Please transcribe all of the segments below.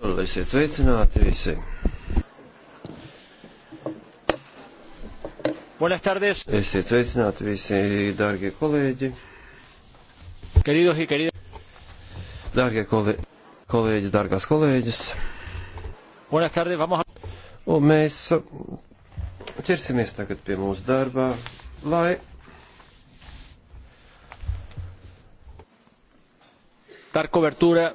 Lai esiet sveicināti visi. Buenas tardes. Esiet sveicināti visi, dārgie kolēģi. Queridos y queridas. Dārgie kolē... kolēģi, dārgās kolēģis. Buenas tardes, vamos a... Un mēs ķersimies tagad pie mūsu darbā, lai dar cobertura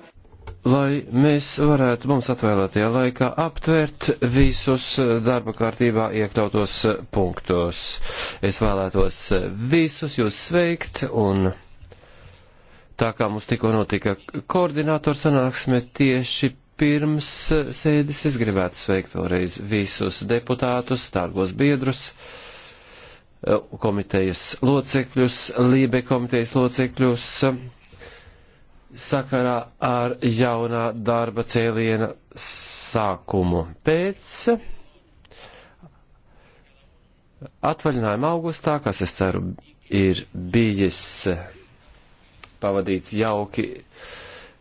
lai mēs varētu mums atvēlētajā laikā aptvert visus darba kārtībā iekļautos punktus. Es vēlētos visus jūs sveikt un tā kā mums tikko notika koordinātors sanāksme tieši pirms sēdes, es gribētu sveikt vēlreiz visus deputātus, tārgos biedrus eh, komitejas locekļus, Lībe komitejas locekļus, sakarā ar jaunā darba cēliena sākumu. Pēc atvaļinājuma augustā, kas es ceru ir bijis pavadīts jauki, uh,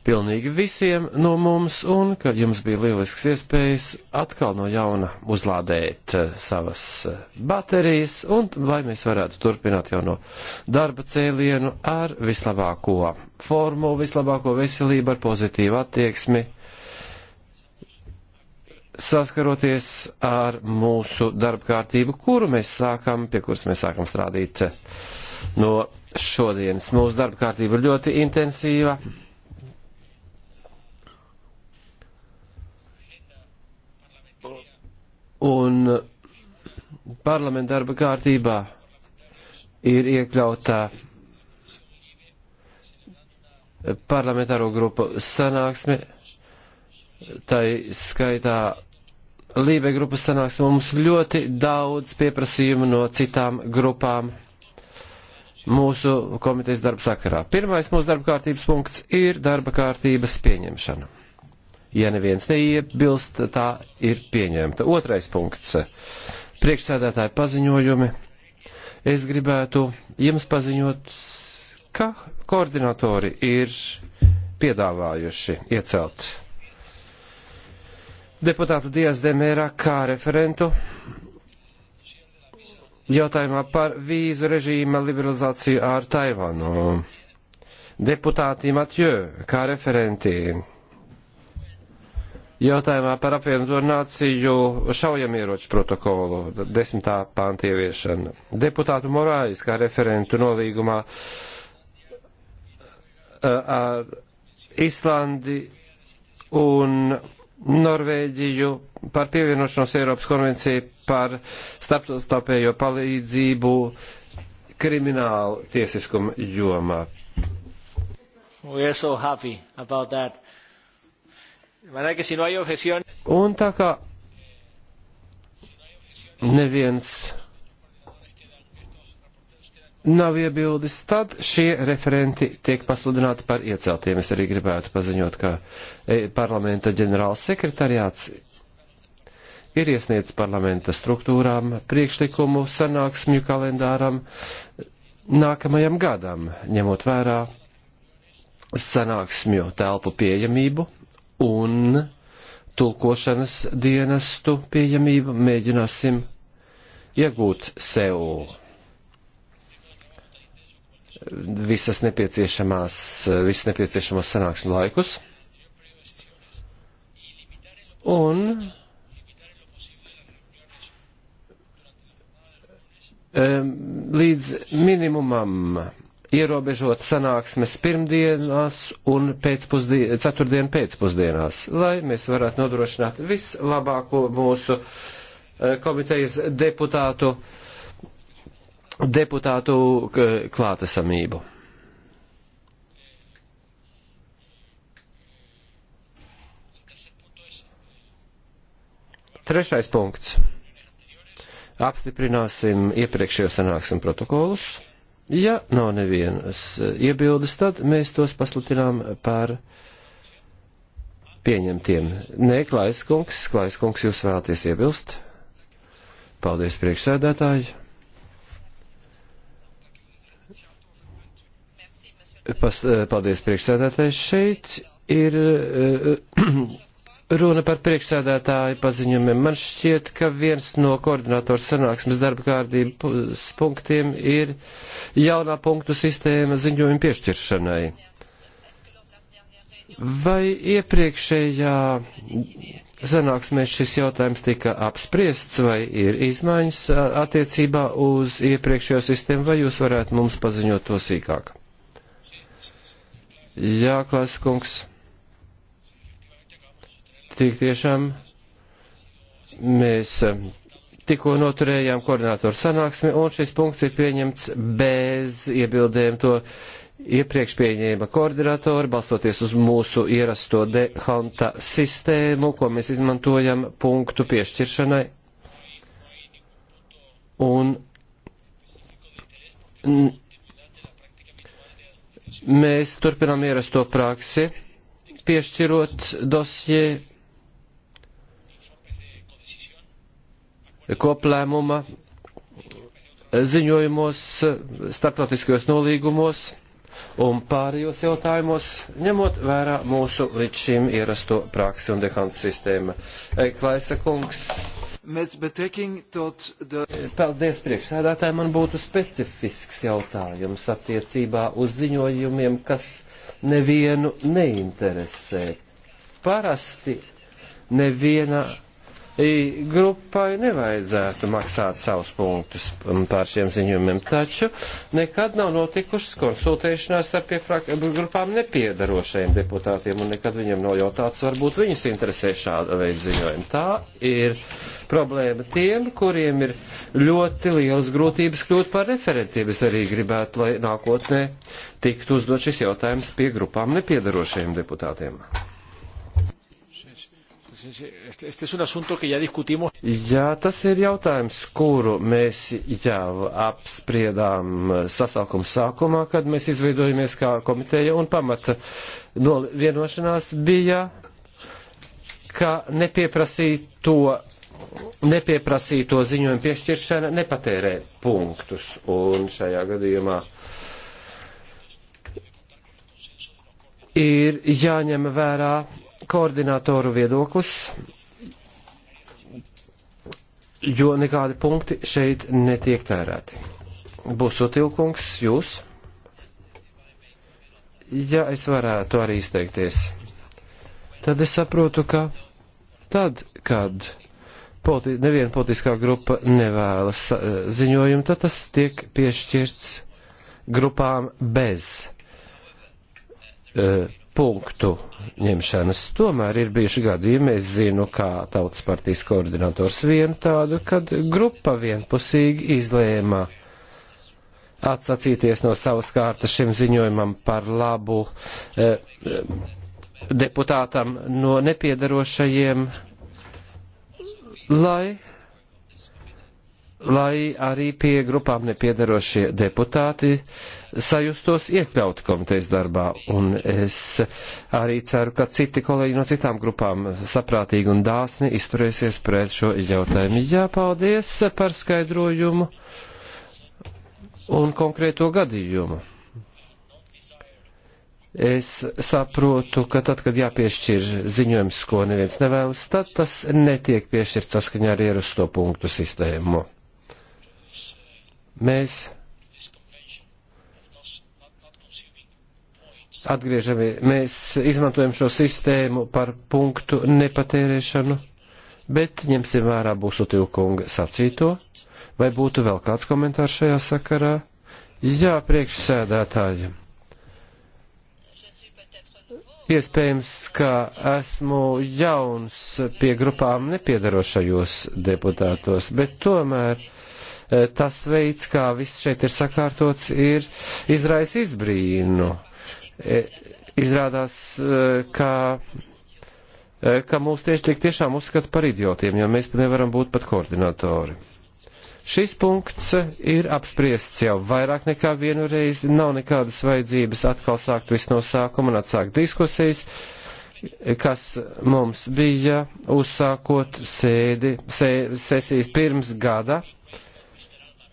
pilnīgi visiem no mums un ka jums bija lielisks iespējas atkal no jauna uzlādēt eh, savas eh, baterijas un lai mēs varētu turpināt jau no darba cēlienu ar vislabāko formu, vislabāko veselību, ar pozitīvu attieksmi saskaroties ar mūsu darba kārtību, kuru mēs sākam, pie kuras mēs sākam strādīt eh, no šodienas. Mūsu darba kārtība ir ļoti intensīva un parlamenta darba kārtībā ir iekļautā parlamentāro grupu sanāksme, tai skaitā Lībe grupas sanāksme. Mums ļoti daudz pieprasījumu no citām grupām mūsu komitejas darba sakarā. Pirmais mūsu darba kārtības punkts ir darba kārtības pieņemšana. Ja neviens neiebilst, tā ir pieņemta. Otrais punkts. Priekšsēdētāji paziņojumi. Es gribētu jums paziņot, ka koordinatori ir piedāvājuši iecelt deputātu Dijas Demērā kā referentu jautājumā par vīzu režīma liberalizāciju ar Taivānu. Deputāti Matjē kā referenti jautājumā par apvienoto nāciju šaujamieroču protokolu desmitā pānta ieviešana. Deputātu Morājas kā referentu nolīgumā ar Islandi un Norvēģiju par pievienošanos Eiropas konvenciju par starptautopējo palīdzību kriminālu tiesiskumu jomā. We are so happy about that. Un tā kā neviens nav iebildes, tad šie referenti tiek pasludināti par ieceltiem. Es arī gribētu paziņot, ka e, parlamenta ģenerāls sekretariāts ir iesniedz parlamenta struktūrām priekšlikumu sanāksmju kalendāram nākamajam gadam, ņemot vērā sanāksmju telpu pieejamību un tulkošanas dienestu pieejamību mēģināsim iegūt sev visas nepieciešamās, visus nepieciešamos sanāksmu laikus. Un līdz minimumam ierobežot sanāksmes pirmdienās un pēcpusdien, ceturtdien pēcpusdienās, lai mēs varētu nodrošināt vislabāko mūsu eh, komitejas deputātu, deputātu eh, klātesamību. Trešais punkts. Apstiprināsim iepriekšējo sanāksmu protokolus. Ja nav nevienas eh, iebildes, tad mēs tos paslutinām par pieņemtiem. Nē, Klaiskungs, Klaiskungs, jūs vēlaties iebilst? Paldies, priekšsēdētāji. Pas, eh, paldies, priekšsēdētāji. Šeit ir. Uh, Runa par priekšsēdētāju paziņojumiem. Man šķiet, ka viens no koordinatoru sanāksmes darba kārdības punktiem ir jaunā punktu sistēma ziņojuma piešķiršanai. Vai iepriekšējā sanāksmē šis jautājums tika apspriests, vai ir izmaiņas attiecībā uz iepriekšējo sistēmu, vai jūs varētu mums paziņot to sīkāk? Jā, Klaskungs. Tik tiešām mēs eh, tikko noturējām koordinātoru sanāksmi, un šis punkts ir pieņemts bez iebildēm. To iepriekš pieņēma koordinātori, balstoties uz mūsu ierasto dehanta sistēmu, ko mēs izmantojam punktu piešķiršanai. Un mēs turpinām ierasto praksi, piešķirot dosie koplēmuma ziņojumos, starptautiskajos nolīgumos un pārējos jautājumos, ņemot vērā mūsu līdz šim ierasto praksi un dehanta sistēma. Klaisa kungs. The... Paldies priekšsēdētāji, man būtu specifisks jautājums attiecībā uz ziņojumiem, kas nevienu neinteresē. Parasti neviena grupai nevajadzētu maksāt savus punktus um, pār šiem ziņojumiem, taču nekad nav notikušas konsultēšanās ar pie grupām nepiedarošajiem deputātiem, un nekad viņam nav jautāts, varbūt viņus interesē šāda veida ziņojumi. Tā ir problēma tiem, kuriem ir ļoti lielas grūtības kļūt par referentiem. Es arī gribētu, lai nākotnē tiktu uzdot šis jautājums pie grupām nepiedarošajiem deputātiem. Este es un asunto que ya discutimos. Jā, tas ir jautājums, kuru mēs jau apspriedām sasaukuma sākumā, kad mēs izveidojamies kā komiteja un pamata no vienošanās bija, ka nepieprasīto, nepieprasīto ziņojumu piešķiršana nepatērē punktus un šajā gadījumā. Ir jāņem vērā koordinatoru viedoklis, jo nekādi punkti šeit netiek tērēti. Būs otilkungs jūs. Ja es varētu arī izteikties, tad es saprotu, ka tad, kad politi neviena politiskā grupa nevēlas eh, ziņojumu, tad tas tiek piešķirts grupām bez. Uh, punktu ņemšanas. Tomēr ir bijuši gadījumi, es zinu, kā tautas partijas koordinators vienu tādu, kad grupa vienpusīgi izlēma atsacīties no savas kārtas šim ziņojumam par labu eh, eh deputātam no nepiedarošajiem, lai lai arī pie grupām nepiedarošie deputāti sajustos iekļauti komitejas darbā. Un es arī ceru, ka citi kolēģi no citām grupām saprātīgi un dāsni izturēsies pret šo jautājumu. Jā, paldies par skaidrojumu un konkrēto gadījumu. Es saprotu, ka tad, kad jāpiešķir ziņojums, ko neviens nevēlas, tad tas netiek piešķirts saskaņā ar ierasto punktu sistēmu mēs atgriežamies, mēs izmantojam šo sistēmu par punktu nepatērēšanu, bet ņemsim vērā būsu tilkunga sacīto. Vai būtu vēl kāds komentārs šajā sakarā? Jā, priekšsēdētāji. Iespējams, ka esmu jauns pie grupām nepiedarošajos deputātos, bet tomēr uh, Eh, tas veids, kā viss šeit ir sakārtots, ir izraisa izbrīnu. Eh, izrādās, eh, ka, ka mūs tieši tik tiešām uzskata par idiotiem, jo mēs nevaram būt pat koordinatori. Šis punkts ir apspriests jau vairāk nekā vienu reizi, nav nekādas vajadzības atkal sākt visu no sākuma un atsākt diskusijas kas mums bija uzsākot sēdi, sē, sesijas pirms gada,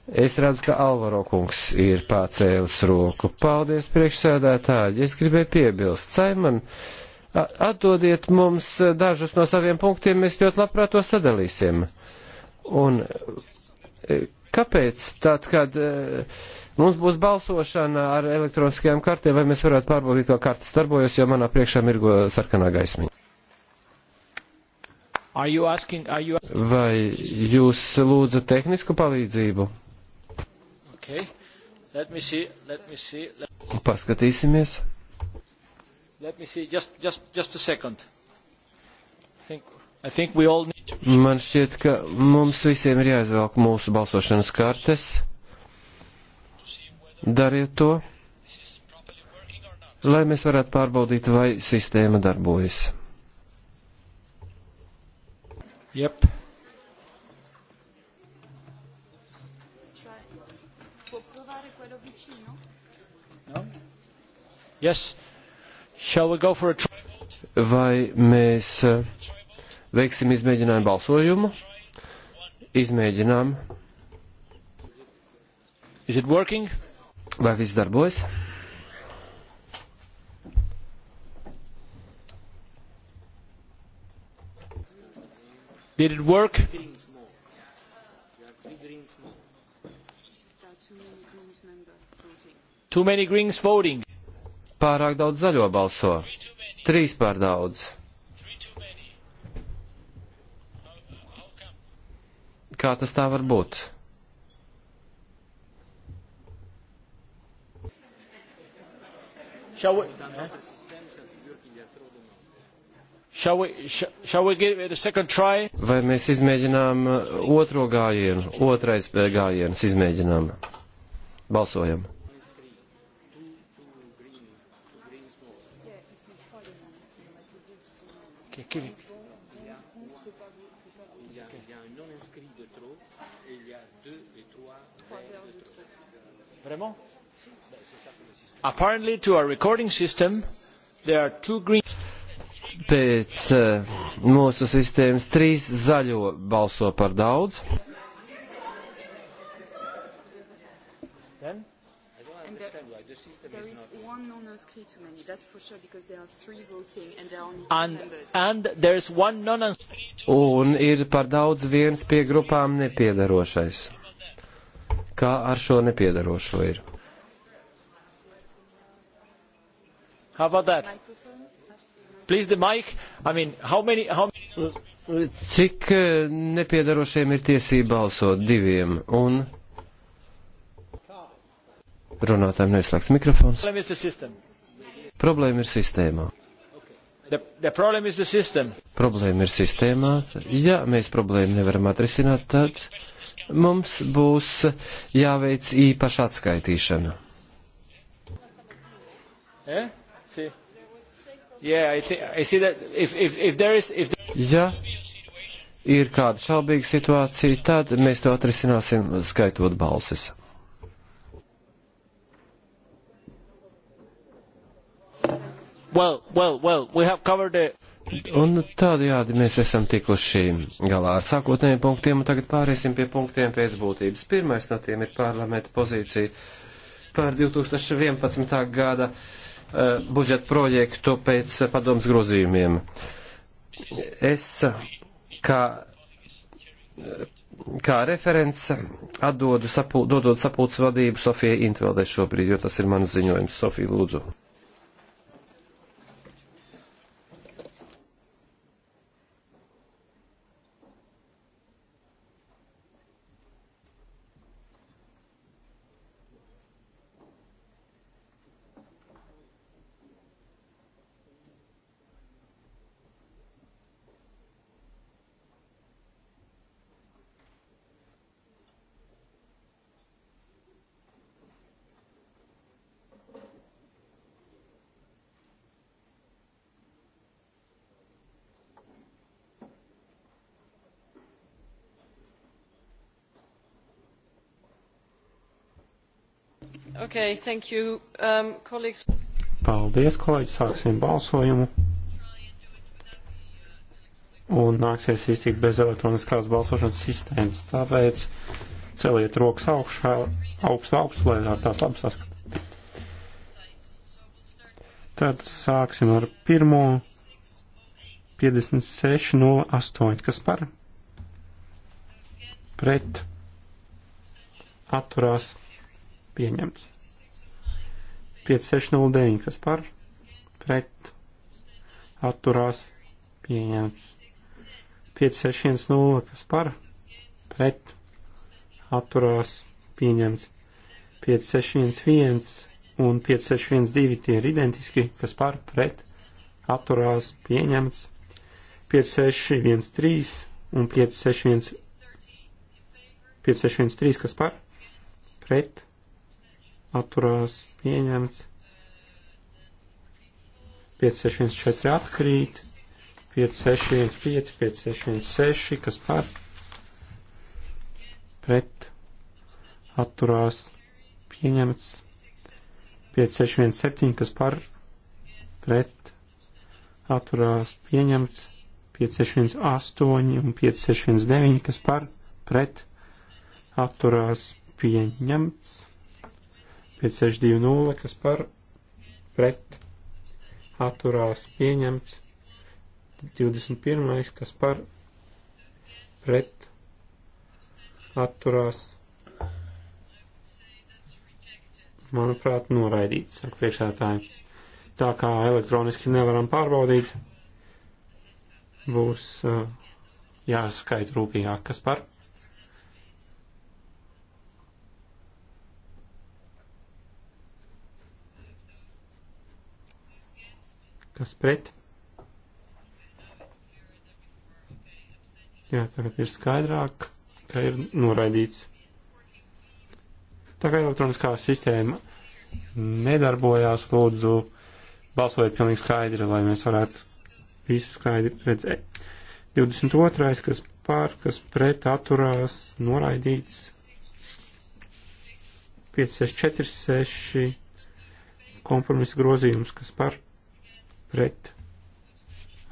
Es redzu, ka Alvaro kungs ir pācēlis roku. Paldies, priekšsēdētāji. Es gribēju piebilst, Saiman, atdodiet mums dažus no saviem punktiem, mēs ļoti labprāt to sadalīsim. Un e, kāpēc tad, kad e, mums būs balsošana ar elektroniskajām kartēm, vai mēs varētu pārbaudīt, kā kartes darbojas, jo manā priekšā mirgo sarkanā gaismiņa? Asking, you... Vai jūs lūdzat tehnisku palīdzību? Okay. Let me see, let me see, let... Paskatīsimies. Let me see, just, just, just a second. I think, I think we all need... Man šķiet, ka mums visiem ir jāizvelk mūsu balsošanas kartes. Dariet to, lai mēs varētu pārbaudīt, vai sistēma darbojas. Yep. Yes. A... Vai mēs eh, veiksim izmēģinājumu balsojumu? Izmēģinām. Vai viss darbojas? Did it work? Too many greens voting. Pārāk daudz zaļo balso. Trīs pār daudz. Kā tas tā var būt? Shall we, eh? shall we, shall we give it a second try? Vai mēs izmēģinām uh, otro gājienu, otrais uh, gājiens izmēģinām? Balsojam. Kevin. Il y, a, il y a un non inscrit de trop et il y a deux et trois verts de trop. Vraiment Apparently, to our recording system, there are two green pēc eh, mūsu sistēmas trīs zaļo balso par daudz. there is one non-inscrit too many, that's for sure, because there are three voting and there are only two and, members. And there is one non-inscrit. Un ir par daudz viens pie grupām nepiedarošais. Kā ar šo nepiedarošo ir? How about that? Please the mic. I mean, how many, how many... Cik eh, nepiedarošiem ir tiesība balsot diviem? Un Runātājiem neslēgts mikrofons. Problēma ir sistēmā. The, the problēma ir sistēmā. Ja mēs problēmu nevaram atrisināt, tad mums būs jāveic īpaša atskaitīšana. Eh? See. Yeah, I think, I see that if, if, if there is, if there... Ja ir kāda šaubīga situācija, tad mēs to atrisināsim skaitot balsis. Well, well, well, we have covered the... Un tādējādi mēs esam tikuši galā ar sākotnējiem punktiem, un tagad pāriesim pie punktiem pēc būtības. Pirmais no tiem ir parlamenta pozīcija par 2011. gada uh, budžeta projektu pēc uh, padomas grozījumiem. Es, eh, kā, kā referents, atdodu sapul, dodot sapulces vadību Sofijai Intveldē šobrīd, jo tas ir mans ziņojums. Sofija, lūdzu. Okay, thank you, um, colleagues. Paldies, kolēģi, sāksim balsojumu. Un nāksies iztikt bez elektroniskās balsošanas sistēmas, tāpēc celiet rokas augšā, augstu augstu, lai ar tās labi saskatīt. Tad sāksim ar pirmo 56.08, kas par pret atturās pieņemts. 5609, kas par pret atturās pieņemts. 5610, kas par pret atturās pieņemts. 5611 un 5612 tie ir identiski, kas par pret atturās pieņemts. 5613 un 5613, kas par pret atturās pieņemts. 5614 atkrīt, 5615, 5616, kas par pret atturās pieņemts, 5617, kas par pret atturās pieņemts, 5618 un 5619, kas par pret atturās pieņemts. 5620, kas par pret atturās pieņemts. 21. kas par pret atturās, manuprāt, noraidīts, saka priekšētāji. Tā kā elektroniski nevaram pārbaudīt, būs uh, jāskaita rūpīgāk, kas par kas pret. Jā, tagad ir skaidrāk, ka ir noraidīts. Tā kā elektroniskā sistēma nedarbojās, lūdzu, balsojiet pilnīgi skaidri, lai mēs varētu visu skaidri redzēt. 22. kas pār, kas pret atturās, noraidīts. 5, 6, 4, 6 kompromisa grozījums, kas par pret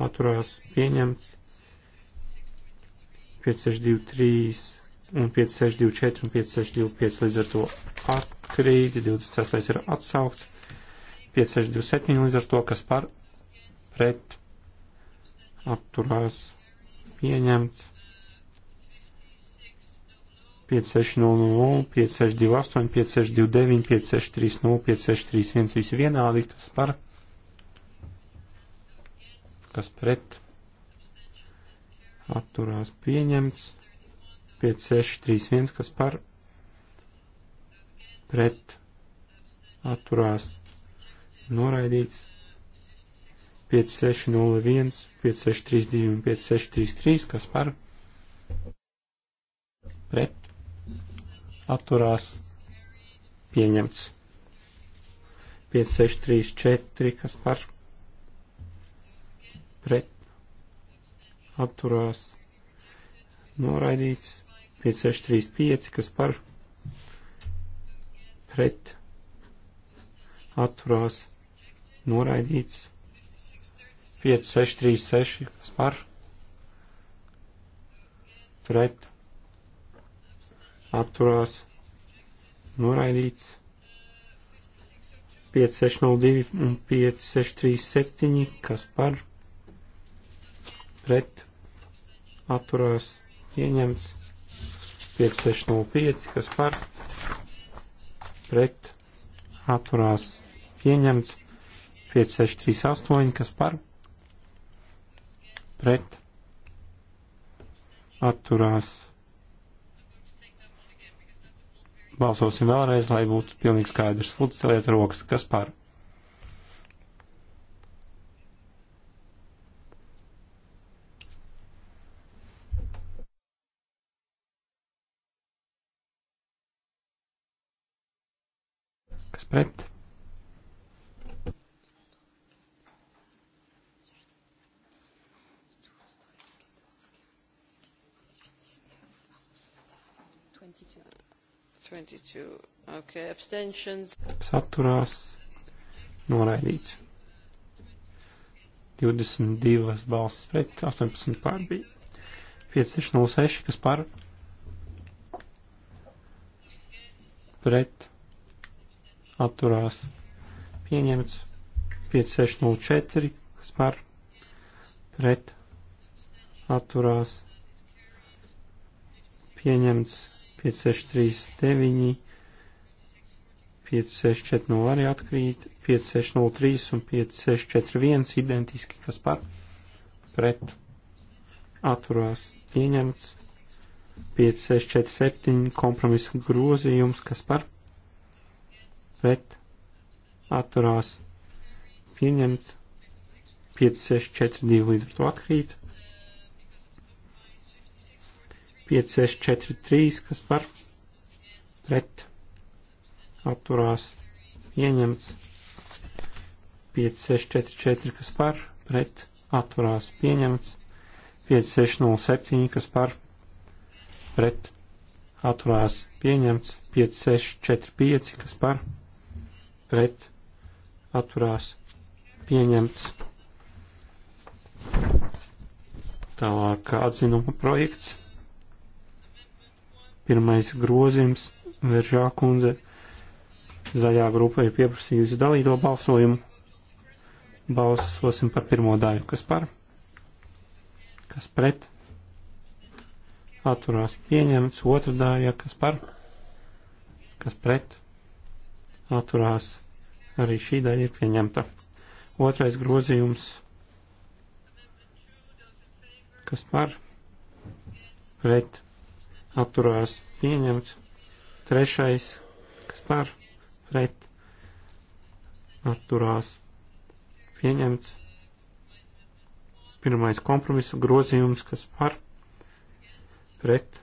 atturās pieņemts 5623 un 5624 un 5625 līdz ar to atkrīt, 26 ir atsaukts, 5627 līdz ar to, kas par pret atturās pieņemts 5600, 5628, 5629, 5630, 5631 visi vienādi, kas par pret kas pret atturās pieņemts, 5631, kas par pret atturās noraidīts, 5601, 5632 un 5633, kas par pret atturās pieņemts, 5634, kas par pret pret atturās noraidīts 5635, kas par pret atturās noraidīts 5636, kas par pret atturās noraidīts 5602 un 5637, kas par pret pret atturās pieņemts 5605, kas par pret atturās pieņemts 5638, kas par pret atturās. Balsosim vēlreiz, lai būtu pilnīgi skaidrs. Lūdzu, celiet rokas, kas par pret. Okay, abstentions. Saturās noraidīts. 22 balsis pret 18 pār bija. 5606, kas par pret atturās pieņemts 5604, kas par pret atturās pieņemts 5639, 5640 arī atkrīt, 5603 un 5641 identiski, kas par pret atturās pieņemts 5647 kompromisa grozījums, kas par pret pret atturās pieņemts 5, 6, 4, 2 līdz ar to atkrīt. 5, 6, 4, 3, kas var pret atturās pieņemts 5, 6, 4, 4, kas par pret atturās pieņemts 5, 6, 0, 7, kas par pret atturās pieņemts 5, 6, 4, 5, kas par pret pret atturās pieņemts. Tālāk atzinuma projekts. Pirmais grozījums Veržā kundze. Zaļā grupa ir pieprasījusi dalīto balsojumu. Balsosim par pirmo daļu. Kas par? Kas pret? Atturās pieņemts. Otra daļa. Kas par? Kas pret? atturās arī šī daļa ir pieņemta. Otrais grozījums, kas par pret atturās pieņemts. Trešais, kas par pret atturās pieņemts. Pirmais kompromisa grozījums, kas par pret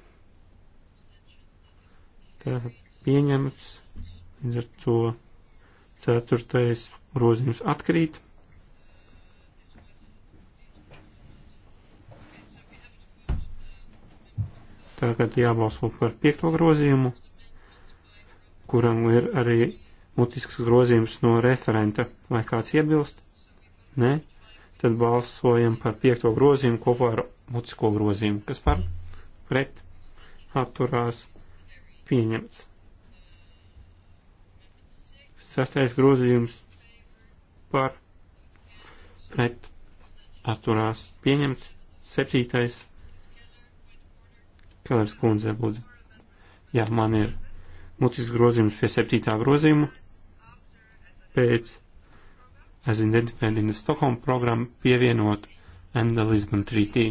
pieņemts Līdz ar to ceturtais grozījums atkrīt. Tagad jābalso par piekto grozījumu, kuram ir arī mutisks grozījums no referenta. Vai kāds iebilst? Nē? Tad balsojam par piekto grozījumu kopā ar mutisko grozījumu. Kas par? Pret? Atturās? Pieņemts. Sastais grozījums par pret atturās pieņemts. Septītais Kalers kundze lūdzu. Jā, man ir mutis grozījums pie septītā grozījuma pēc as identified in the Stockholm program pievienot and the Lisbon Treaty.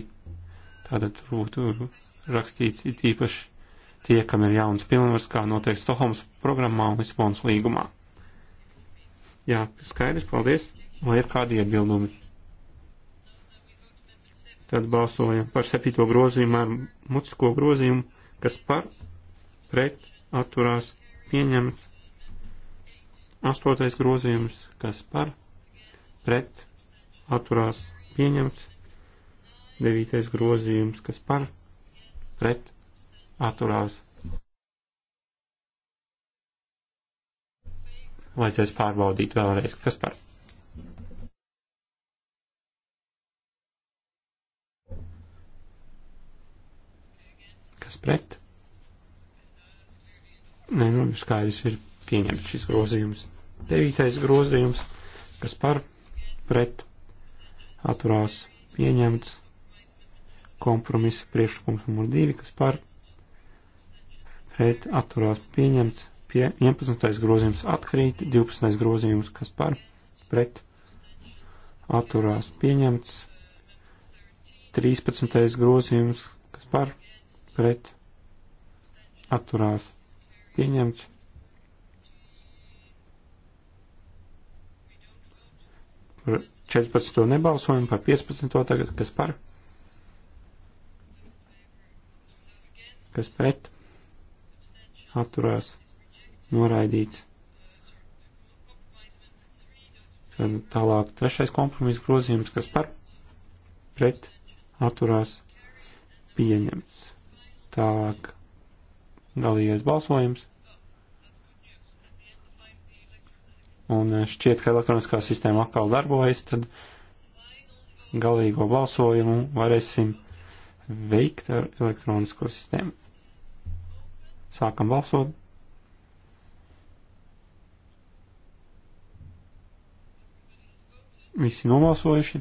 Tātad tur būtu rakstīts it īpaši tie, kam ir jauns pilnvars, kā noteikti Stokholmas programmā un Lisbonas līgumā. Jā, skaidrs, paldies. Vai ir kādi iebildumi? Tad balsojam par septīto grozījumu ar mutisko grozījumu, kas par pret atturās pieņemts. Astotais grozījums, kas par pret atturās pieņemts. Devītais grozījums, kas par pret atturās vajadzēs pārbaudīt vēlreiz, kas par. Kas pret? Nē, nu, skaidrs ir pieņemts šis grozījums. Devītais grozījums, kas par pret atturās pieņemts kompromisa priekšlikums numur divi, kas par pret atturās pieņemts pie 11. grozījums atkrīt, 12. grozījums, kas par pret atturās pieņemts, 13. grozījums, kas par pret atturās pieņemts. Par 14. nebalsojumu, par 15. tagad, kas par, kas pret atturās pieņemts noraidīts. Tad tālāk trešais kompromiss grozījums, kas par pret atturās pieņemts. Tālāk galīgais balsojums. Un šķiet, ka elektroniskā sistēma atkal darbojas, tad galīgo balsojumu varēsim veikt ar elektronisko sistēmu. Sākam balsot. Visi nobalsojuši.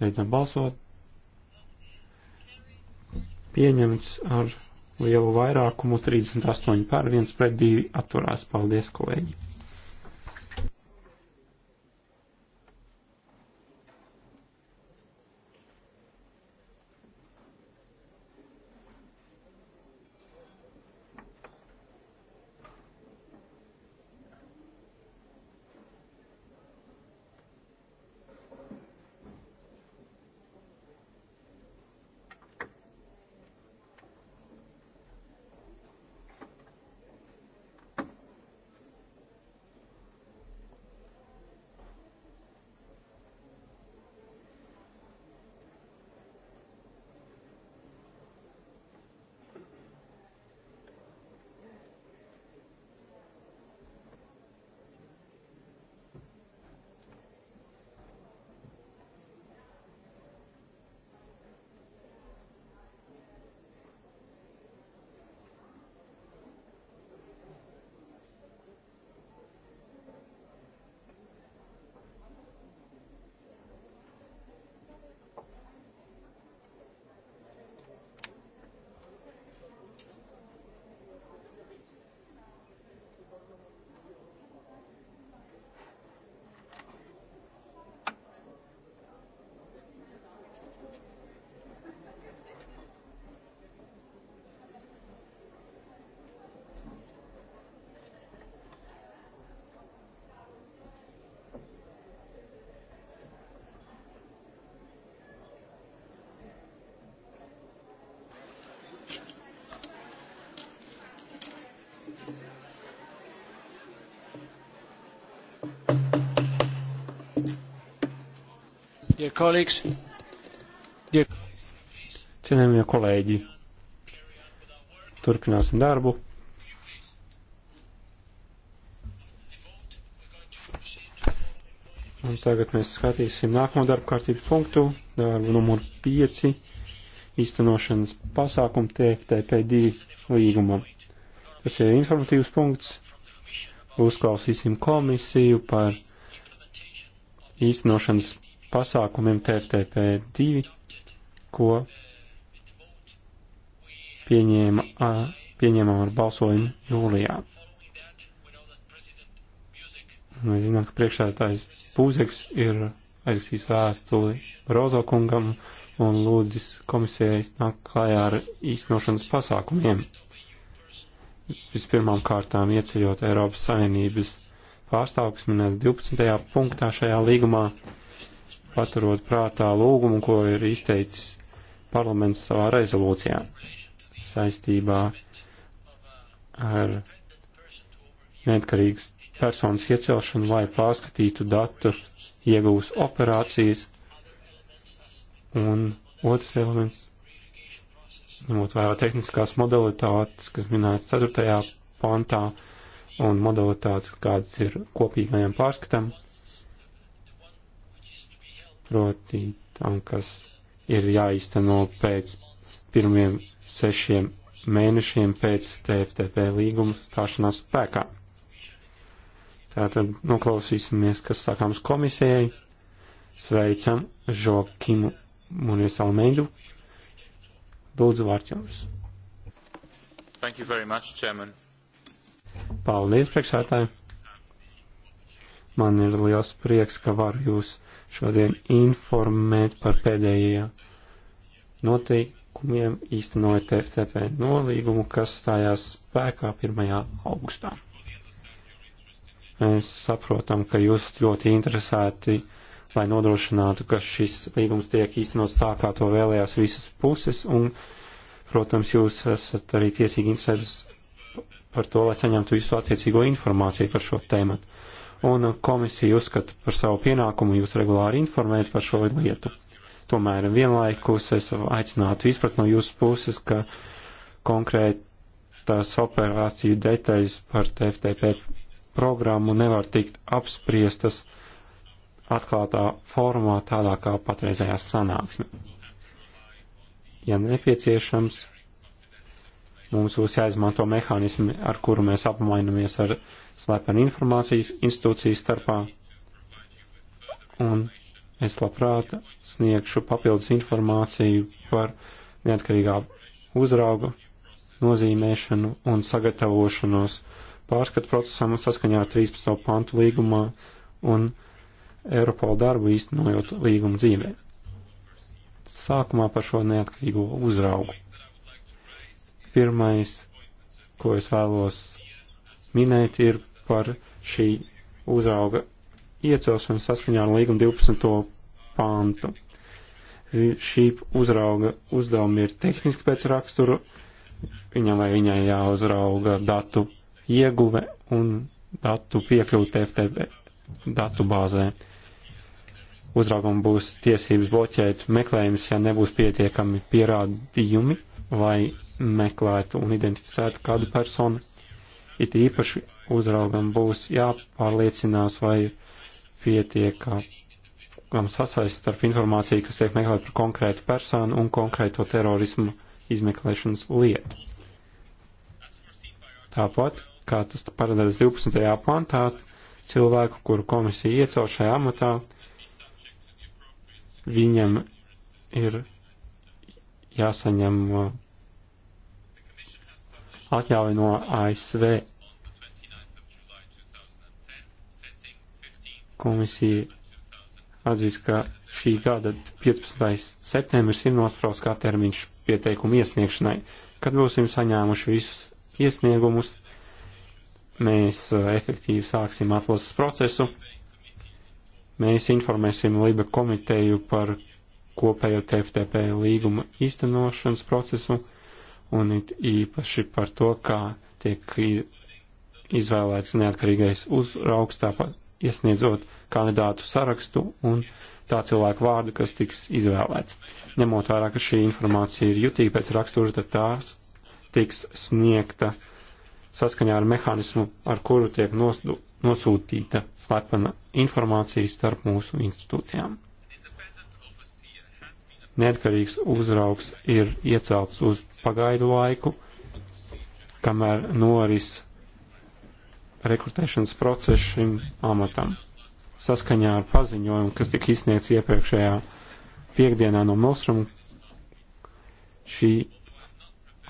Beidzam balsot. Pieņemts ar lielu vairākumu 38 pār 1 pret 2 atturās. Paldies, kolēģi! Dear colleagues, dear... Cienējamie kolēģi, turpināsim darbu. Un tagad mēs skatīsim nākamo darbu kārtības punktu, darbu numuru 5, īstenošanas pasākumu TFTP2 līgumam. Tas ir informatīvs punkts, uzklausīsim komisiju par īstenošanas pasākumiem TFTP2, ko pieņēma, pieņēmām ar balsojumu jūlijā. Mēs zinām, ka priekšsētājs Pūzeks ir aizsīs vēstuli Rozo kungam un lūdzis komisijai nāk klājā ar īstenošanas pasākumiem vispirmām kārtām ieceļot Eiropas Savienības pārstāvks minēts 12. punktā šajā līgumā, paturot prātā lūgumu, ko ir izteicis parlaments savā rezolūcijā saistībā ar neatkarīgas personas iecelšanu, lai pārskatītu datu iegūs operācijas. Un otrs elements ņemot vērā tehniskās modalitātes, kas minētas 4. pantā, un modalitātes, kādas ir kopīgajam pārskatam, proti tam, kas ir jāizteno pēc pirmiem sešiem mēnešiem pēc TFTP līguma stāšanās spēkā. Tātad noklausīsimies, kas sakāms komisijai. Sveicam Žokimu Munies Almeidu, Lūdzu, vārds jums. Thank you very much, Chairman. Paldies, priekšsētāji. Man ir liels prieks, ka varu jūs šodien informēt par pēdējiem noteikumiem īstenojot FTP nolīgumu, kas stājās spēkā 1. augustā. Mēs saprotam, ka jūs ļoti interesēti uh, lai nodrošinātu, ka šis līgums tiek īstenots tā, kā to vēlējās visas puses, un, protams, jūs esat arī tiesīgi interesēts par to, lai saņemtu visu attiecīgo informāciju par šo tēmu. Un komisija uzskata par savu pienākumu jūs regulāri informēt par šo lietu. Tomēr vienlaikus es aicinātu izprat no jūsu puses, ka konkrētās operāciju detaļas par TFTP programmu nevar tikt apspriestas atklātā formā, tādā kā patreizējā sanāksme. Ja nepieciešams, mums būs jāizmanto mehānismi, ar kuru mēs apmainamies ar slepenu informācijas institūciju starpā, un es labprāt sniegšu papildus informāciju par neatkarīgā uzrauga nozīmēšanu un sagatavošanos pārskatu procesam saskaņā ar 13. pantu līgumā un Eiropola darbu īstenojot līgumu dzīvē. Sākumā par šo neatkarīgo uzraugu. Pirmais, ko es vēlos minēt, ir par šī uzrauga iecelšanu saskaņā ar līgumu 12. pāntu. Šī uzrauga uzdevumi ir tehniski pēc raksturu, viņam vai viņai jāuzrauga datu ieguve un datu piekļūt FTP datu bāzē. Uh, uzraugam būs tiesības bloķēt meklējumus, ja nebūs pietiekami pierādījumi, lai meklētu un identificētu kādu personu. It īpaši uzraugam būs jāpārliecinās, vai pietiekam sasaist starp informāciju, kas tiek meklēta par konkrētu personu un konkrēto terorismu izmeklēšanas lietu. Tāpat, kā tas paredzēts 12. pantā, cilvēku, kuru komisija iecel šajā amatā, viņam ir jāsaņem atļauja no ASV. Komisija atzīst, ka šī gada 15. septembris ir nospraus kā termiņš pieteikumu iesniegšanai. Kad būsim saņēmuši visus iesniegumus, mēs eh, efektīvi sāksim atlases procesu Mēs informēsim Liba komiteju par kopējo TFTP līguma īstenošanas procesu un it īpaši par to, kā tiek izvēlēts neatkarīgais uzraugs, tāpat iesniedzot kandidātu sarakstu un tā cilvēku vārdu, kas tiks izvēlēts. Ņemot vērā, ka šī informācija ir jutīga pēc rakstura, tad tās tiks sniegta saskaņā ar mehānismu, ar kuru tiek nosūtīta slepena informācija starp mūsu institūcijām. Neatkarīgs uzraugs ir iecelts uz pagaidu laiku, kamēr noris rekrutēšanas process šim amatam. Saskaņā ar paziņojumu, kas tika izsniegts iepriekšējā piekdienā no Milstrum, šī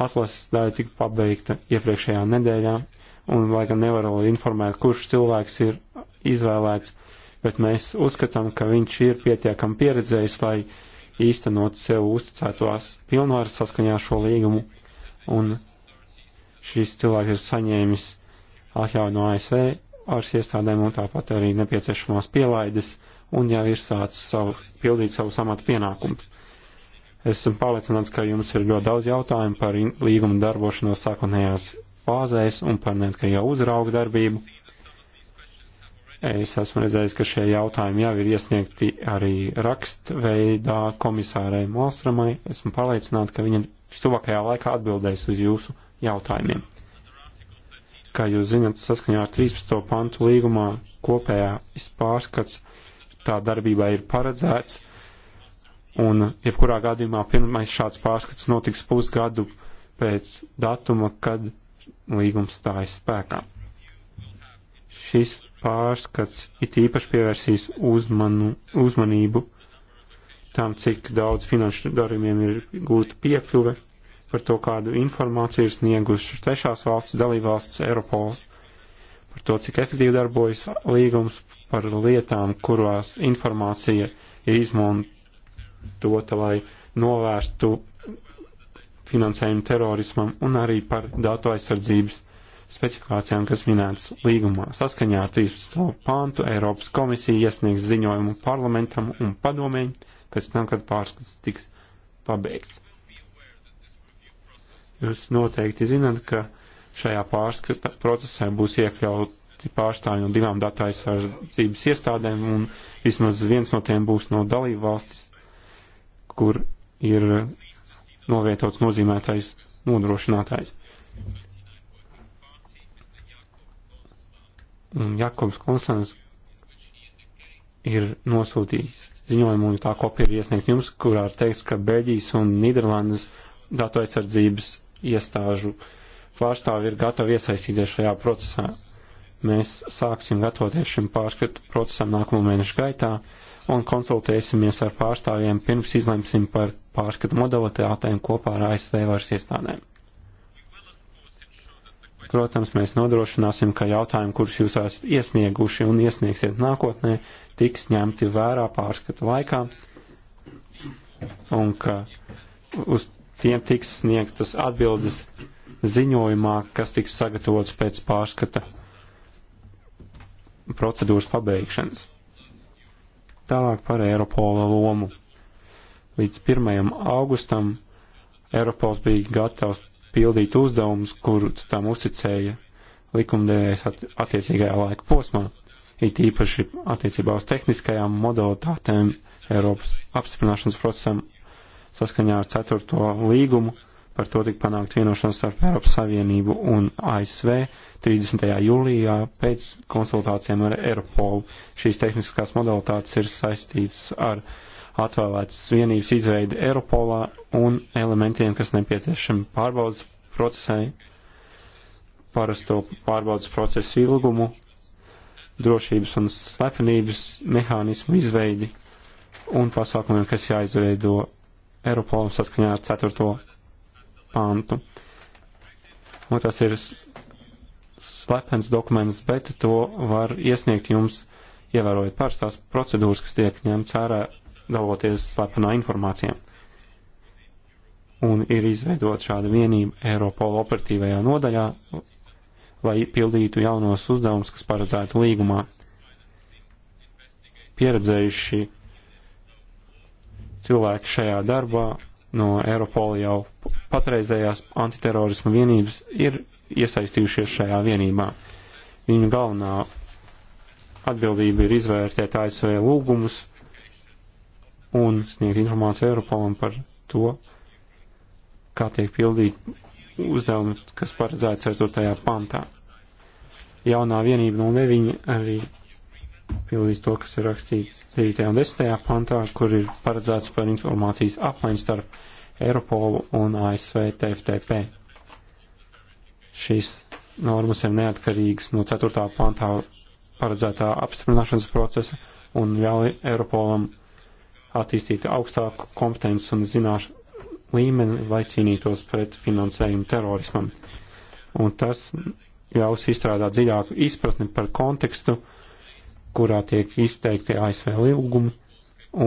atlases daļa tika pabeigta iepriekšējā nedēļā, un lai gan nevaru informēt, kurš cilvēks ir izvēlēts, bet mēs uzskatām, ka viņš ir pietiekami pieredzējis, lai īstenot sev uzticētos pilnvaras saskaņā šo līgumu, un šīs cilvēks ir saņēmis atļauju no ASV ārs iestādēm un tāpat arī nepieciešamās pielaides, un jau ir sācis savu, pildīt savu samatu pienākumus. Es esmu pārliecināts, ka jums ir ļoti daudz jautājumu par līguma darbošanos sākotnējās fāzēs un par neatkarīgā uzrauga darbību. Es esmu redzējis, ka šie jautājumi jau ir iesniegti arī rakstveidā komisārai Malstramai. Esmu pārliecināta, ka viņa stuvākajā laikā atbildēs uz jūsu jautājumiem. Kā jūs zināt, saskaņā ar 13. pantu līgumā kopējā izpārskats tā darbībā ir paredzēts, un jebkurā gadījumā pirmais šāds pārskats notiks pusgadu pēc datuma, kad līgums stājas spēkā. Šis pārskats it īpaši pievērsīs uzmanu, uzmanību tam, cik daudz finanšu darījumiem ir gūta piekļuve, par to, kādu informāciju ir sniegušas trešās valsts dalībvalsts Eiropols, par to, cik efektīvi darbojas līgums, par lietām, kurās informācija ir izmantota, lai novērstu finansējumu terorismam un arī par datu aizsardzības specifikācijām, kas minētas līgumā. Saskaņā ar 13. pāntu Eiropas komisija iesniegs ziņojumu parlamentam un padomēji pēc tam, kad pārskats tiks pabeigts. Jūs noteikti zināt, ka šajā pārskata procesā būs iekļauti pārstāvji no divām datu aizsardzības iestādēm, un vismaz viens no tiem būs no dalību valstis, kur ir novietots nozīmētais nodrošinātājs. Un Jakobs Konstants ir nosūtījis ziņojumu, un tā kopija ir iesniegta jums, kurā ir teikts, ka Beļģijas un Nīderlandes datu aizsardzības iestāžu pārstāvi ir gatavi iesaistīties šajā procesā. Mēs sāksim gatavoties šim pārskatu procesam nākamo mēnešu gaitā. Uh, un konsultēsimies ar pārstāvjiem pirms izlemsim par pārskatu modalitātēm kopā ar ASV varas iestādēm. Protams, mēs nodrošināsim, ka jautājumi, kurus jūs esat iesnieguši un iesniegsiet nākotnē, tiks ņemti vērā pārskata laikā un ka uz tiem tiks sniegtas atbildes ziņojumā, kas tiks sagatavots pēc pārskata procedūras pabeigšanas. Tālāk par Eiropola lomu. Līdz 1. augustam Eiropols bija gatavs pildīt uzdevumus, kurus tam uzticēja likumdevējs at attiecīgajā laika posmā, it īpaši attiecībā uz tehniskajām modalitātēm Eiropas apstiprināšanas procesam saskaņā ar 4. līgumu Par to tika panākt vienošanās starp Eiropas Savienību un ASV 30. jūlijā pēc konsultācijām ar Eiropolu. Šīs tehniskās modalitātes ir saistītas ar atvēlētas vienības izveidi Eiropolā un elementiem, kas nepieciešami pārbaudas procesai, parasto pārbaudas procesu ilgumu, drošības un slepenības mehānismu izveidi un pasākumiem, kas jāizveido Eiropolam saskaņā ar 4 pantu. Un tas ir slepens dokuments, bet to var iesniegt jums, ievērojot pārstās procedūras, kas tiek ņemts ārā, daloties slepenā informācijā. Un ir izveidot šāda vienība Eiropola operatīvajā nodaļā, lai pildītu jaunos uzdevumus, kas paredzēti līgumā. Pieredzējuši cilvēki šajā darbā no Eiropola jau patreizējās antiterorisma vienības ir iesaistījušies šajā vienībā. Viņu galvenā atbildība ir izvērtēt ASV lūgumus un sniegt informāciju Eiropolam par to, kā tiek pildīti uzdevumi, kas paredzēts 4. pantā. Jaunā vienība no 9 arī pildīs to, kas ir rakstīts 9. un 10. pantā, kur ir paredzēts par informācijas apmaiņu starp Eiropolu un ASV TFTP. Šīs normas ir neatkarīgas no 4. pantā paredzētā apstiprināšanas procesa un ļauj Eiropolam attīstīt augstāku kompetenci un zināšu līmeni, lai cīnītos pret finansējumu terorismam. Un tas ļaus izstrādāt dziļāku izpratni par kontekstu, kurā tiek izteikti ASV līgumi,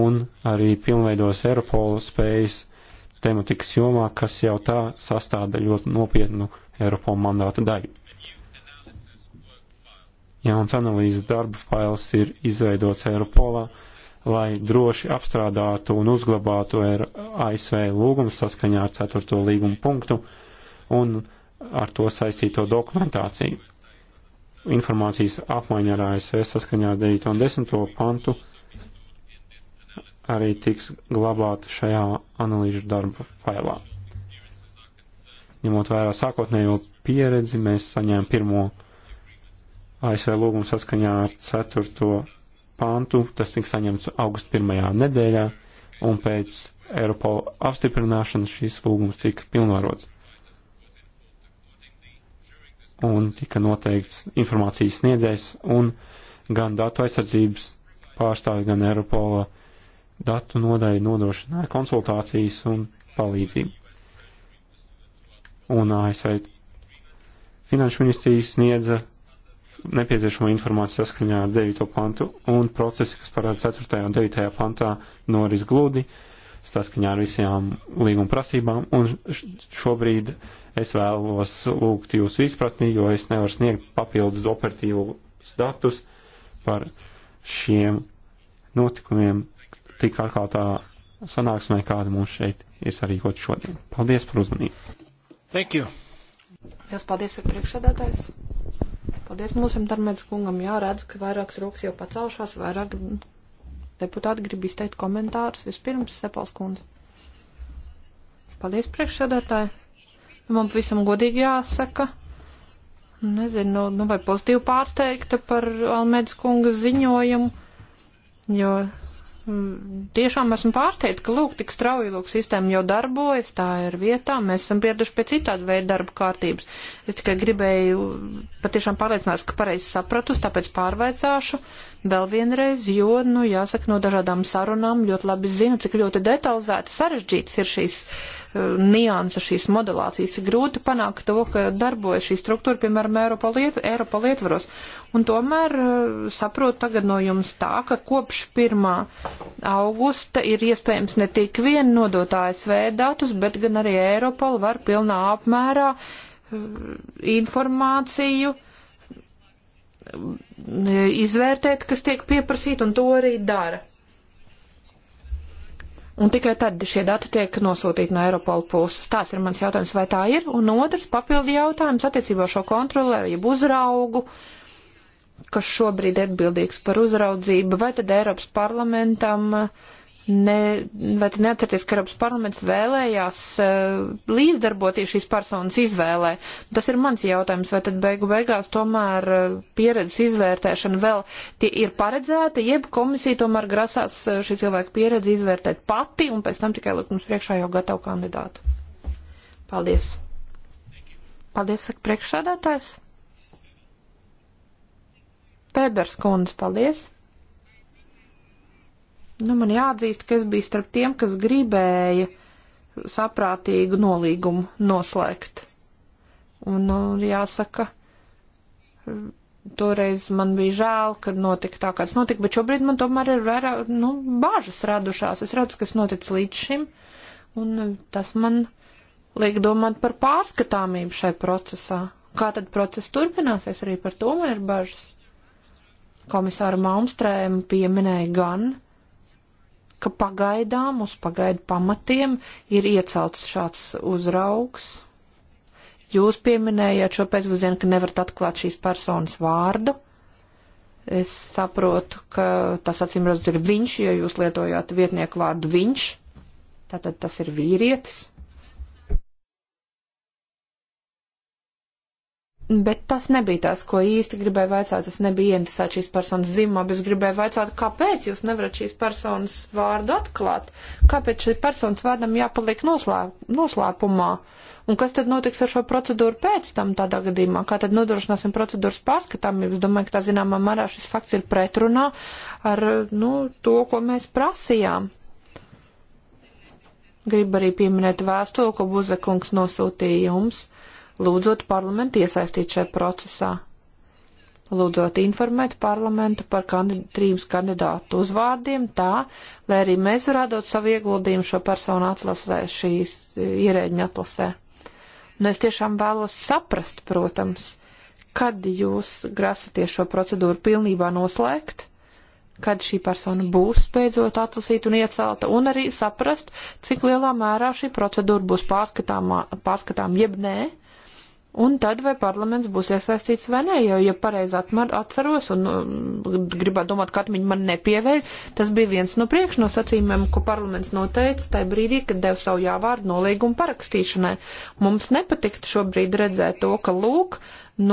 un arī pilnveidos Eiropola spējas tematikas jomā, kas jau tā sastāda ļoti nopietnu Eiropola mandāta daļu. Jauns analīzes darba fails ir izveidots Eiropolā, lai droši apstrādātu un uzglabātu ASV lūgumu saskaņā ar 4. līgumu punktu un ar to saistīto dokumentāciju. Informācijas apmaiņa ar ASV saskaņā ar 9. un 10. pantu arī tiks glabāta šajā analīžu darba failā. Ņemot vērā sākotnējo pieredzi, mēs saņēmām pirmo ASV lūgumu saskaņā ar 4. pantu. Tas tika saņemts augusta pirmajā nedēļā, un pēc Eiropola apstiprināšanas šīs lūgums tika pilnvarots. Un tika noteikts informācijas sniedzējs, un gan datu aizsardzības pārstāvi, gan Eiropola uh, datu nodaļa nodrošināja konsultācijas un palīdzību. Un ASV Finanšu ministrija sniedza nepieciešamo informāciju saskaņā ar 9. pantu, un procesi, kas parāda 4. un 9. pantā, noris glūdi saskaņā ar visām līguma prasībām, un šobrīd es vēlos lūgt jūsu izpratni, jo es nevaru sniegt papildus operatīvus datus par šiem notikumiem tik atklātā sanāksmē, kāda mums šeit ir sarīkot šodien. Paldies par uzmanību! Thank you! Jūs paldies, priekšsēdētājs! Paldies mūsu darmēdz kungam, jā, redzu, ka vairākas rokas jau pacelšās, vairāk deputāti grib izteikt komentārus. Vispirms, Sepals kundze. Paldies, priekšsēdētāji! Man pavisam godīgi jāsaka, nezinu, nu vai pozitīvi pārsteigta par Almēdas kunga ziņojumu, jo Mm, tiešām esmu pārsteigta, ka lūk, tik strauji lūk sistēma jau darbojas, tā ir vietā, mēs esam pieraduši pie citāda veida darba kārtības. Es tikai gribēju patiešām pārliecināties, ka pareizi sapratus, tāpēc pārveicāšu, vēl vienreiz, jo, nu, jāsaka, no dažādām sarunām ļoti labi zinu, cik ļoti detalizēti sarežģīts ir šīs uh, nianses, šīs modelācijas. Grūti panākt to, ka darbojas šī struktūra, piemēram, Eiropa, liet, Eiropa lietvaros. Un tomēr uh, saprotu tagad no jums tā, ka kopš 1. augusta ir iespējams ne tik vien nodot ASV datus, bet gan arī Eiropa var pilnā apmērā uh, informāciju Eh, izvērtēt, kas tiek pieprasīt, un to arī dara. Un tikai tad šie dati tiek nosūtīti no Eiropola puses. Tās ir mans jautājums, vai tā ir. Un otrs papildi jautājums attiecībā šo kontrolēru, jeb uzraugu, kas šobrīd ir atbildīgs par uzraudzību, vai tad Eiropas parlamentam uh, Ne, vai te neatcerieties, ka Eiropas parlaments vēlējās uh, līdzdarboties šīs personas izvēlē? Tas ir mans jautājums, vai tad beigu beigās tomēr uh, pieredzes izvērtēšana vēl tie ir paredzēta, jeb komisija tomēr grasās uh, šī cilvēka pieredzi izvērtēt pati un pēc tam tikai likt mums priekšā jau gatavu kandidātu? Paldies. Paldies, saka priekšsādātājs. Pēbers kundze, paldies. Nu, man jāatzīst, ka es biju starp tiem, kas gribēja saprātīgu nolīgumu noslēgt. Un, nu, jāsaka, toreiz man bija žēl, ka notika tā, kāds notika, bet šobrīd man tomēr ir vairāk, nu, bāžas radušās. Es redzu, kas noticis līdz šim, un tas man liek domāt par pārskatāmību šai procesā. Kā tad process turpināsies, arī par to man ir bažas. Komisāra Malmstrēma pieminēja gan ka pagaidām uz pagaidu pamatiem ir iecelts šāds uzraugs. Jūs pieminējāt šo pēcpusdienu, ka nevarat atklāt šīs personas vārdu. Es saprotu, ka tas acīm redzot ir viņš, jo jūs lietojāt vietnieku vārdu viņš. Tātad tas ir vīrietis. Bet tas nebija tas, ko īsti gribēju vaicāt. Es nebiju interesēta šīs personas zīmumā, bet es gribēju vaicāt, kāpēc jūs nevarat šīs personas vārdu atklāt? Kāpēc šī personas vārdam jāpaliek noslē, noslēpumā? Un kas tad notiks ar šo procedūru pēc tam tādā gadījumā? Kā tad nodrošināsim procedūras pārskatāmību? Es domāju, ka tā zināmā mērā šis fakts ir pretrunā ar nu, to, ko mēs prasījām. Gribu arī pieminēt vēstuli, ko Buzekungs nosūtīja jums. Uh, lūdzot parlamentu iesaistīt šajā procesā, lūdzot informēt parlamentu par kandid trījums kandidātu uzvārdiem tā, lai arī mēs varētu dot savu ieguldījumu šo personu atlasē, šīs ierēģiņa atlasē. Un es tiešām vēlos saprast, protams, kad jūs grasaties šo procedūru pilnībā noslēgt, kad šī persona būs beidzot atlasīta un iecelta, un arī saprast, cik lielā mērā šī procedūra būs pārskatām, pārskatām jeb nē, Un tad vai parlaments būs iesaistīts vai nē, jo, ja pareizi atceros un um, gribētu domāt, ka atmiņa man nepievēļ, tas bija viens no priekšnosacījumiem, ko parlaments noteica tajā brīdī, kad dev savu jāvārdu nolīgumu parakstīšanai. Mums nepatiktu šobrīd redzēt to, ka lūk,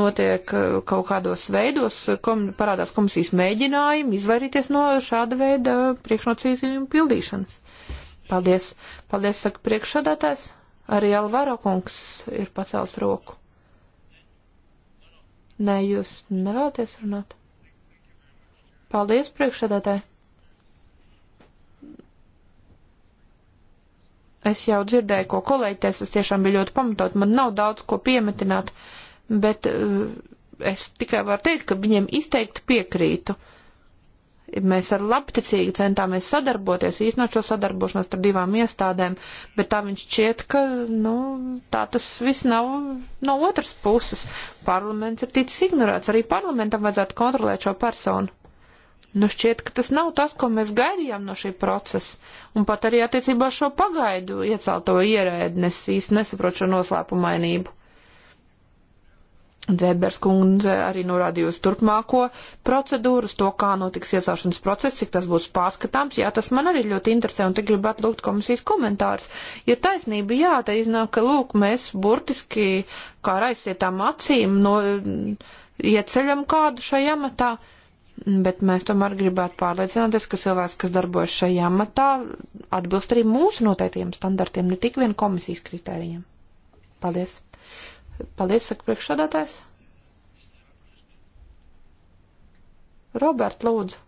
notiek uh, kaut kādos veidos, uh, kom, parādās komisijas mēģinājumi izvairīties no šāda veida priekšnocīzījumu pildīšanas. Paldies. Paldies, saka priekšsādātājs. Arī Alvaro kungs ir pacēls roku. Nē, jūs nevēlaties runāt? Paldies, priekšsēdētāji! Es jau dzirdēju, ko kolēģi teica, tas tiešām bija ļoti pamatot. Man nav daudz ko piemetināt, bet uh, es tikai varu teikt, ka viņiem izteikti piekrītu. Uh, Mēs ar labticīgi centāmies sadarboties, īstenot šo sadarbošanos ar divām iestādēm, bet tā viņš šķiet, ka, nu, tā tas viss nav no otras puses. Parlaments ir ticis ignorēts, arī parlamentam vajadzētu kontrolēt šo personu. Nu, šķiet, ka tas nav tas, ko mēs gaidījām no šī procesa. Un pat arī attiecībā šo pagaidu iecelto ierēdnes īsti nesaprot šo noslēpumainību. Vēbers kundze arī norādīja uz turpmāko procedūru, uz to, kā notiks iecaušanas process, cik tas būs pārskatāms. Jā, tas man arī ļoti interesē un te gribētu lūgt komisijas komentārus. Ir taisnība, jā, te iznāk, ka lūk, mēs burtiski kā raisietām acīm no, ieceļam kādu šajā matā. Bet mēs tomēr gribētu pārliecināties, ka cilvēks, kas darbojas šajā matā, atbilst arī mūsu noteiktajiem standartiem, ne tik vien komisijas kritērijiem. Paldies! Paldies, saka priekšsādātājs. Robert, lūdzu.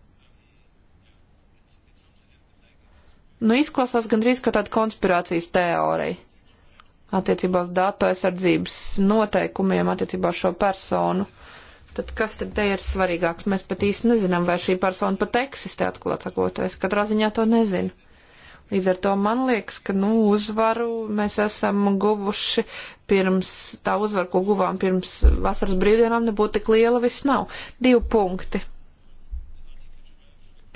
Nu, izklausās gandrīz kā tāda konspirācijas teorija attiecībā uz datu aizsardzības noteikumiem, attiecībā uz šo personu. Tad kas tad te ir svarīgāks? Mēs pat īsti nezinām, vai šī persona pat eksistē atklāt sakoties. Katrā ziņā to nezinu. Līdz ar to man liekas, ka nu, uzvaru mēs esam guvuši pirms tā uzvaru, ko guvām pirms vasaras brīvdienām, nebūtu tik liela viss nav. Divi punkti.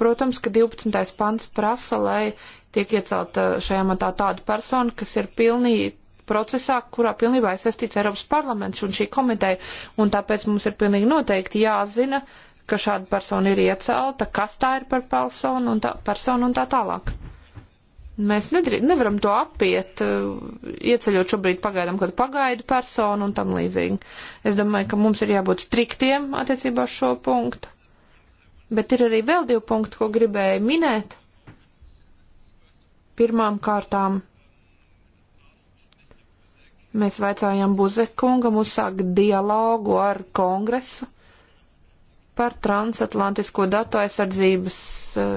Protams, ka 12. pants prasa, lai tiek iecelta šajā matā tāda persona, kas ir pilnīgi procesā, kurā pilnībā iesaistīts Eiropas parlaments un šī komiteja, un tāpēc mums ir pilnīgi noteikti jāzina, ka šāda persona ir iecelta, kas tā ir par personu un tā, personu un tā tālāk. Mēs nedrīk, nevaram to apiet, eh, ieceļot šobrīd pagaidām kādu pagaidu personu un tam līdzīgi. Es domāju, ka mums ir jābūt striktiem attiecībā uz šo punktu. Bet ir arī vēl divi punkti, ko gribēju minēt. Pirmām kārtām mēs vaicājām Buzekungam uzsākt dialogu ar kongresu par transatlantisko datu aizsardzības uh,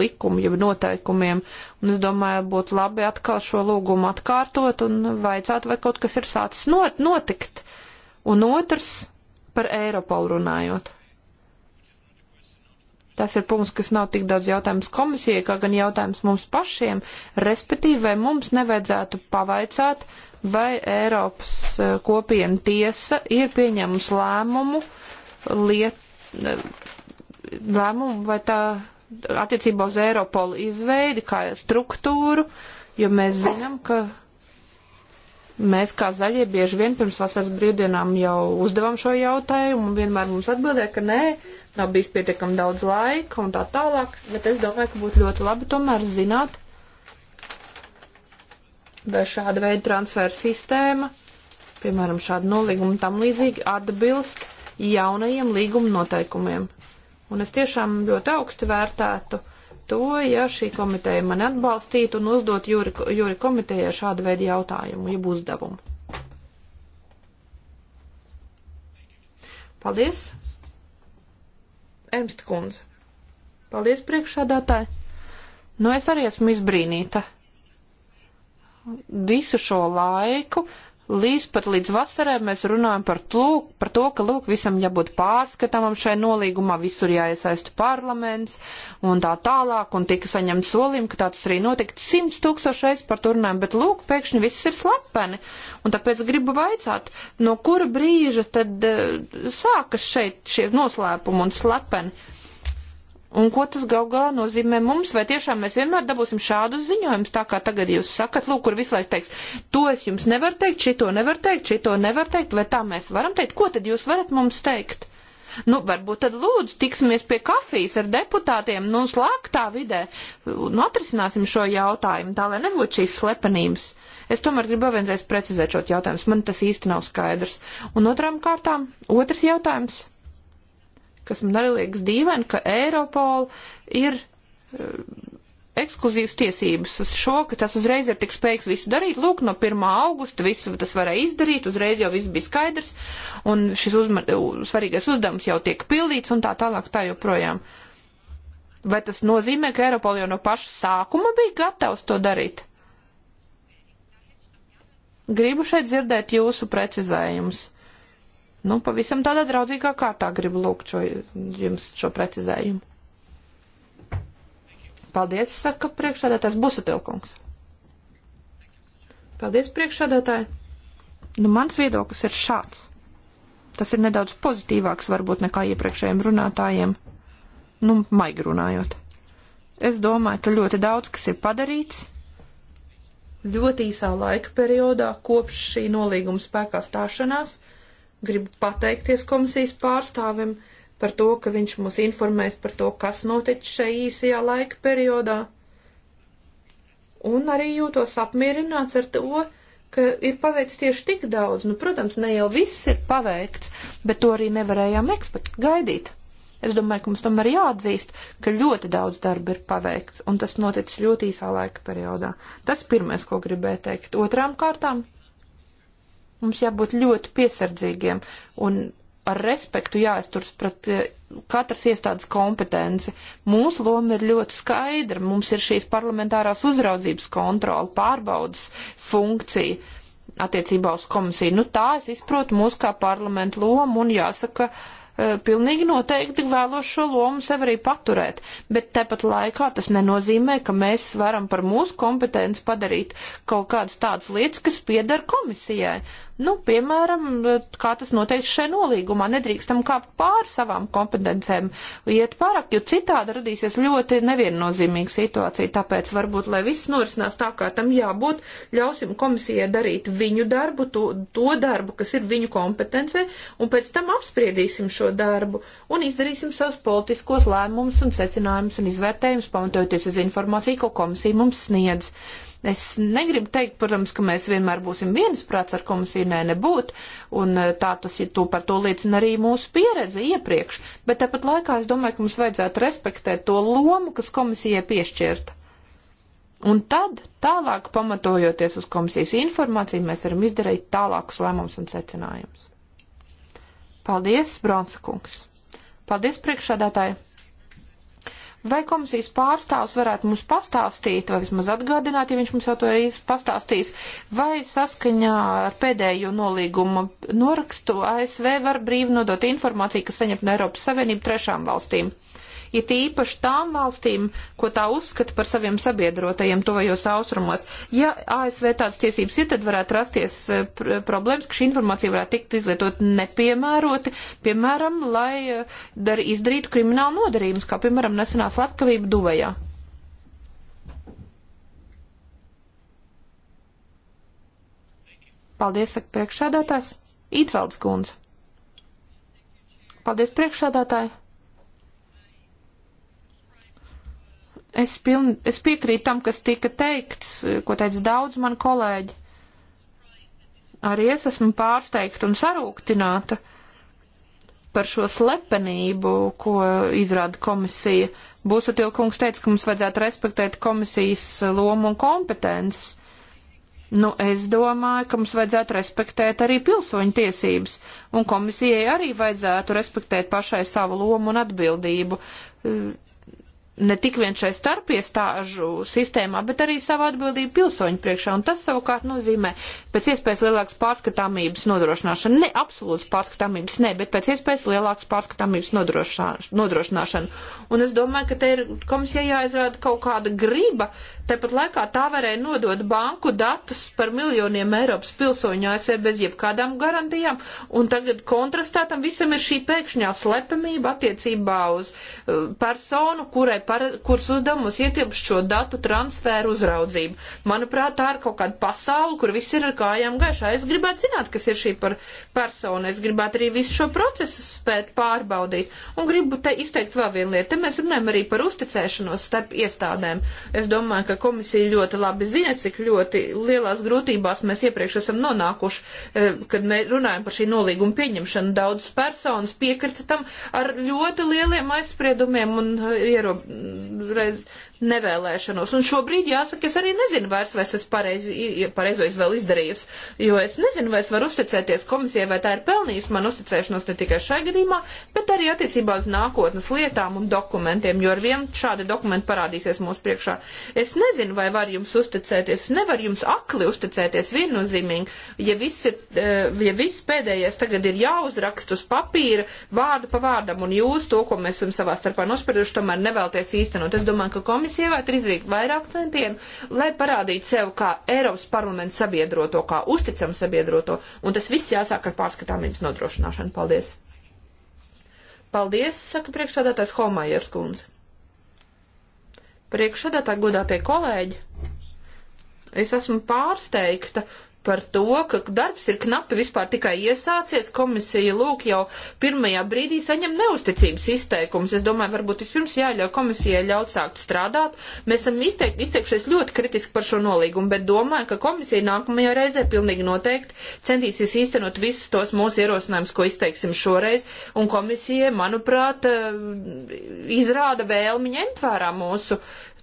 likumu, jeb noteikumiem, un es domāju, būtu labi atkal šo lūgumu atkārtot un vaicāt, vai kaut kas ir sācis not notikt. Un otrs, par Eiropolu runājot. Tas ir punkts, kas nav tik daudz jautājums komisijai, kā gan jautājums mums pašiem, respektīvi, vai mums nevajadzētu pavaicāt, vai Eiropas eh, kopiena tiesa ir pieņēmusi lēmumu, uh, liet, lēmumu vai tā attiecībā uz Eiropolu izveidi, kā struktūru, jo mēs zinām, ka mēs kā zaļie bieži vien pirms vasaras brīvdienām jau uzdevam šo jautājumu un vienmēr mums atbildēja, ka nē, nav bijis pietiekam daudz laika un tā tālāk, bet es domāju, ka būtu ļoti labi tomēr zināt, vai šāda veida transfēra sistēma, piemēram, šāda nolīguma tam līdzīgi atbilst uh, jaunajiem līguma noteikumiem. Un es tiešām ļoti augstu vērtētu to, ja šī komiteja mani atbalstītu un uzdot jūri, jūri komitejai šādu veidu jautājumu, jeb uzdevumu. Paldies! Ernsta kundze. Paldies priekšādātāji. Nu, es arī esmu izbrīnīta. Visu šo laiku līdz pat līdz vasarai mēs runājam par, tūk, par to, ka lūk, visam jābūt pārskatāmam šai nolīgumā, visur jāiesaista parlaments un tā tālāk, un tika saņemt solim, ka tāds arī notika simts tūkstoši reizes par turnēm, bet lūk, pēkšņi viss ir slepeni, un tāpēc gribu vaicāt, no kura brīža tad uh, sākas šeit šie noslēpumi un slepeni. Un ko tas gal galā nozīmē mums, vai tiešām mēs vienmēr dabūsim šādus ziņojumus, tā kā tagad jūs sakat, lūk, kur visu laiku teiks, to es jums nevaru teikt, šito nevaru teikt, šito nevaru teikt, vai tā mēs varam teikt, ko tad jūs varat mums teikt? Nu, varbūt tad lūdzu tiksimies pie kafijas ar deputātiem, nu, slāgtā vidē, nu, atrisināsim šo jautājumu, tā lai nebūtu šīs slepenības. Es tomēr gribu vienreiz precizēt šo jautājumu, man tas īsti nav skaidrs. Un otrām kārtām, otrs jautājums kas man arī liekas dīvaini, ka Eiropola ir eh, ekskluzīvas tiesības uz šo, ka tas uzreiz ir tik spējīgs visu darīt. Lūk, no 1. augusta visu tas varēja izdarīt, uzreiz jau viss bija skaidrs, un šis uzma, svarīgais uzdevums jau tiek pildīts, un tā tālāk tā joprojām. Vai tas nozīmē, ka Eiropola jau no paša sākuma bija gatavs to darīt? Gribu šeit dzirdēt jūsu precizējumus. Nu, pavisam tādā draudzīgā kārtā gribu lūgt šo, jums šo precizējumu. Paldies, saka priekšādātājs Busatilkungs. Paldies, priekšādātāji. Nu, mans viedoklis ir šāds. Tas ir nedaudz pozitīvāks varbūt nekā iepriekšējiem runātājiem. Nu, maigi runājot. Es domāju, ka ļoti daudz, kas ir padarīts, ļoti īsā laika periodā kopš šī nolīguma spēkā stāšanās – Gribu pateikties komisijas pārstāvim par to, ka viņš mūs informēs par to, kas noticis šajā īsajā laika periodā. Un arī jūtos apmierināts ar to, ka ir paveikts tieši tik daudz. Nu, protams, ne jau viss ir paveikts, bet to arī nevarējām ekspekt gaidīt. Es domāju, ka mums tomēr jāatzīst, ka ļoti daudz darba ir paveikts, un tas noticis ļoti īsā laika periodā. Tas pirmais, ko gribēju teikt. Otrām kārtām Mums jābūt ļoti piesardzīgiem un ar respektu jāizturs pret eh, katras iestādes kompetenci. Mūsu loma ir ļoti skaidra. Mums ir šīs parlamentārās uzraudzības kontrola, pārbaudas funkcija attiecībā uz komisiju. Nu, tā es izprotu mūsu kā parlamentu lomu un jāsaka, eh, pilnīgi noteikti vēlos šo lomu sev arī paturēt, bet tepat laikā tas nenozīmē, ka mēs varam par mūsu kompetenci padarīt kaut kādas tādas lietas, kas piedara komisijai. Nu, piemēram, kā tas noteikts šai nolīgumā, nedrīkstam kāpt pāri savām kompetencēm, iet pārāk, jo citādi radīsies ļoti neviennozīmīga situācija. Tāpēc varbūt, lai viss norisinās tā, kā tam jābūt, ļausim komisijai darīt viņu darbu, to, to darbu, kas ir viņu kompetencē, un pēc tam apspriedīsim šo darbu un izdarīsim savus politiskos lēmumus un secinājumus un izvērtējumus, pamatojoties uz informāciju, ko komisija mums sniedz. Uh, Es negribu teikt, protams, ka mēs vienmēr būsim viensprāts ar komisiju, nē, nebūt, un eh, tā tas ir, to par to liecina arī mūsu pieredze iepriekš, bet tāpat laikā es domāju, ka mums vajadzētu respektēt to lomu, kas komisijai piešķirta. Un tad, tālāk pamatojoties uz komisijas informāciju, mēs varam izdarīt tālākus lēmumus un secinājumus. Paldies, Bronsa kungs! Paldies, priekšādātāji! Vai komisijas pārstāvs varētu mums pastāstīt, vai vismaz atgādināt, ja viņš mums jau to arī pastāstīs, vai saskaņā ar pēdējo nolīguma norakstu ASV var brīvi nodot informāciju, kas saņemta no Eiropas Savienību trešām valstīm? it ja īpaši tām valstīm, ko tā uzskata par saviem sabiedrotajiem tuvajos austrumos. Ja ASV tādas tiesības ir, tad varētu rasties eh, pr problēmas, ka šī informācija varētu tikt izlietot nepiemēroti, piemēram, lai eh, dar, izdarītu kriminālu nodarījumus, kā piemēram nesenā slepkavība Duvajā. Paldies, saka priekšsēdētājs. Itvelds kundze. Paldies, priekšsēdētāji. Es, piln, es piekrītu tam, kas tika teikts, ko teica daudz man kolēģi. Arī es esmu pārsteigta un sarūktināta par šo slepenību, ko izrāda komisija. Būsutilkungs teica, ka mums vajadzētu respektēt komisijas lomu un kompetences. Nu, es domāju, ka mums vajadzētu respektēt arī pilsoņu tiesības, un komisijai arī vajadzētu respektēt pašai savu lomu un atbildību ne tik vien šai starpiestāžu sistēmā, bet arī savu atbildību pilsoņu priekšā. Un tas savukārt nozīmē pēc iespējas lielākas pārskatāmības nodrošināšanu. Ne absolūts pārskatāmības, ne, bet pēc iespējas lielākas pārskatāmības nodrošināšanu. Un es domāju, ka te ir komisijai jāizrāda kaut kāda griba Tāpat laikā tā varēja nodot banku datus par miljoniem Eiropas pilsoņu ASV e bez jebkādām garantijām, un tagad kontrastā tam visam ir šī pēkšņā slepamība attiecībā uz uh, personu, kurai par, kuras uzdevumus ietilpst šo datu transferu uzraudzību. Manuprāt, tā ir kaut kāda pasaule, kur viss ir ar kājām gaišā. Es gribētu zināt, kas ir šī par persona. Es gribētu arī visu šo procesu spēt pārbaudīt. Un gribu te izteikt vēl vienu lietu. Te mēs runājam arī par uzticēšanos starp iestādēm. Es domāju, ka ka komisija ļoti labi zina, cik ļoti lielās grūtībās mēs iepriekš esam nonākuši, eh, kad mēs runājam par šī nolīguma pieņemšanu. Daudz personas piekrita tam ar ļoti lieliem aizspriedumiem un eh, iero, reiz, nevēlēšanos. Un šobrīd, jāsaka, es arī nezinu vairs, vai es pareizi, pareizo izvēlu izdarījusi, jo es nezinu, vai es varu uzticēties komisijai, vai tā ir pelnījusi man uzticēšanos ne tikai šai gadījumā, bet arī attiecībā uz nākotnes lietām un dokumentiem, jo ar vienu šādi dokumenti parādīsies mūsu priekšā. Es nezinu, vai var jums uzticēties, nevar jums akli uzticēties viennozīmīgi, ja viss, ir, eh, ja viss pēdējais tagad ir jāuzrakst uz papīra vārdu pa vārdam, un jūs to, ko mēs esam savā starpā nosprieduši, tomēr nevēlties īstenot. Es domāju, ka komisija sieviete ir izdarīt vairāk centienu, lai parādītu sev kā Eiropas parlaments sabiedroto, kā uzticam sabiedroto, un tas viss jāsāk ar pārskatāmības nodrošināšanu. Paldies! Paldies, saka priekšsādātājs Homajers kundze. Priekšsādātāji godātie kolēģi, es esmu pārsteigta par to, ka darbs ir knapi vispār tikai iesācies. Komisija lūk jau pirmajā brīdī saņem neusticības izteikumus. Es domāju, varbūt vispirms jāļauj komisijai ļaut sākt strādāt. Mēs esam izteik, izteikšies ļoti kritiski par šo nolīgumu, bet domāju, ka komisija nākamajā reizē pilnīgi noteikti centīsies īstenot visus tos mūsu ierosinājumus, ko izteiksim šoreiz. Un komisija, manuprāt, eh, izrāda vēlmi ņemt vērā mūsu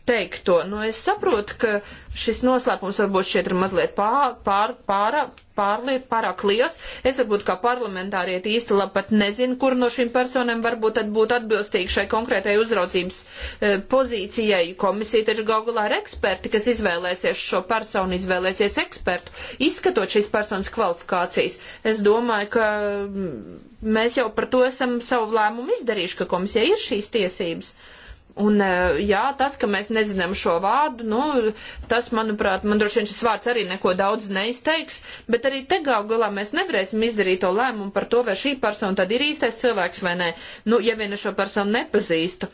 teikto. Nu, es saprotu, ka šis noslēpums varbūt šeit ir mazliet pār, pār, pār, pārliet, pārāk liels. Es varbūt kā parlamentārieti īsti labi pat nezinu, kur no šīm personām varbūt tad būtu atbilstīgi šai konkrētai uzraudzības e, pozīcijai. Komisija taču gaugulā ir eksperti, kas izvēlēsies šo personu, izvēlēsies ekspertu, izskatot šīs personas kvalifikācijas. Es domāju, ka mm, mēs jau par to esam savu lēmumu izdarījuši, ka komisija ir šīs tiesības. Uh, Un, e, jā, tas, ka mēs nezinām šo vārdu, nu, tas, manuprāt, man droši vien šis vārds arī neko daudz neizteiks, bet arī te gal galā mēs nevarēsim izdarīt to lēmumu par to, vai šī persona tad ir īstais cilvēks vai nē. Nu, ja vien es šo personu nepazīstu.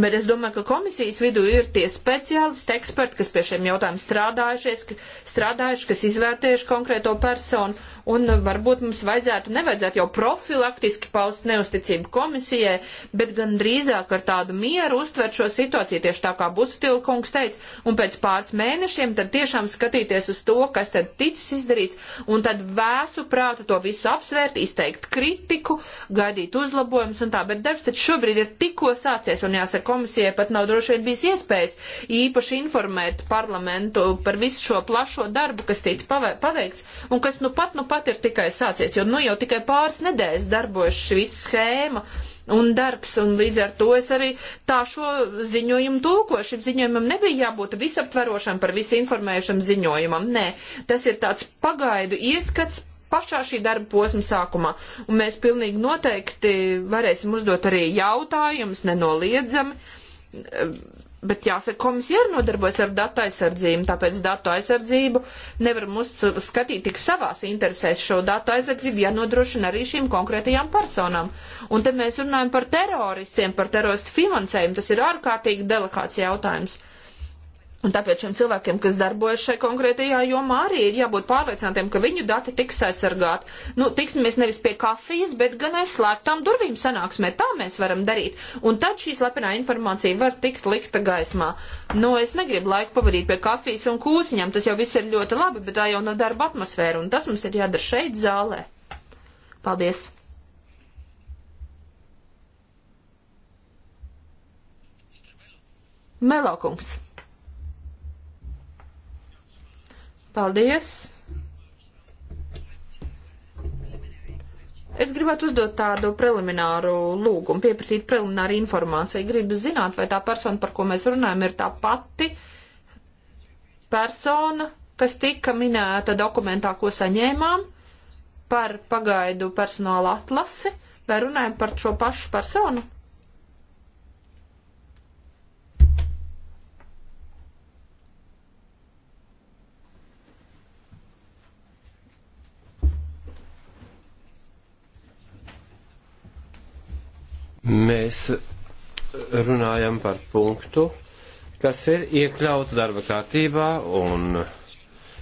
Bet es domāju, ka komisijas vidū ir tie speciālisti, eksperti, kas pie šiem jautājumiem strādājušies, ka, strādājuši, kas izvērtējuši konkrēto personu un varbūt mums vajadzētu, nevajadzētu jau profilaktiski paust neusticību komisijai, bet gan drīzāk ar tādu mieru uztvert šo situāciju, tieši tā kā Bustila kungs teica, un pēc pāris mēnešiem tad tiešām skatīties uz to, kas tad ticis izdarīts, un tad vēsu prātu to visu apsvērt, izteikt kritiku, gaidīt uzlabojumus un tā, bet darbs taču šobrīd ir tikko sācies, un jāsaka, komisijai pat nav droši vien bijis iespējas īpaši informēt parlamentu par visu šo plašo darbu, kas tīti paveikts, un kas nu pat, nu pat pat ir tikai sācies, jo nu jau tikai pāris nedēļas darbojas šī schēma un darbs, un līdz ar to es arī tā šo ziņojumu tulkošu. Šim ziņojumam nebija jābūt visaptverošam par visu informējušam ziņojumam. Nē, tas ir tāds pagaidu ieskats pašā šī darba posma sākumā. Un mēs pilnīgi noteikti varēsim uzdot arī jautājumus nenoliedzami Bet jāsaka, komisija arī nodarbojas ar datu aizsardzību, tāpēc datu aizsardzību nevar mums skatīt tik savās interesēs šo datu aizsardzību, ja nodrošina arī šīm konkrētajām personām. Un te mēs runājam par teroristiem, par teroristu finansējumu, tas ir ārkārtīgi delikāts jautājums. Un tāpēc šiem cilvēkiem, kas darbojas šai konkrētajā jomā, arī ir jābūt pārliecinātiem, ka viņu dati tiks aizsargāti. Nu, tiksimies nevis pie kafijas, bet gan aizslēgtām durvīm sanāksmē. Tā mēs varam darīt. Un tad šī slepenā informācija var tikt likta gaismā. Nu, es negribu laiku pavadīt pie kafijas un kūciņām. Tas jau viss ir ļoti labi, bet tā jau nav no darba atmosfēra. Un tas mums ir jādara šeit zālē. Paldies! Melokungs. Paldies! Es gribētu uzdot tādu prelimināru lūgumu, pieprasīt prelimināru informāciju. Gribu zināt, vai tā persona, par ko mēs runājam, ir tā pati persona, kas tika minēta dokumentā, ko saņēmām par pagaidu personāla atlasi, vai runājam par šo pašu personu? Mēs runājam par punktu, kas ir iekļauts darba kārtībā un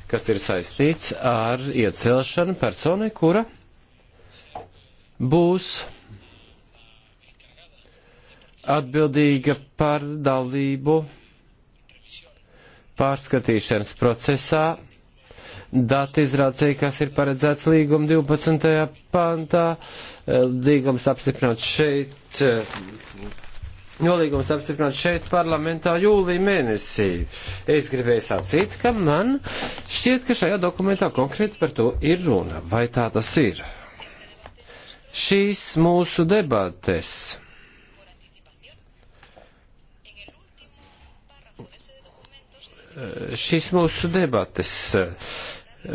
kas ir saistīts ar iecelšanu personai, kura būs atbildīga par dalību pārskatīšanas procesā dati izrācēji, kas ir paredzēts līguma 12. pantā. Eh, līgums apstiprināts šeit. Eh, Nolīgums apstiprināts šeit parlamentā jūlija mēnesī. Es gribēju sacīt, ka man šķiet, ka šajā dokumentā konkrēti par to ir runa. Vai tā tas ir? Šīs mūsu debates šīs mūsu debates eh,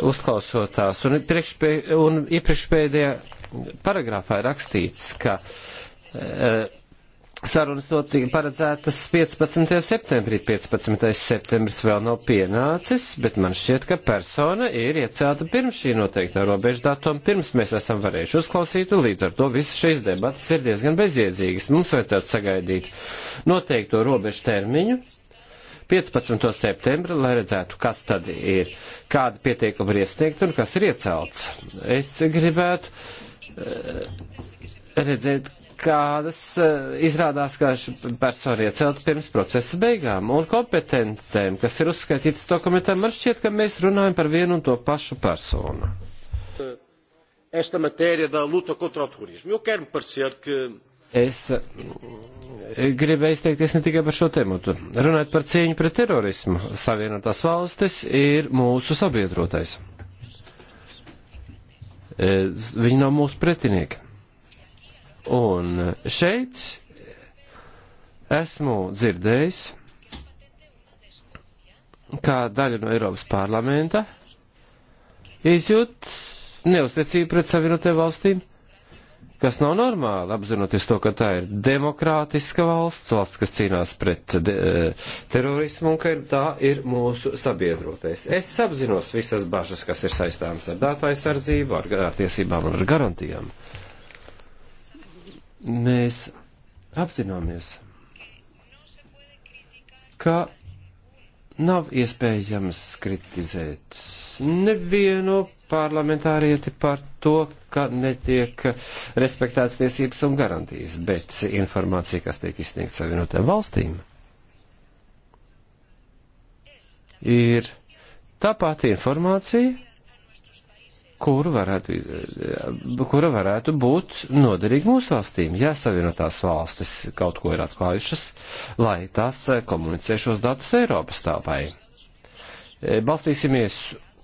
uzklausotās, un, priekšpē, un iepriekšpēdējā paragrāfā ir rakstīts, ka eh, sarunas notika paredzētas 15. septembrī. 15. septembris vēl nav pienācis, bet man šķiet, ka persona ir iecelta pirms šī noteiktā robeža datuma, pirms mēs esam varējuši uzklausīt, un līdz ar to visas šīs debatas ir diezgan bezjēdzīgas. Mums vajadzētu sagaidīt noteikto robežu termiņu, 15. septembra, lai redzētu, kas tad ir, kāda pieteikuma ir iesniegta un kas ir iecelts. Es gribētu eh, redzēt, kādas eh, izrādās, ka persona iecelt pirms procesa beigām un kompetencēm, kas ir uzskaitītas dokumentā, man šķiet, ka mēs runājam par vienu un to pašu personu. Esta matéria da luta contra o terrorismo. Eu quero me parecer que Es eh, gribēju izteikties ne tikai par šo tematu. Runājot par cieņu pret terorismu, Savienotās valstis ir mūsu sabiedrotais. Eh, viņi nav mūsu pretinieki. Un eh, šeit esmu dzirdējis, kā daļa no Eiropas parlamenta izjūt neuzticību pret Savienotajām valstīm kas nav normāli, apzinoties to, ka tā ir demokrātiska valsts, valsts, kas cīnās pret de, e, terorismu un ka tā ir mūsu sabiedrotais. Es apzinos visas bažas, kas ir saistāmas ar datu aizsardzību, ar, ar tiesībām un ar garantijām. Mēs apzināmies, ka nav iespējams kritizēt nevienu parlamentārieti par to, ka netiek respektēts tiesības un garantijas, bet informācija, kas tiek izsniegta savienotēm valstīm, ir tā pati informācija, kur varētu, kura varētu būt noderīga mūsu valstīm, ja savienotās valstis kaut ko ir atklājušas, lai tās eh, komunicē šos datus Eiropas tāpai. Eh, balstīsimies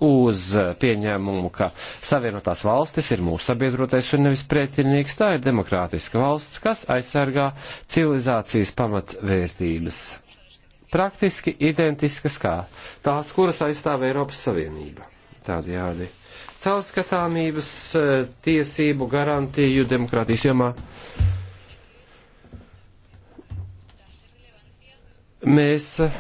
uz pieņēmumu, ka savienotās valstis ir mūsu sabiedrotais un nevis pretinieks. Tā ir demokrātiska valsts, kas aizsargā civilizācijas pamatvērtības. Praktiski identiskas kā tās, kuras aizstāv Eiropas Savienība. Tādējādi caurskatāmības eh, tiesību garantiju demokrātijas jomā. Mēs eh,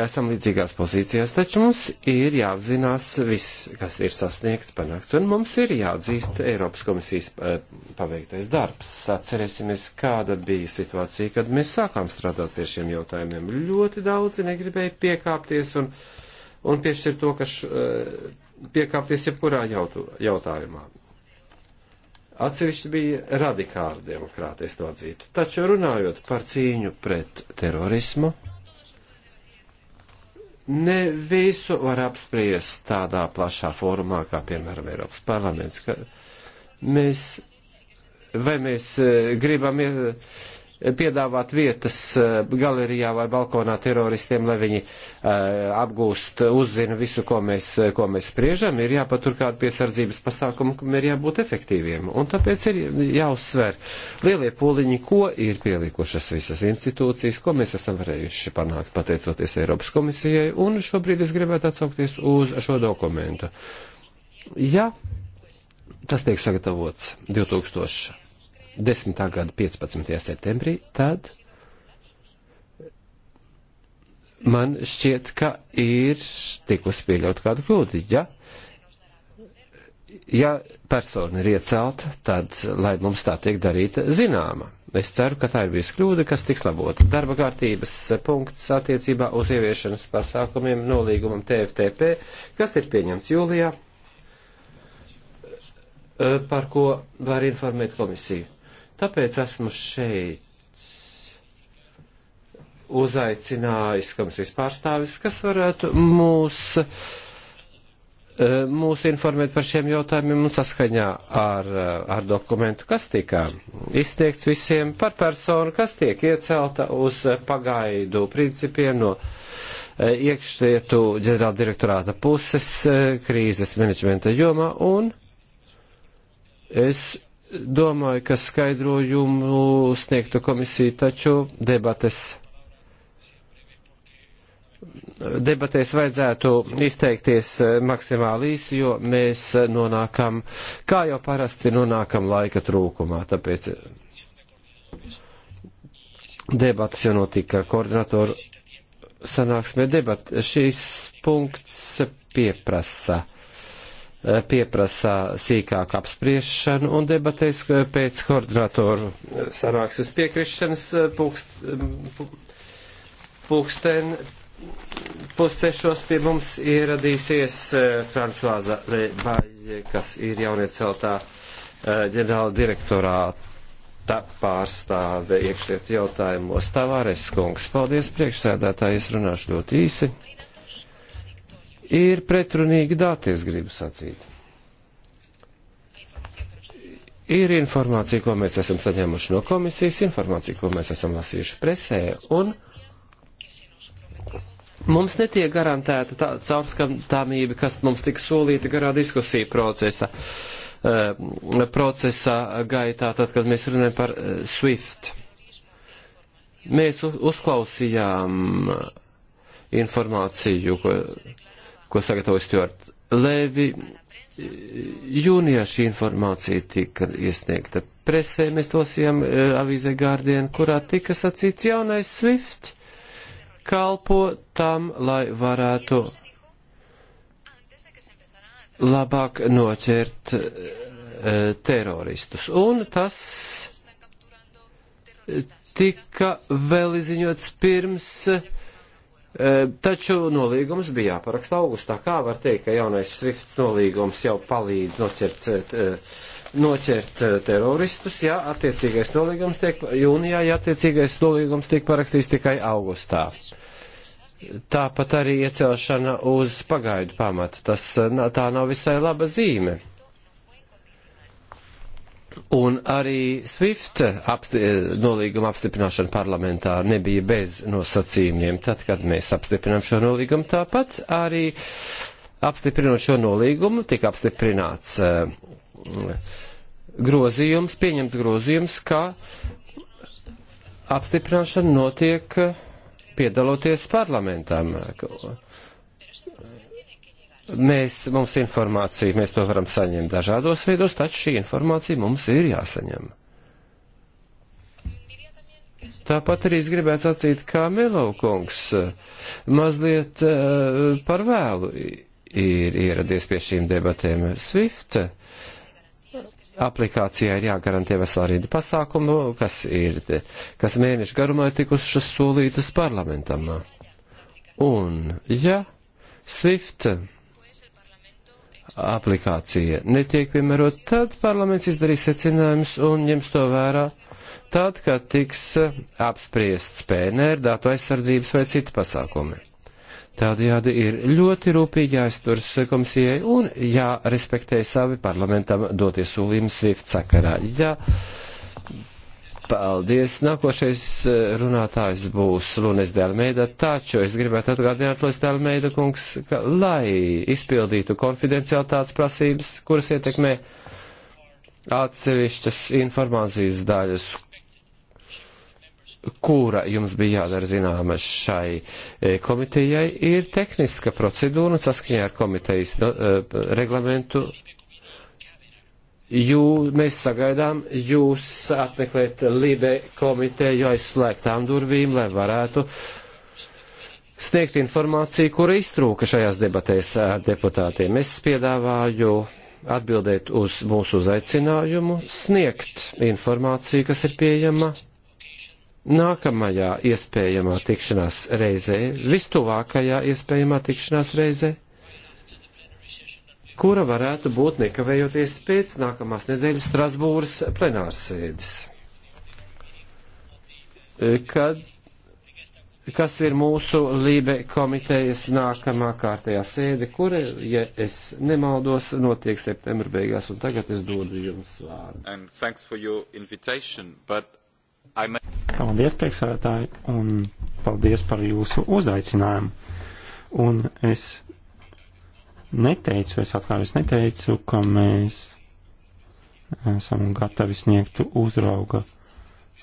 esam līdzīgās pozīcijās, taču mums ir jāapzinās viss, kas ir sasniegts, panākts, un mums ir jāatzīst Eiropas komisijas eh, paveiktais darbs. Atcerēsimies, kāda bija situācija, kad mēs sākām strādāt pie šiem jautājumiem. Ļoti daudzi negribēja piekāpties un, un piešķirt to, ka š, piekāpties jebkurā jautu, jautājumā. Atsevišķi bija radikāli demokrāti, es to atzītu. Taču runājot par cīņu pret terorismu, ne visu var apspriest tādā plašā fórumā, kā piemēram Eiropas parlaments, ka mēs, vai mēs eh, gribam eh, Eh, piedāvāt vietas eh, galerijā vai balkonā teroristiem, lai viņi eh, apgūst, uzzina visu, ko mēs, ko mēs spriežam, ir jāpatur kādu piesardzības pasākumu, kam ir jābūt efektīviem. Un tāpēc ir jāuzsver lielie pūliņi, ko ir pielikušas visas institūcijas, ko mēs esam varējuši panākt pateicoties Eiropas komisijai, un šobrīd es gribētu atsaukties uz šo dokumentu. Ja tas tiek sagatavots 2000 10. gada 15. septembrī, tad man šķiet, ka ir tikus pieļaut kādu kļūdu. Ja, ja persona ir iecelta, tad lai mums tā tiek darīta zināma. Es ceru, ka tā ir bijusi kļūda, kas tiks labota. Darba kārtības punkts attiecībā uz ieviešanas pasākumiem nolīgumam TFTP, kas ir pieņemts jūlijā, eh, par ko var informēt komisiju. Tāpēc esmu šeit uzaicinājis komisijas pārstāvis, kas varētu mūs, eh, mūs informēt par šiem jautājumiem un saskaņā ar, eh, ar dokumentu, kas tika izsniegts visiem par personu, kas tiek iecelta uz pagaidu principiem no eh, iekšlietu ģenerāla direktorāta puses krīzes menedžmenta jomā un es domāju, ka skaidrojumu sniegtu komisija, taču debates. Debatēs vajadzētu izteikties eh, maksimāli īsi, jo mēs nonākam, kā jau parasti, nonākam laika trūkumā. Tāpēc eh, debatas jau notika koordinatoru sanāksmē. Debat, šīs punkts pieprasa. Uh, Eh, pieprasā sīkāku apspriešanu un debatēs eh, pēc koordinatoru eh, sanāksmes piekrišanas pūkst, pūksten pussešos pie mums ieradīsies Franšvāza Lebaļa, kas ir jaunieceltā ģenerāla direktorāta tā pārstāve iekšliet jautājumos. Tavares kungs, paldies priekšsēdētāji, es runāšu ļoti īsi ir pretrunīgi dati, es gribu sacīt. Ir informācija, ko mēs esam saņēmuši no komisijas, informācija, ko mēs esam lasījuši presē, un mums netiek garantēta tā caurskatāmība, kas mums tika solīta garā diskusija procesa, eh, procesa gaitā, tad, kad mēs runājam par eh, SWIFT. Mēs uzklausījām informāciju, ko ko sagatavoja Stjort Levi. Jūnijā šī informācija tika iesniegta presē, mēs lasījām eh, avīzē Guardian, kurā tika sacīts jaunais Swift kalpo tam, lai varētu labāk noķert eh, teroristus. Un tas tika vēl izziņots pirms uh, E, taču nolīgums bija jāparaksta augustā. Kā var teikt, ka jaunais Swifts nolīgums jau palīdz noķert, e, noķert e, teroristus, ja attiecīgais nolīgums tiek jūnijā, ja attiecīgais nolīgums tiek parakstīts tikai augustā. Tāpat arī iecelšana uz pagaidu pamata. Tas, tā nav visai laba zīme. Un arī SWIFT apsti nolīguma apstiprināšana parlamentā nebija bez nosacījumiem. Tad, kad mēs apstiprinām šo nolīgumu, tāpat arī apstiprinot šo nolīgumu tika apstiprināts eh, grozījums, pieņemts grozījums, ka apstiprināšana notiek eh, piedaloties parlamentam. Mēs, mums informācija, mēs to varam saņemt dažādos veidos, taču šī informācija mums ir jāsaņem. Tāpat arī es gribētu sacīt, kā Melovkungs eh, mazliet eh, par vēlu ir ieradies pie šīm debatēm. Swift aplikācijā ir jāgarantē veselā rinda pasākumu, kas ir, kas mēnešu garumā ir tikušas solītas parlamentam. Un, ja Swift aplikācija netiek piemērot, tad parlaments izdarīs secinājumus un ņems to vērā tad, kad tiks apspriests PNR, datu aizsardzības vai citi pasākumi. Tādējādi ir ļoti rūpīgi jāizturas komisijai un jārespektē savi parlamentam doties solījumi SWIFT sakarā. Ja, uh, Paldies. Nākošais eh, runātājs būs Lunes Delmeida, taču es gribētu atgādināt Lunes Delmeida kungs, ka, lai izpildītu konfidencialitātes prasības, kuras ietekmē atsevišķas informācijas daļas, kura jums bija jādara zināma šai eh, komitejai, ir tehniska procedūra un saskaņā ar komitejas no, eh, reglamentu Jū, mēs sagaidām jūs apmeklēt Libe komiteju aizslēgtām durvīm, lai varētu sniegt informāciju, kura iztrūka šajās debatēs ar deputātiem. Es piedāvāju atbildēt uz mūsu uzaicinājumu, sniegt informāciju, kas ir pieejama nākamajā iespējamā tikšanās reizē, vistuvākajā iespējamā tikšanās reizē kura varētu būt nekavējoties pēc nākamās nedēļas Strasbūras plenārsēdes. E, kad kas ir mūsu Lībe komitejas nākamā kārtējā sēde, kura, ja es nemaldos, notiek septembra beigās, un tagad es dodu jums vārdu. May... Paldies, priekšsēdētāji, un paldies par jūsu uzaicinājumu. Un es neteicu, es atklāju, es neteicu, ka mēs esam gatavi sniegt uzrauga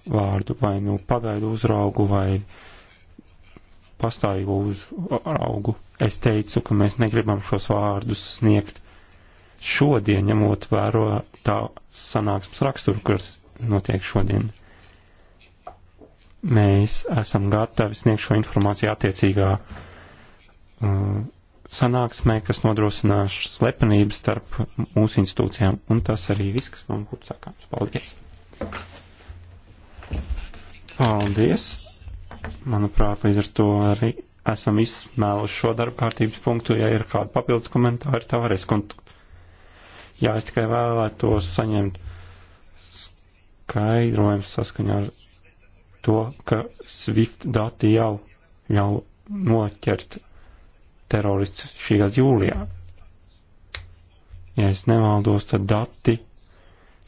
vārdu, vai nu pagaidu uzraugu, vai pastāvīgu uzraugu. Es teicu, ka mēs negribam šos vārdus sniegt šodien, ņemot vēro tā sanāksmes raksturu, kas notiek šodien. Mēs esam gatavi sniegt šo informāciju attiecīgā uh, sanāksmē, kas nodrošinās slepenību starp mūsu institūcijām. Un tas arī viss, kas man būtu sakāms. Paldies! Paldies! Manuprāt, līdz ar to arī esam izsmēluši šo darba kārtības punktu. Ja ir kādi papildus komentāri, tā varēs kontakt. Jā, es tikai vēlētos saņemt skaidrojums saskaņā ar to, ka SWIFT dati jau, jau noķert terorists šī gada jūlijā. Ja es nemaldos, tad dati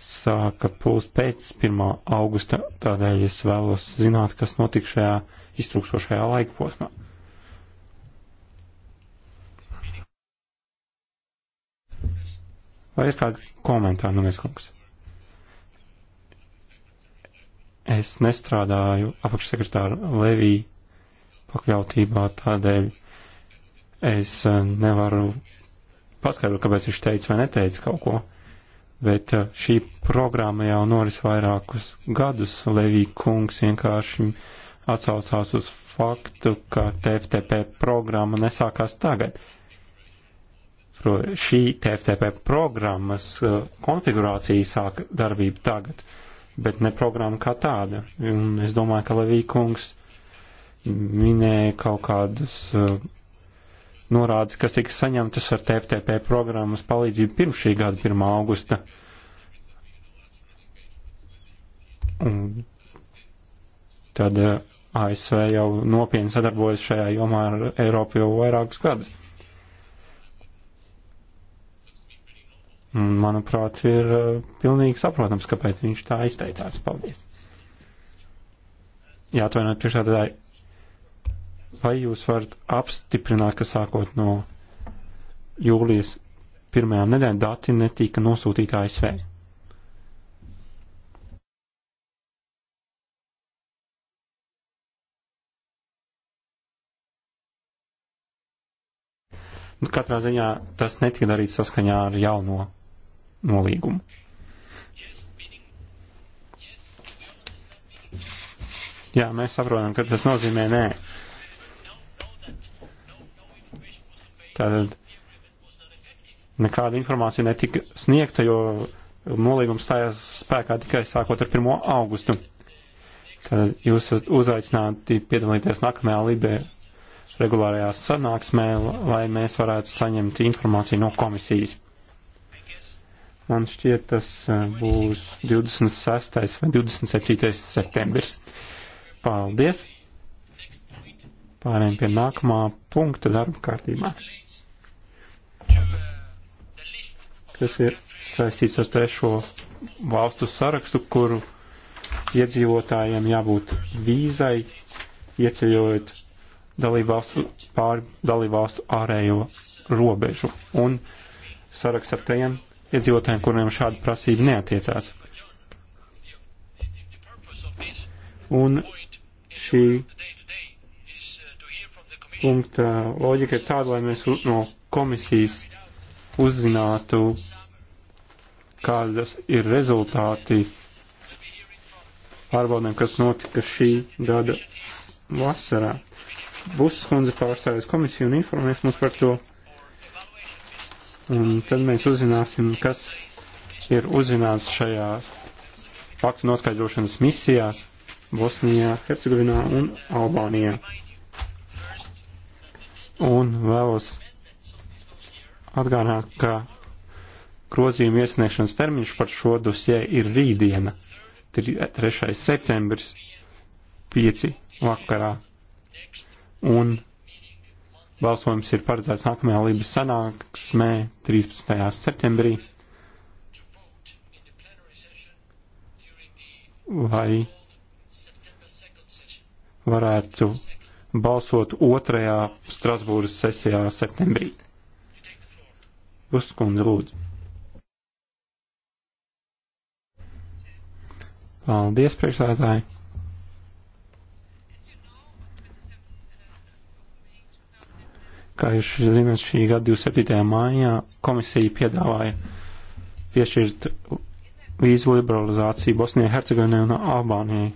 sāka plūst pēc 1. augusta, tādēļ es vēlos zināt, kas notika šajā iztrūkstošajā laika posmā. Vai ir kādi komentāri, nu, mēs kungs? Es nestrādāju apakšsekretāra Levī pakļautībā, tādēļ Es eh, nevaru paskaidrot, kāpēc viņš teica vai neteica kaut ko, bet eh, šī programma jau noris vairākus gadus. Levī kungs vienkārši atsaucās uz faktu, ka TFTP programma nesākās tagad. Pro, šī TFTP programmas eh, konfigurācija sāk darbību tagad, bet ne programma kā tāda. Un es domāju, ka Levī kungs minēja kaut kādus uh, norādes, kas tika saņemtas ar TFTP programmas palīdzību pirms šī gada 1. augusta. Un tad eh, ASV jau nopietni sadarbojas šajā jomā ar Eiropu jau vairākus gadus. Manuprāt, ir eh, pilnīgi saprotams, kāpēc viņš tā izteicās. Paldies! Jāatvainojiet priekšādātāji, Vai jūs varat apstiprināt, ka sākot no jūlijas pirmajām nedēļām dati netika nosūtīti ASV? Nu, katrā ziņā tas netika darīts saskaņā ar jauno nolīgumu. Jā, mēs saprotam, ka tas nozīmē nē. Tātad nekāda informācija netika sniegta, jo nolīgums stājās spēkā tikai sākot ar 1. augustu. Tad jūs esat uzaicināti piedalīties nākamajā Libē regulārajā sanāksmē, lai mēs varētu saņemt informāciju no komisijas. Man šķiet, tas eh, būs 26. vai 27. septembris. Paldies! Pārējiem pie nākamā punkta darba kārtībā. kas ir saistīts ar trešo valstu sarakstu, kuru iedzīvotājiem jābūt vīzai, ieceļojot dalībvalstu pāri dalībvalstu ārējo robežu un saraksts ar tiem iedzīvotājiem, kuriem šāda prasība neatiecās. Un šī punkta loģika ir tāda, lai mēs no komisijas uzzinātu, kādas ir rezultāti pārbaudēm, kas notika šī gada vasarā. Buses kundze pārstāvēs komisiju un informēs mums par to. Un tad mēs uzzināsim, kas ir uzzināts šajās faktu noskaidrošanas misijās Bosnijā, Hercegovinā un Albānijā. Un vēlos Atgādināt, ka grozījuma iesniegšanas termiņš par šo dosē ir rītdiena, 3. septembris, 5. vakarā. Un balsojums ir paredzēts nākamajā Lībijas sanāksmē 13. septembrī. Lai varētu balsot otrajā Strasbūras sesijā septembrī. Puskundze lūdzu. Paldies, priekšsēdētāji! Kā jūs zināt, šī gada 27. maijā komisija piedāvāja piešķirt vīzu liberalizāciju Bosnijai, Hercegovinai un Albānijai.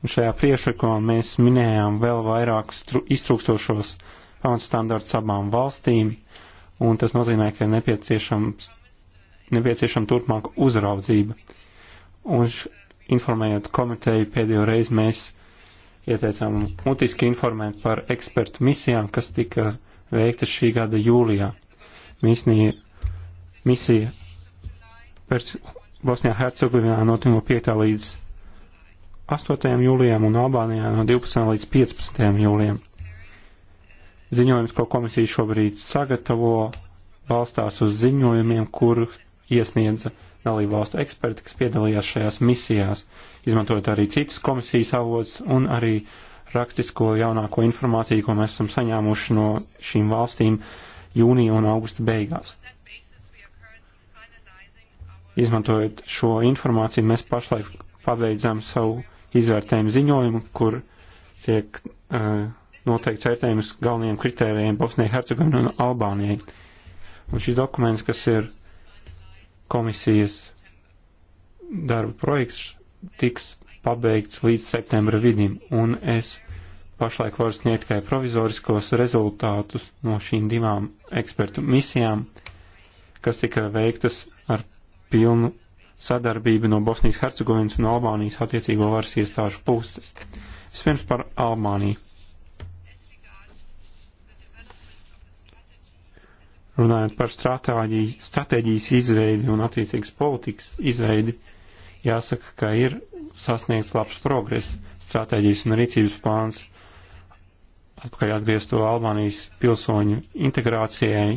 Un šajā priekšlikumā mēs minējām vēl vairākus iztrūkstošos pamatstandards abām valstīm, un tas nozīmē, ka ir nepieciešams, nepieciešama turpmāka uzraudzība. Un š, informējot komiteju pēdējo reizi mēs ieteicām mutiski informēt par ekspertu misijām, kas tika veikta šī gada jūlijā. Misnija, misija Bosnijā Hercegovinā no 5. līdz 8. jūlijam un Albānijā no 12. līdz 15. jūlijam. Ziņojums, ko komisija šobrīd sagatavo, balstās uz ziņojumiem, kur iesniedza dalību valstu eksperti, kas piedalījās šajās misijās, izmantojot arī citus komisijas avots un arī rakstisko jaunāko informāciju, ko mēs esam saņēmuši no šīm valstīm jūnija un augusta beigās. Izmantojot šo informāciju, mēs pašlaik pabeidzam savu izvērtējumu ziņojumu, kur tiek uh, noteikts vērtējums galvenajiem kritērijiem Bosnijai, Hercegovinai un Albānijai. Un šis dokuments, kas ir komisijas darba projekts, tiks pabeigts līdz septembra vidim, un es pašlaik varu sniegt tikai provizoriskos rezultātus no šīm divām ekspertu misijām, kas tika veiktas ar pilnu sadarbību no Bosnijas Hercegovinas un Albānijas attiecīgo varas iestāžu puses. Vispirms par Albāniju. Runājot par stratēģijas izveidi un attiecīgas politikas izveidi, jāsaka, ka ir sasniegts labs progress stratēģijas un rīcības plāns atpakaļ atgriezto Albānijas pilsoņu integrācijai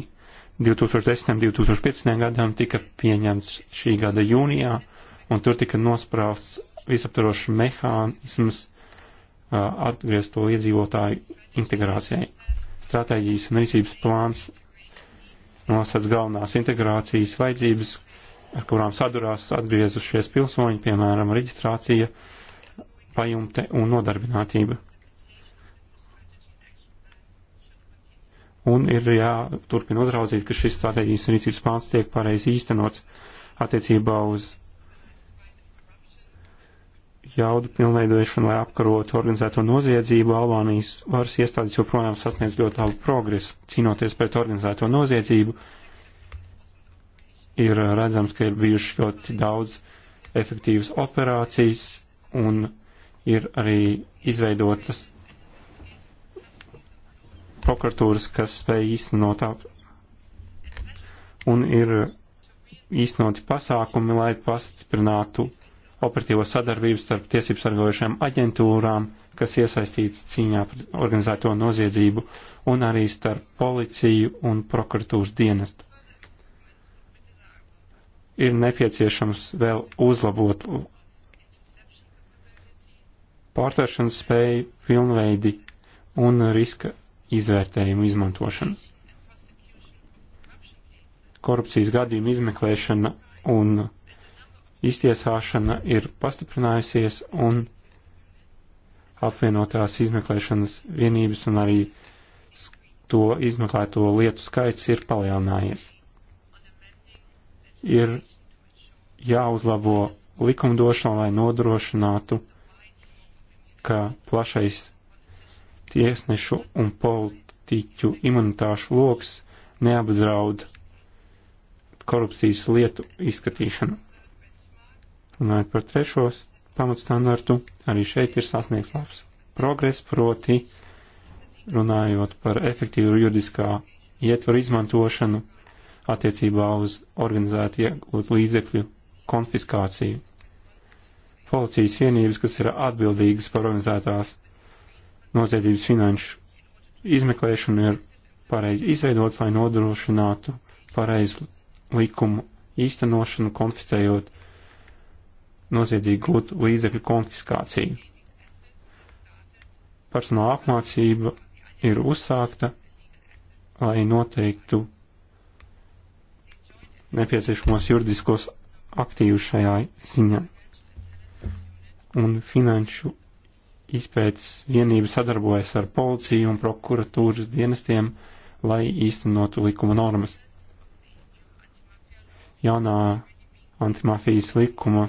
2010. un 2015. gadam tika pieņemts šī gada jūnijā, un tur tika nosprausts visaptarošs mehānisms uh, atgriezto iedzīvotāju integrācijai. Stratēģijas un rīcības plāns nosacīt galvenās integrācijas vajadzības, ar kurām sadurās atgriezušies pilsoņi, piemēram, reģistrācija, pajumte un nodarbinātība. Un ir jāturpina uzraudzīt, ka šis strateģijas rīcības plāns tiek pareizi īstenots attiecībā uz jaudu pilnveidošanu, lai apkarotu organizēto noziedzību, Albānijas varas iestādes joprojām sasniedz ļoti labu progresu cīnoties pret organizēto noziedzību. Ir redzams, ka ir bijuši ļoti daudz efektīvas operācijas un ir arī izveidotas prokuratūras, kas spēj īstenot un ir īstenoti pasākumi, lai pastiprinātu operatīvo sadarbību starp tiesību sargojušajām aģentūrām, kas iesaistīts cīņā pret organizēto noziedzību, un arī starp policiju un prokuratūras dienestu. Ir nepieciešams vēl uzlabot pārtēršanas spēju, pilnveidi un riska izvērtējumu izmantošanu. Korupcijas gadījumu izmeklēšana un iztiesāšana ir pastiprinājusies un apvienotās izmeklēšanas vienības un arī to izmeklēto lietu skaits ir palielinājies. Ir jāuzlabo likumdošana, lai nodrošinātu, ka plašais tiesnešu un politiķu imunitāšu loks neapdraud korupcijas lietu izskatīšanu. Runājot par trešo pamatstandartu, arī šeit ir sasniegts labs progress, proti runājot par efektīvu juridiskā ietvaru izmantošanu attiecībā uz organizētu iegūt līdzekļu konfiskāciju. Policijas vienības, kas ir atbildīgas par organizētās noziedzības finanšu izmeklēšanu, ir pareizi izveidots, lai nodrošinātu pareizu likumu īstenošanu, konfiscējot noziedzīgi gūtu līdzekļu konfiskāciju. Personāla apmācība ir uzsākta, lai noteiktu nepieciešamos juridiskos aktīvus šajā ziņā. Un finanšu izpētes vienība sadarbojas ar policiju un prokuratūras dienestiem, lai īstenotu likuma normas. Jaunā antimafijas likuma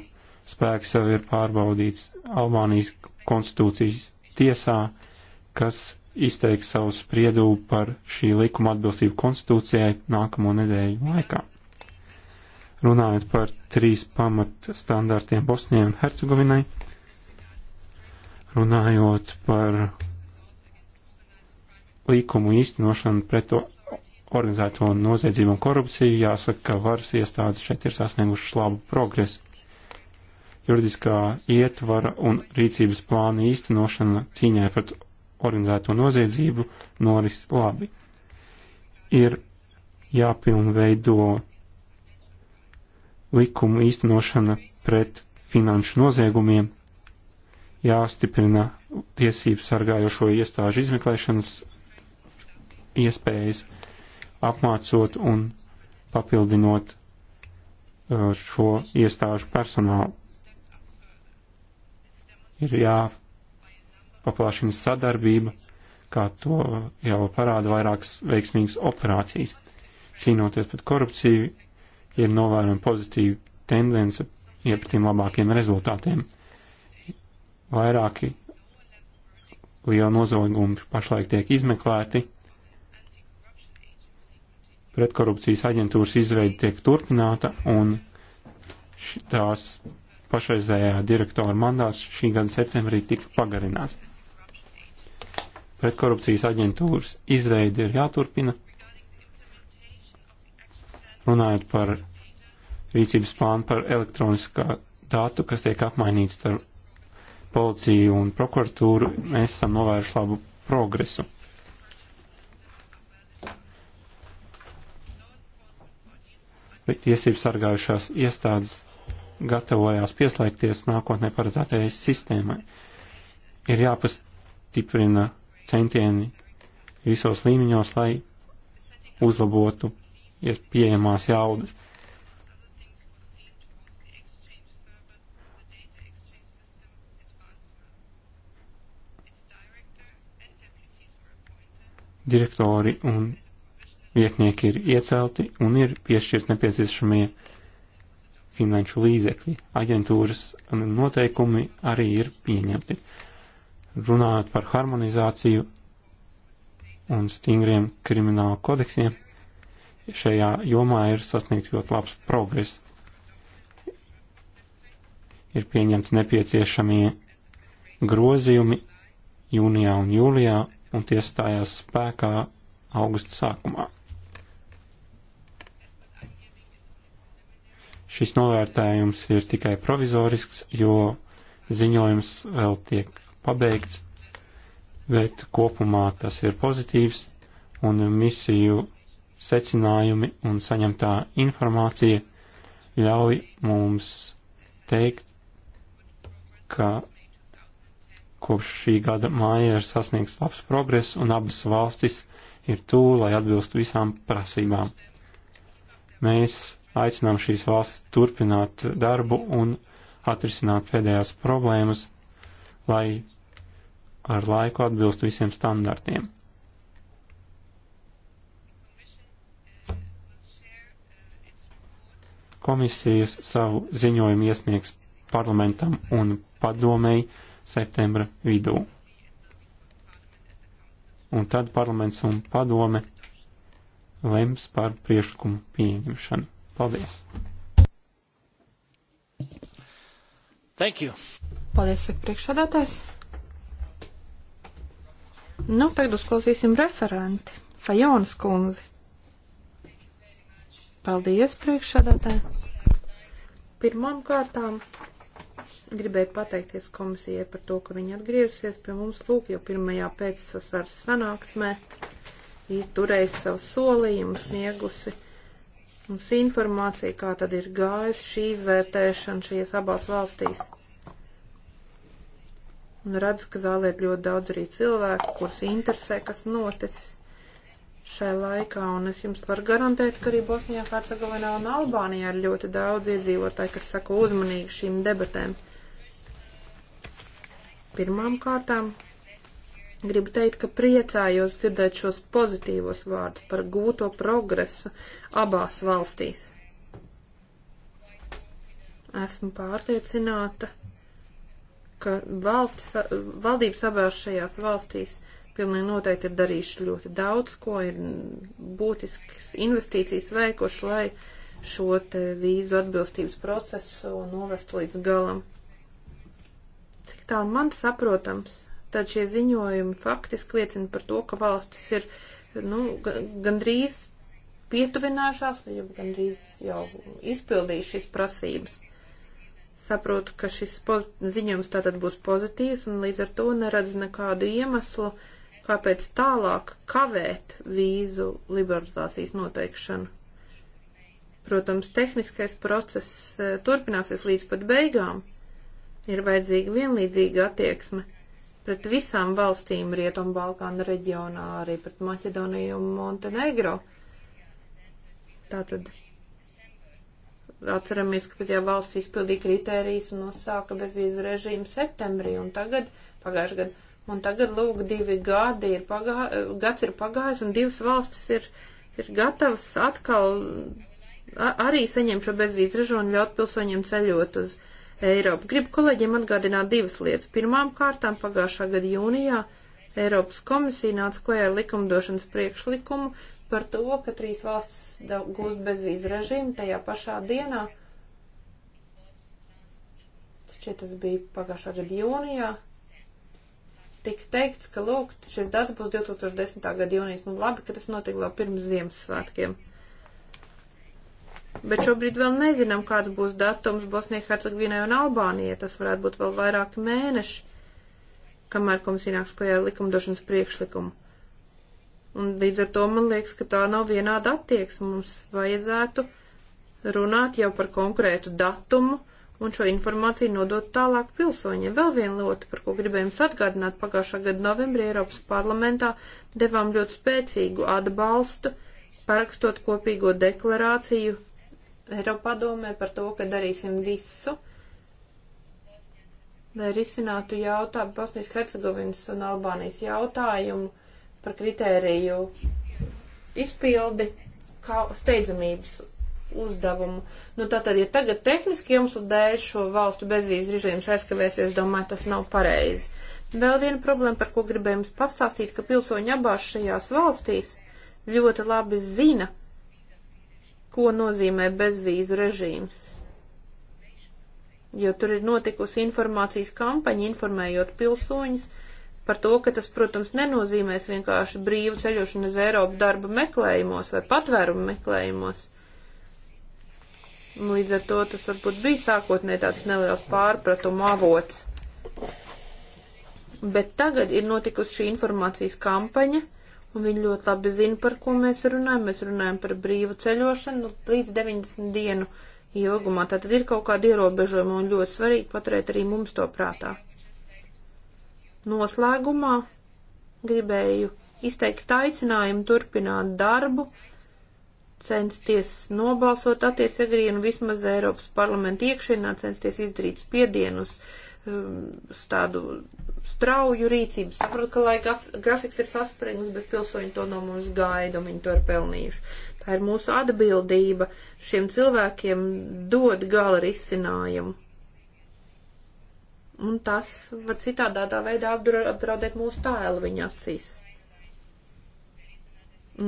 spēks jau ir pārbaudīts Albānijas konstitūcijas tiesā, kas izteiks savu spriedumu par šī likuma atbilstību konstitūcijai nākamo nedēļu laikā. Runājot par trīs pamat standartiem Bosnijai un Hercegovinai, runājot par līkumu īstenošanu pret organizēto noziedzību un korupciju, jāsaka, ka varas iestādes šeit ir sasniegušas labu progresu juridiskā ietvara un rīcības plāna īstenošana cīņai pret organizēto noziedzību noris labi. Ir jāpilnveido likumu īstenošana pret finanšu noziegumiem, jāstiprina tiesību sargājošo iestāžu izmeklēšanas iespējas, apmācot un papildinot uh, šo iestāžu personālu ir jāpaplašina sadarbība, kā to jau parāda vairākas veiksmīgas operācijas. Cīnoties pret korupciju, ir novērojama pozitīva tendence iepratiem labākiem rezultātiem. Vairāki liela nozieguma pašlaik tiek izmeklēti. Pretkorupcijas aģentūras izveide tiek turpināta un tās pašreizējā direktora mandāts šī gada septembrī tika pagarināts. Pretkorupcijas aģentūras izveidi ir jāturpina. Runājot par rīcības plānu par elektroniskā datu, kas tiek apmainīts ar policiju un prokuratūru, mēs esam novēruši labu progresu. Tiesības sargājušās iestādes gatavojās pieslēgties nākotnē paredzētajai sistēmai. Ir jāpastiprina centieni visos līmeņos, lai uzlabotu ja pieejamās jaudas. Direktori un vietnieki ir iecelti un ir piešķirt nepieciešamie finanšu līdzekļi. Aģentūras noteikumi arī ir pieņemti. Runājot par harmonizāciju un stingriem kriminālu kodeksiem, šajā jomā ir sasniegts ļoti labs progress. Ir pieņemti nepieciešamie grozījumi jūnijā un jūlijā, un tie stājās spēkā augusta sākumā. Šis novērtējums ir tikai provizorisks, jo ziņojums vēl tiek pabeigts, bet kopumā tas ir pozitīvs un misiju secinājumi un saņemtā informācija ļauj mums teikt, ka kopš šī gada māja ir sasniegts labs progress un abas valstis ir tū, lai atbilstu visām prasībām. Mēs aicinām šīs valstis turpināt darbu un atrisināt pēdējās problēmas, lai ar laiku atbilst visiem standartiem. Komisijas savu ziņojumu iesniegs parlamentam un padomēji septembra vidū. Un tad parlaments un padome lems par priekšlikumu pieņemšanu. Paldies! Thank you. Paldies, saka priekšsādātājs. Nu, tagad uzklausīsim referenti. Fajonas kundzi. Paldies, priekšsādātāji. Pirmām kārtām gribēju pateikties komisijai par to, ka viņi atgriezies pie mums lūk jau pirmajā pēcsasars sanāksmē, turēja savu solījumu, sniegusi mums informācija, kā tad ir gājusi šī izvērtēšana šīs abās valstīs. Un redzu, ka zālē ir ļoti daudz arī cilvēku, kurus interesē, kas noticis šai laikā. Un es jums varu garantēt, ka arī Bosnijā, Hercegovinā un Albānijā ir ļoti daudz iedzīvotāji, kas saka uzmanīgi šīm debatēm. Pirmām kārtām Gribu teikt, ka priecājos dzirdēt šos pozitīvos vārdus par gūto progresu abās valstīs. Esmu pārliecināta, ka valstis, valdības abās šajās valstīs pilnīgi noteikti ir darījuši ļoti daudz, ko ir būtisks investīcijas veikuši, lai šo te vīzu atbilstības procesu novestu līdz galam. Cik tālu man saprotams, tad šie ziņojumi faktiski liecina par to, ka valstis ir nu, gandrīz pietuvinājušās, jau gandrīz jau izpildījuši šīs prasības. Saprotu, ka šis ziņojums tātad būs pozitīvs un līdz ar to neredz nekādu iemeslu, kāpēc tālāk kavēt vīzu liberalizācijas noteikšanu. Protams, tehniskais process eh, turpināsies līdz pat beigām. Ir vajadzīga vienlīdzīga attieksme pret visām valstīm Rietumbalkāna reģionā, arī pret Maķedoniju un Montenegro. Tātad atceramies, ka pat ja valsts izpildīja kritērijas un uzsāka bezvīzu režīmu septembrī un tagad, pagājušajā gadā, un tagad lūk divi gadi ir pagā, gads ir pagājis un divas valstis ir, ir gatavas atkal arī saņemt šo bezvīzu režīmu un ļaut pilsoņiem ceļot uz. Uh, Eiropu. Gribu kolēģiem atgādināt divas lietas. Pirmām kārtām pagājušā gada jūnijā Eiropas komisija nāca klajā ar likumdošanas priekšlikumu par to, ka trīs valstis gūst bezvīzu režīmu tajā pašā dienā. Šķiet, tas bija pagājušā gada jūnijā. Tik teikts, ka lūk, šis dats būs 2010. gada jūnijas. Nu labi, ka tas notika vēl pirms Ziemassvētkiem. Uh, Bet šobrīd vēl nezinām, kāds būs datums Bosnijai, Hercegovinai un Albānijai. Tas varētu būt vēl vairāki mēneši, kamēr komisija nāks klajā ar likumdošanas priekšlikumu. Un līdz ar to man liekas, ka tā nav vienāda attieksme. Mums vajadzētu runāt jau par konkrētu datumu un šo informāciju nodot tālāk pilsoņiem. Vēl viena lieta, par ko gribējām atgādināt, pagājušā gada novembrī Eiropas parlamentā devām ļoti spēcīgu atbalstu, parakstot kopīgo deklarāciju Eiropadomē par to, ka darīsim visu, lai risinātu jautājumu Bosnijas Hercegovinas un Albānijas jautājumu par kritēriju izpildi kā steidzamības uzdevumu. Nu, tātad, ja tagad tehniski iemeslu dēļ šo valstu bezvīz režīms aizkavēsies, domāju, tas nav pareizi. Vēl viena problēma, par ko gribēju jums pastāstīt, ka pilsoņi abās šajās valstīs ļoti labi zina, ko nozīmē bezvīzu režīms. Jo tur ir notikusi informācijas kampaņa, informējot pilsoņus par to, ka tas, protams, nenozīmēs vienkārši brīvu ceļošanu uz Eiropu darba meklējumos vai patvērumu meklējumos. Līdz ar to tas varbūt bija sākotnēji tāds neliels pārpratumu avots. Bet tagad ir notikusi šī informācijas kampaņa un viņi ļoti labi zina, par ko mēs runājam. Mēs runājam par brīvu ceļošanu nu, līdz 90 dienu ilgumā. Tātad ir kaut kāda ierobežojuma un ļoti svarīgi paturēt arī mums to prātā. Noslēgumā gribēju izteikt aicinājumu turpināt darbu, censties nobalsot attiecagrienu vismaz Eiropas parlamenta iekšienā, censties izdarīt spiedienus um, uz tādu strauju rīcību. Saprotu, ka lai graf, grafiks ir saspringts, bet pilsoņi to no mums gaida un viņi to ir pelnījuši. Tā ir mūsu atbildība šiem cilvēkiem dot gala risinājumu. Un tas var citādā tā veidā apdraudēt mūsu tēlu viņa acīs.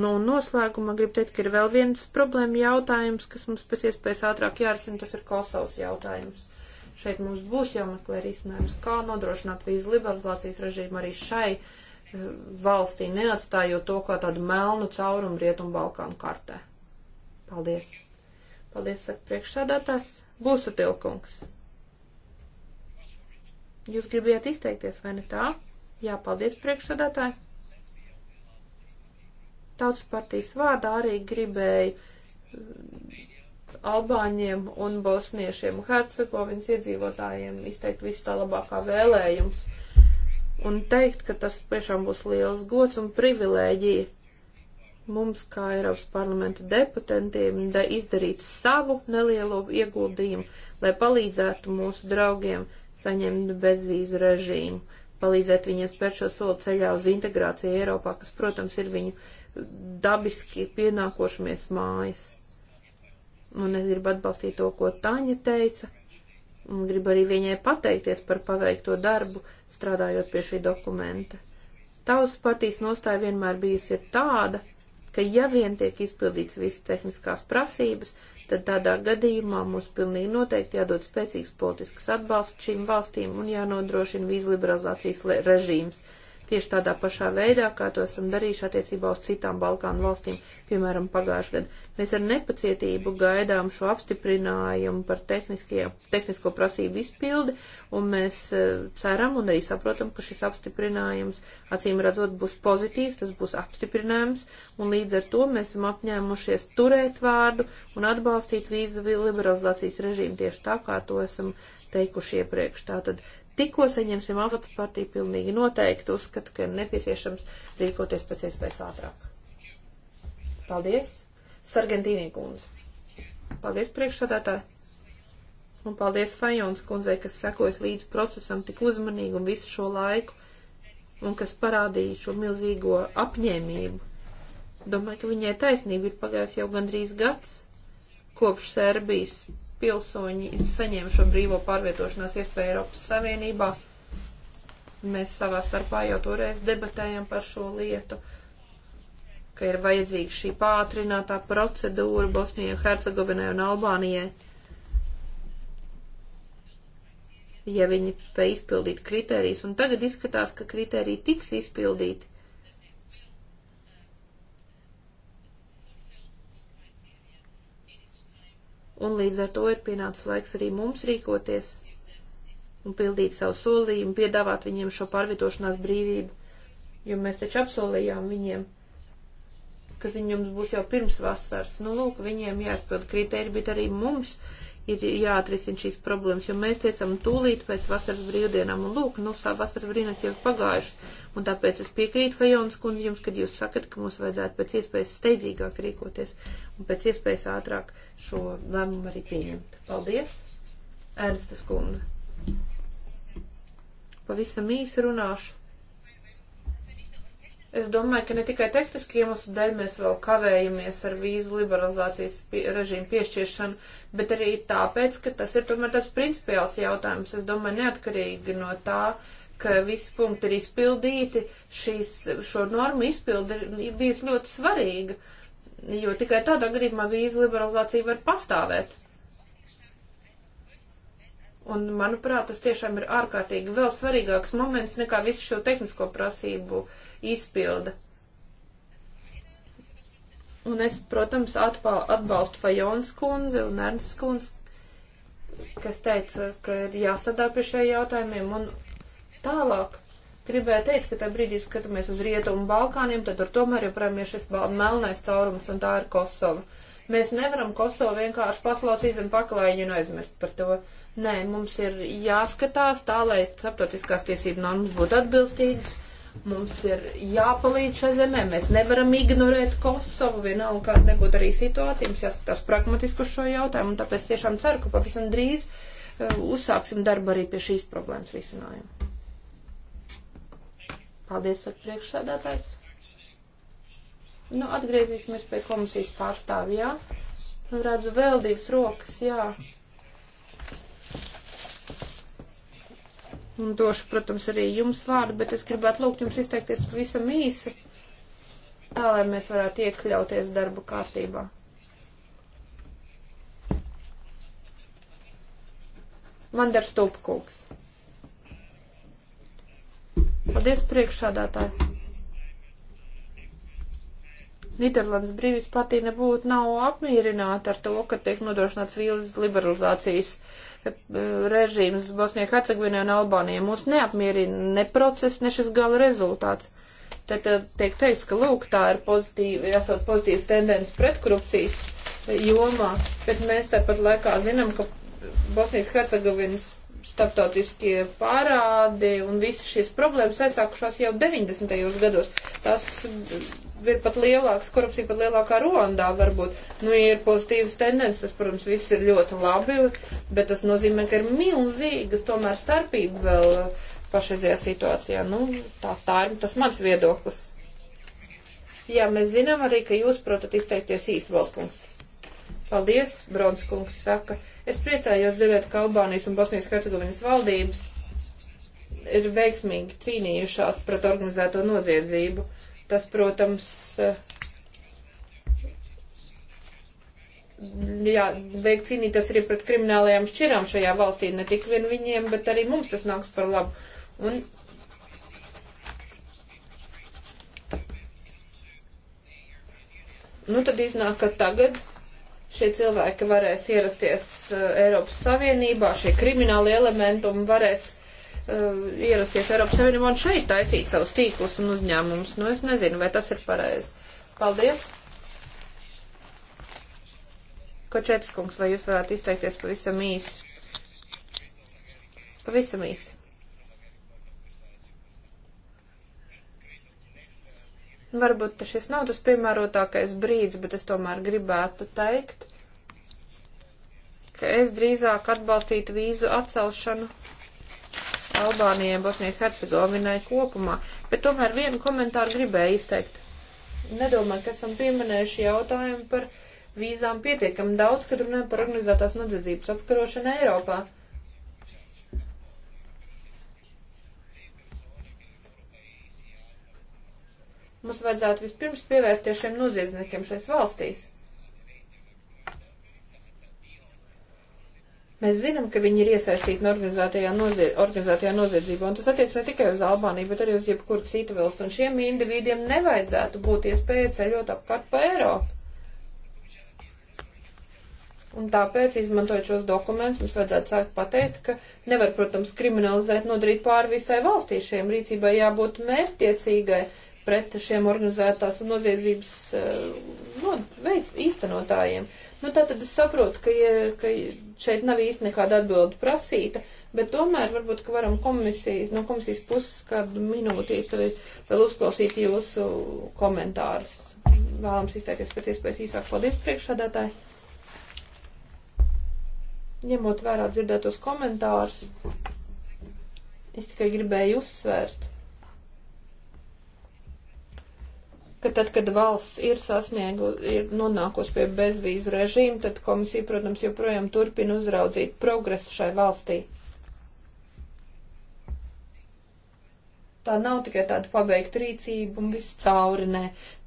Nu, noslēgumā gribu teikt, ka ir vēl viens problēma jautājums, kas mums pēc iespējas ātrāk jārisina, tas ir Kosovas jautājums. Šeit mums būs jāmeklē risinājums, kā nodrošināt vīzu liberalizācijas režīmu arī šai eh, valstī, neatstājot to kā tādu melnu caurumu Rietumu Balkānu kartē. Paldies! Paldies, saka priekšsādātājs. Būsu tilkungs. Jūs gribējāt izteikties, vai ne tā? Jā, paldies, priekšsādātāji. Tautas partijas vārdā arī gribēju Albāņiem un Bosniešiem un Hercegovinas iedzīvotājiem izteikt visu tā labākā vēlējums un teikt, ka tas tiešām būs liels gods un privilēģija mums, kā Eiropas parlamenta deputentiem, da izdarīt savu nelielo ieguldījumu, lai palīdzētu mūsu draugiem saņemt bezvīzu režīmu, palīdzēt viņiem spērt šo soli ceļā uz integrāciju Eiropā, kas, protams, ir viņu dabiski pienākošamies mājas. Un es gribu atbalstīt to, ko Taņa teica. Un gribu arī viņai pateikties par paveikto darbu, strādājot pie šī dokumenta. Tautas partijas nostāja vienmēr bijusi ir tāda, ka ja vien tiek izpildīts visas tehniskās prasības, tad tādā gadījumā mums pilnīgi noteikti jādod spēcīgs politisks atbalsts šīm valstīm un jānodrošina vīzliberalizācijas režīms tieši tādā pašā veidā, kā to esam darījuši attiecībā uz citām Balkānu valstīm, piemēram, pagājušajā gadā. Mēs ar nepacietību gaidām šo apstiprinājumu par tehnisko prasību izpildi, un mēs e, ceram un arī saprotam, ka šis apstiprinājums, acīm redzot, būs pozitīvs, tas būs apstiprinājums, un līdz ar to mēs esam apņēmušies turēt vārdu un atbalstīt vīzu liberalizācijas režīmu tieši tā, kā to esam teikuši iepriekš. Tātad tikko saņemsim avotu partiju, pilnīgi noteikti uzskata, ka ir nepieciešams rīkoties pēc iespējas ātrāk. Paldies! Sargentīnī kundze! Paldies priekšsādātāji! un paldies Fajons kundzei, kas sekojas līdz procesam tik uzmanīgi un visu šo laiku, un kas parādīja šo milzīgo apņēmību. Domāju, ka viņai taisnība ir pagājis jau gandrīz gads, kopš Serbijas pilsoņi saņēma šo brīvo pārvietošanās iespēju Eiropas Savienībā. Mēs savā starpā jau toreiz debatējam par šo lietu, ka ir vajadzīga šī pātrinātā procedūra Bosnijai, Hercegovinai un Albānijai. Ja viņi spēj izpildīt kritērijas, un tagad izskatās, ka kritēriji tiks izpildīti, un līdz ar to ir pienācis laiks arī mums rīkoties un pildīt savu solījumu, piedāvāt viņiem šo pārvietošanās brīvību, jo mēs taču apsolījām viņiem, ka ziņums būs jau pirms vasaras. Nu, lūk, viņiem jāizpild kritēri, bet arī mums ir jāatrisina šīs problēmas, jo mēs teicam tūlīt pēc vasaras brīvdienām, un lūk, nu, sā vasaras brīvdienas jau pagājušas, Un tāpēc es piekrītu Fajons kundzi jums, kad jūs sakat, ka mums vajadzētu pēc iespējas steidzīgāk rīkoties un pēc iespējas ātrāk šo lēmumu arī pieņemt. Paldies, Ernstas kundze. Pavisam īsi runāšu. Es domāju, ka ne tikai tehniski iemeslu dēļ mēs vēl kavējamies ar vīzu liberalizācijas pie, režīmu piešķiršanu, bet arī tāpēc, ka tas ir tomēr tāds principiāls jautājums. Es domāju, neatkarīgi no tā, uh, ka visi punkti ir izpildīti, šīs, šo normu izpildi ir bijusi ļoti svarīga, jo tikai tādā gadījumā vīzu liberalizācija var pastāvēt. Un, manuprāt, tas tiešām ir ārkārtīgi vēl svarīgāks moments nekā visu šo tehnisko prasību izpilda. Un es, protams, atpal, atbalstu Fajons kundzi un Ernsts kundzi, kas teica, ka ir jāsadā pie šiem jautājumiem un Tālāk gribēju teikt, ka tajā brīdī skatāmies uz Rietumu Balkāniem, tad tur tomēr joprojām ir šis melnais caurums un tā ir Kosova. Mēs nevaram Kosovu vienkārši paslaucīt zem paklājiņu un aizmirst par to. Nē, mums ir jāskatās tā, lai starptautiskās tiesību normas būtu atbilstīgas. Mums ir jāpalīdz šai zemē. Mēs nevaram ignorēt Kosovu, vienalga kāda nebūtu arī situācija. Mums jāskatās pragmatiski uz šo jautājumu, un tāpēc tiešām ceru, ka pavisam drīz uh, uzsāksim darbu arī pie šīs problēmas risinājuma. Paldies, ar priekšsēdētājs. Nu, atgriezīsimies pie komisijas pārstāvjā. Nu, redzu vēl divas rokas, jā. Un došu, protams, arī jums vārdu, bet es gribētu lūgt jums izteikties pavisam īsi, tā lai mēs varētu iekļauties darba kārtībā. Vandars Tūpkungs. Paldies priekšādātāji. Nīderlandes brīvis patī nebūtu nav apmierināta ar to, ka tiek nodrošināts vīzas liberalizācijas eh, režīms Bosnijā, Hercegovinā un Albānijā. Mūs neapmierina ne process, ne šis gala rezultāts. Tad tiek teikts, ka lūk, tā ir pozitīva, jāsot pozitīvas tendences pretkorupcijas jomā, bet mēs tāpat laikā zinām, ka Bosnijas Hercegovinas starptautiskie parādi un visas šīs problēmas aizsākušās jau 90. gados. Tas ir pat lielāks, korupcija pat lielākā Ruandā varbūt. Nu, ir pozitīvas tendences, protams, viss ir ļoti labi, bet tas nozīmē, ka ir milzīgas tomēr starpība vēl pašreizajā situācijā. Nu, tā, tā ir tas mans viedoklis. Jā, mēs zinām arī, ka jūs protat izteikties īsti valskungs. Paldies, Bronskungs saka. Es priecājos dzirdēt, ka Albānijas un Bosnijas Hercegovinas valdības ir veiksmīgi cīnījušās pret organizēto noziedzību. Tas, protams, eh, jā, vajag cīnīties arī pret kriminālajām šķirām šajā valstī, ne tik vien viņiem, bet arī mums tas nāks par labu. Un Nu, tad iznāk, ka tagad šie cilvēki varēs ierasties eh, Eiropas Savienībā, šie krimināli elementi un varēs uh, ierasties Eiropas Savienībā un šeit taisīt savus tīklus un uzņēmumus. Nu, es nezinu, vai tas ir pareizi. Paldies! Kočetis kungs, vai jūs varētu izteikties pavisam īsi? Pavisam īsi. Varbūt šis nav tas piemērotākais brīdis, bet es tomēr gribētu teikt, ka es drīzāk atbalstītu vīzu atcelšanu Albānijai, Bosnijai, Hercegovinai kopumā, bet tomēr vienu komentāru gribēju izteikt. Nedomāju, ka esam pieminējuši jautājumu par vīzām pietiekami daudz, kad runājam par organizētās nodedzības apkarošanu Eiropā. Mums vajadzētu vispirms pievērsties šiem noziedzniekiem šais valstīs. Mēs zinām, ka viņi ir iesaistīti no organizētajā, nozie organizētajā noziedzībā, un tas attiec ne tikai uz Albāniju, bet arī uz jebkuru citu valstu, un šiem individiem nevajadzētu būt iespēja ceļot apkārt pa Eiropu. Un tāpēc, izmantojot šos dokumentus, mums vajadzētu sākt pateikt, ka nevar, protams, kriminalizēt, nodarīt pāri visai valstī. Šiem rīcībai jābūt mērķtiecīgai, pret šiem organizētās noziedzības eh, no, veids īstenotājiem. Nu, tā tad es saprotu, ka, ja, ka šeit nav īsti nekāda atbilda prasīta, bet tomēr varbūt, ka varam komisijas, no komisijas puses kādu minūtīti vēl uzklausīt jūsu komentārus. Vēlams izteikties pēc iespējas īsāk. Paldies, priekšsādātāji! Ņemot vērā dzirdētos komentārus, es tikai gribēju uzsvērt ka tad, kad valsts ir sasniegusi, ir nonākusi pie bezvīzu režīma, tad komisija, protams, joprojām turpina uzraudzīt progresu šai valstī. Tā nav tikai tāda pabeigta rīcība un viss cauri, nē.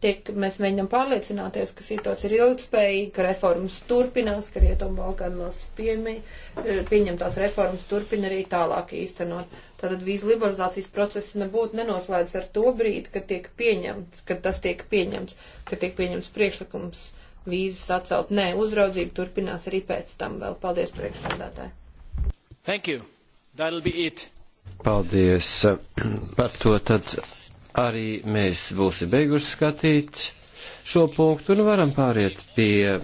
Tiek, mēs mēģinam pārliecināties, ka situācija ir ilgspējīga, ka reformas turpinās, ka Rietumu Balkānu valsts eh, pieņemtās reformas turpina arī tālāk īstenot. Tātad vīzu liberalizācijas process nebūtu nenoslēdzis ar to brīdi, kad tiek pieņemts, kad tas tiek pieņemts, kad tiek pieņemts priekšlikums vīzas atcelt. Nē, uzraudzība turpinās arī pēc tam vēl. Paldies priekšsēdētāji. Thank you. That'll be it. Paldies. Par to tad arī mēs būsim beiguši skatīt šo punktu un nu, varam pāriet pie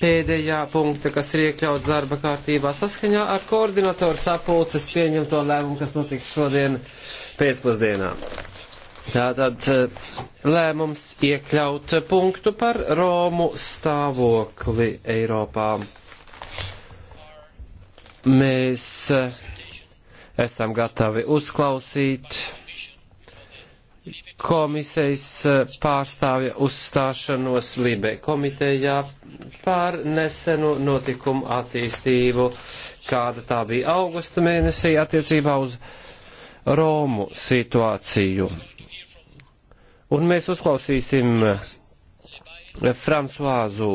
pēdējā punkta, kas ir iekļauts darba kārtībā saskaņā ar koordinatoru sapulces pieņemto lēmumu, kas notiks šodien pēcpusdienā. Tātad eh, lēmums iekļaut punktu par Romu stāvokli Eiropā. Mēs eh, esam gatavi uzklausīt komisijas eh, pārstāvja uzstāšanos Libē komitejā par nesenu notikumu attīstību, kāda tā bija augusta mēnesī attiecībā uz Romu situāciju. Un mēs uzklausīsim eh, Fransuāzu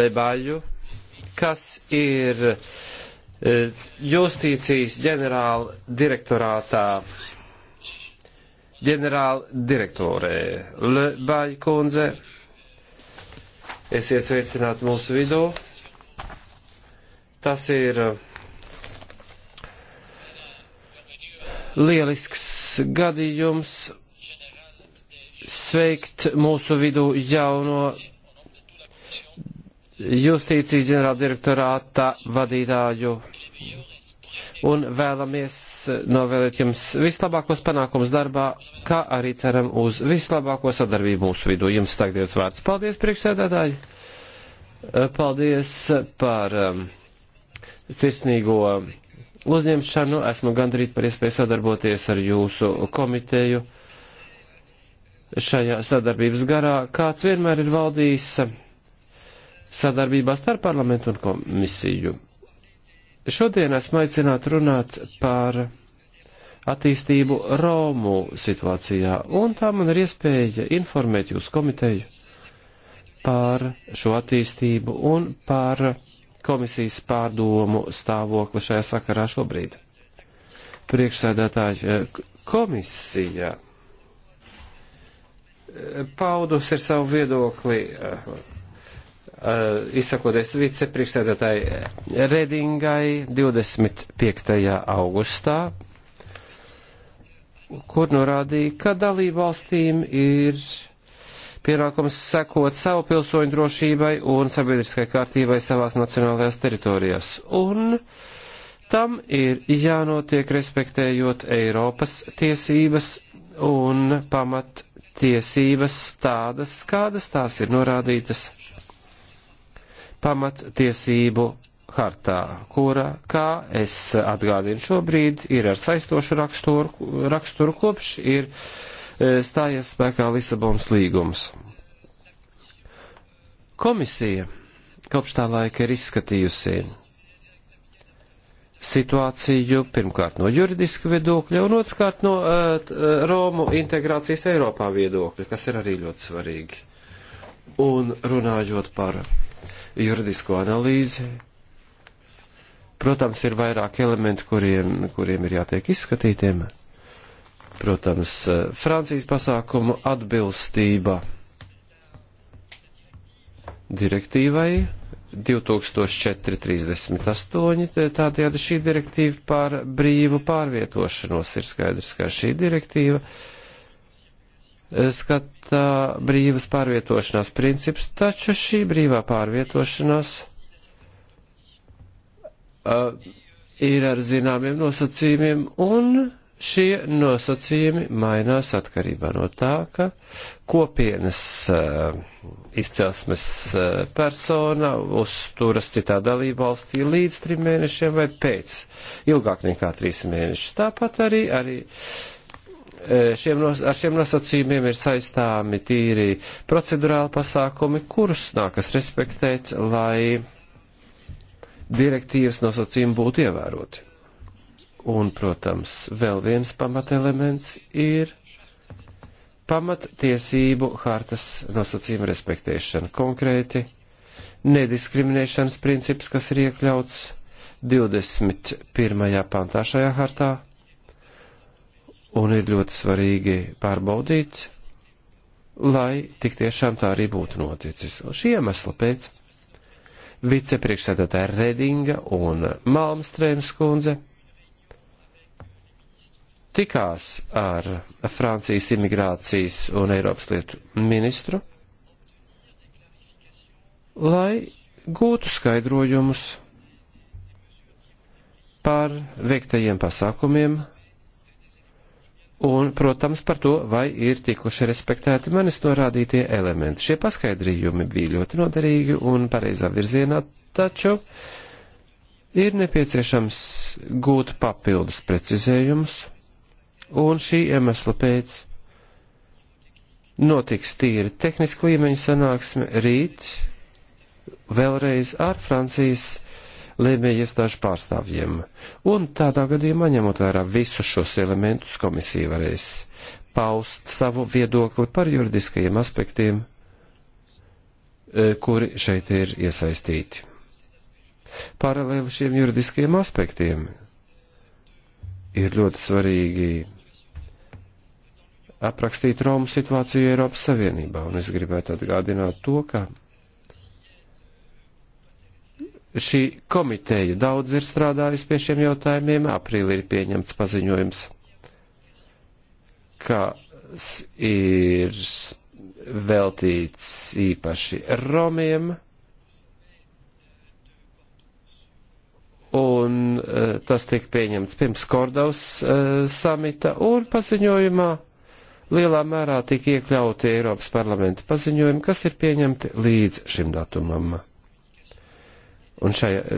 Lebaļu, kas ir E, justīcijas ģenerāla direktorātā, ģenerāla direktorē Lebaļa kundze. Esiet sveicināti mūsu vidū. Tas ir e, lielisks gadījums sveikt mūsu vidū jauno justīcijas ģenerāldirektorāta vadītāju un vēlamies novēlēt jums vislabākos panākumus darbā, kā arī ceram uz vislabāko sadarbību mūsu vidū. Jums tagad ir vārds. Paldies, priekšsēdētāji! Paldies par um, cirsnīgo uzņemšanu. Esmu gandrīt par iespēju sadarboties ar jūsu komiteju šajā sadarbības garā, kāds vienmēr ir valdījis sadarbībā starp parlamentu un komisiju. Šodien esmu aicināts runāt par attīstību Romu situācijā, un tā man ir iespēja informēt jūs komiteju par šo attīstību un par komisijas pārdomu stāvokli šajā sakarā šobrīd. Priekšsēdētāji komisija paudus ir savu viedokli Eh, izsakoties vicepriekšsēdētāji Redingai 25. augustā, kur norādīja, ka dalību valstīm ir pienākums sekot savu pilsoņu drošībai un sabiedriskai kārtībai savās nacionālajās teritorijās. Un tam ir jānotiek respektējot Eiropas tiesības un pamat tiesības tādas, kādas tās ir norādītas pamattiesību hartā, kura, kā es atgādinu šobrīd, ir ar saistošu raksturu, raksturu kopš ir e, stājies spēkā Lisabonas līgums. Komisija kopš tā laika ir izskatījusi situāciju pirmkārt no juridiska viedokļa un otrkārt no uh, Romu integrācijas Eiropā viedokļa, kas ir arī ļoti svarīgi. Un runājot par juridisko analīzi. Protams, ir vairāk elementi, kuriem, kuriem ir jātiek izskatītiem. Protams, eh, Francijas pasākumu atbilstība direktīvai 2438, tādējādi šī direktīva par brīvu pārvietošanos ir skaidrs, ka šī direktīva uh, skata brīvas pārvietošanās princips, taču šī brīvā pārvietošanās uh, ir ar zināmiem nosacījumiem, un šie nosacījumi mainās atkarībā no tā, ka kopienas uh, izcelsmes uh, persona uzturas citā dalībvalstī līdz trim mēnešiem vai pēc ilgāk nekā trīs mēnešus. Tāpat arī, arī uh, šiem, ar šiem nosacījumiem ir saistāmi tīri procedurāli pasākumi, kurus nākas respektēt, lai direktīvas nosacījumi būtu ievēroti. Un, protams, vēl viens pamatelements ir pamattiesību hartas nosacījuma respektēšana. Konkrēti, nediskriminēšanas princips, kas ir iekļauts 21. pantā šajā hartā un ir ļoti svarīgi pārbaudīt, lai tik tiešām tā arī būtu noticis. Un šī iemesla pēc vicepriekšsēdētāja Redinga un Malmstrēms kundze tikās ar Francijas imigrācijas un Eiropas lietu ministru, lai gūtu skaidrojumus par veiktajiem pasākumiem un, protams, par to, vai ir tikuši respektēti manis norādītie elementi. Šie paskaidrījumi bija ļoti noderīgi un pareizā virzienā, taču ir nepieciešams gūt papildus precizējumus, un šī iemesla pēc notiks tīri tehniski līmeņa sanāksme rīt vēlreiz ar Francijas lēmēja iestāžu pārstāvjiem. Un tādā gadījumā, ņemot vērā visus šos elementus, komisija varēs paust savu viedokli par juridiskajiem aspektiem, e, kuri šeit ir iesaistīti. Paralēli šiem juridiskajiem aspektiem ir ļoti svarīgi aprakstīt Romu situāciju Eiropas Savienībā, un es gribētu atgādināt to, ka Šī komiteja daudz ir strādājusi pie šiem jautājumiem. Aprīlī ir pieņemts paziņojums, kas ir veltīts īpaši romiem. Un e, tas tika pieņemts pirms Kordaus e, samita un paziņojumā lielā mērā tika iekļauti Eiropas parlamenta paziņojumi, kas ir pieņemti līdz šim datumam. Un šajā e,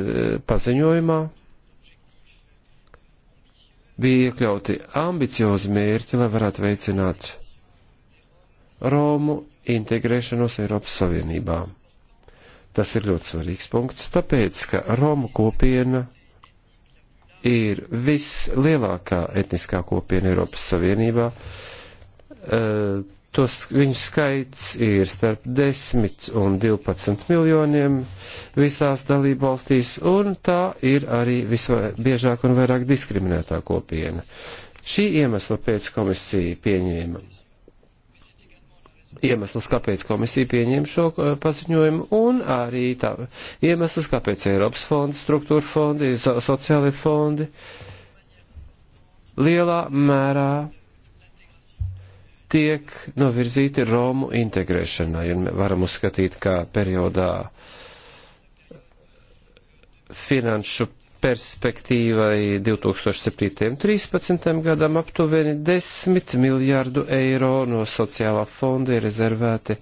paziņojumā bija iekļauti ambiciozi mērķi, lai varētu veicināt Romu integrēšanos Eiropas Savienībā. Tas ir ļoti svarīgs punkts, tāpēc, ka Romu kopiena ir vislielākā etniskā kopiena Eiropas Savienībā. Uh, Tos, viņu skaits ir starp 10 un 12 miljoniem visās dalībvalstīs, un tā ir arī visbiežāk un vairāk diskriminētā kopiena. Šī iemesla pēc komisija pieņēma iemesls, kāpēc komisija pieņēma šo uh, paziņojumu, un arī tā, iemesls, kāpēc Eiropas fonda, struktūra fondi, sociālai fondi lielā mērā tiek novirzīti Romu integrēšanai, un varam uzskatīt, kā periodā finanšu perspektīvai 2007.13. gadam aptuveni 10 miljārdu eiro no sociālā fonda ir rezervēti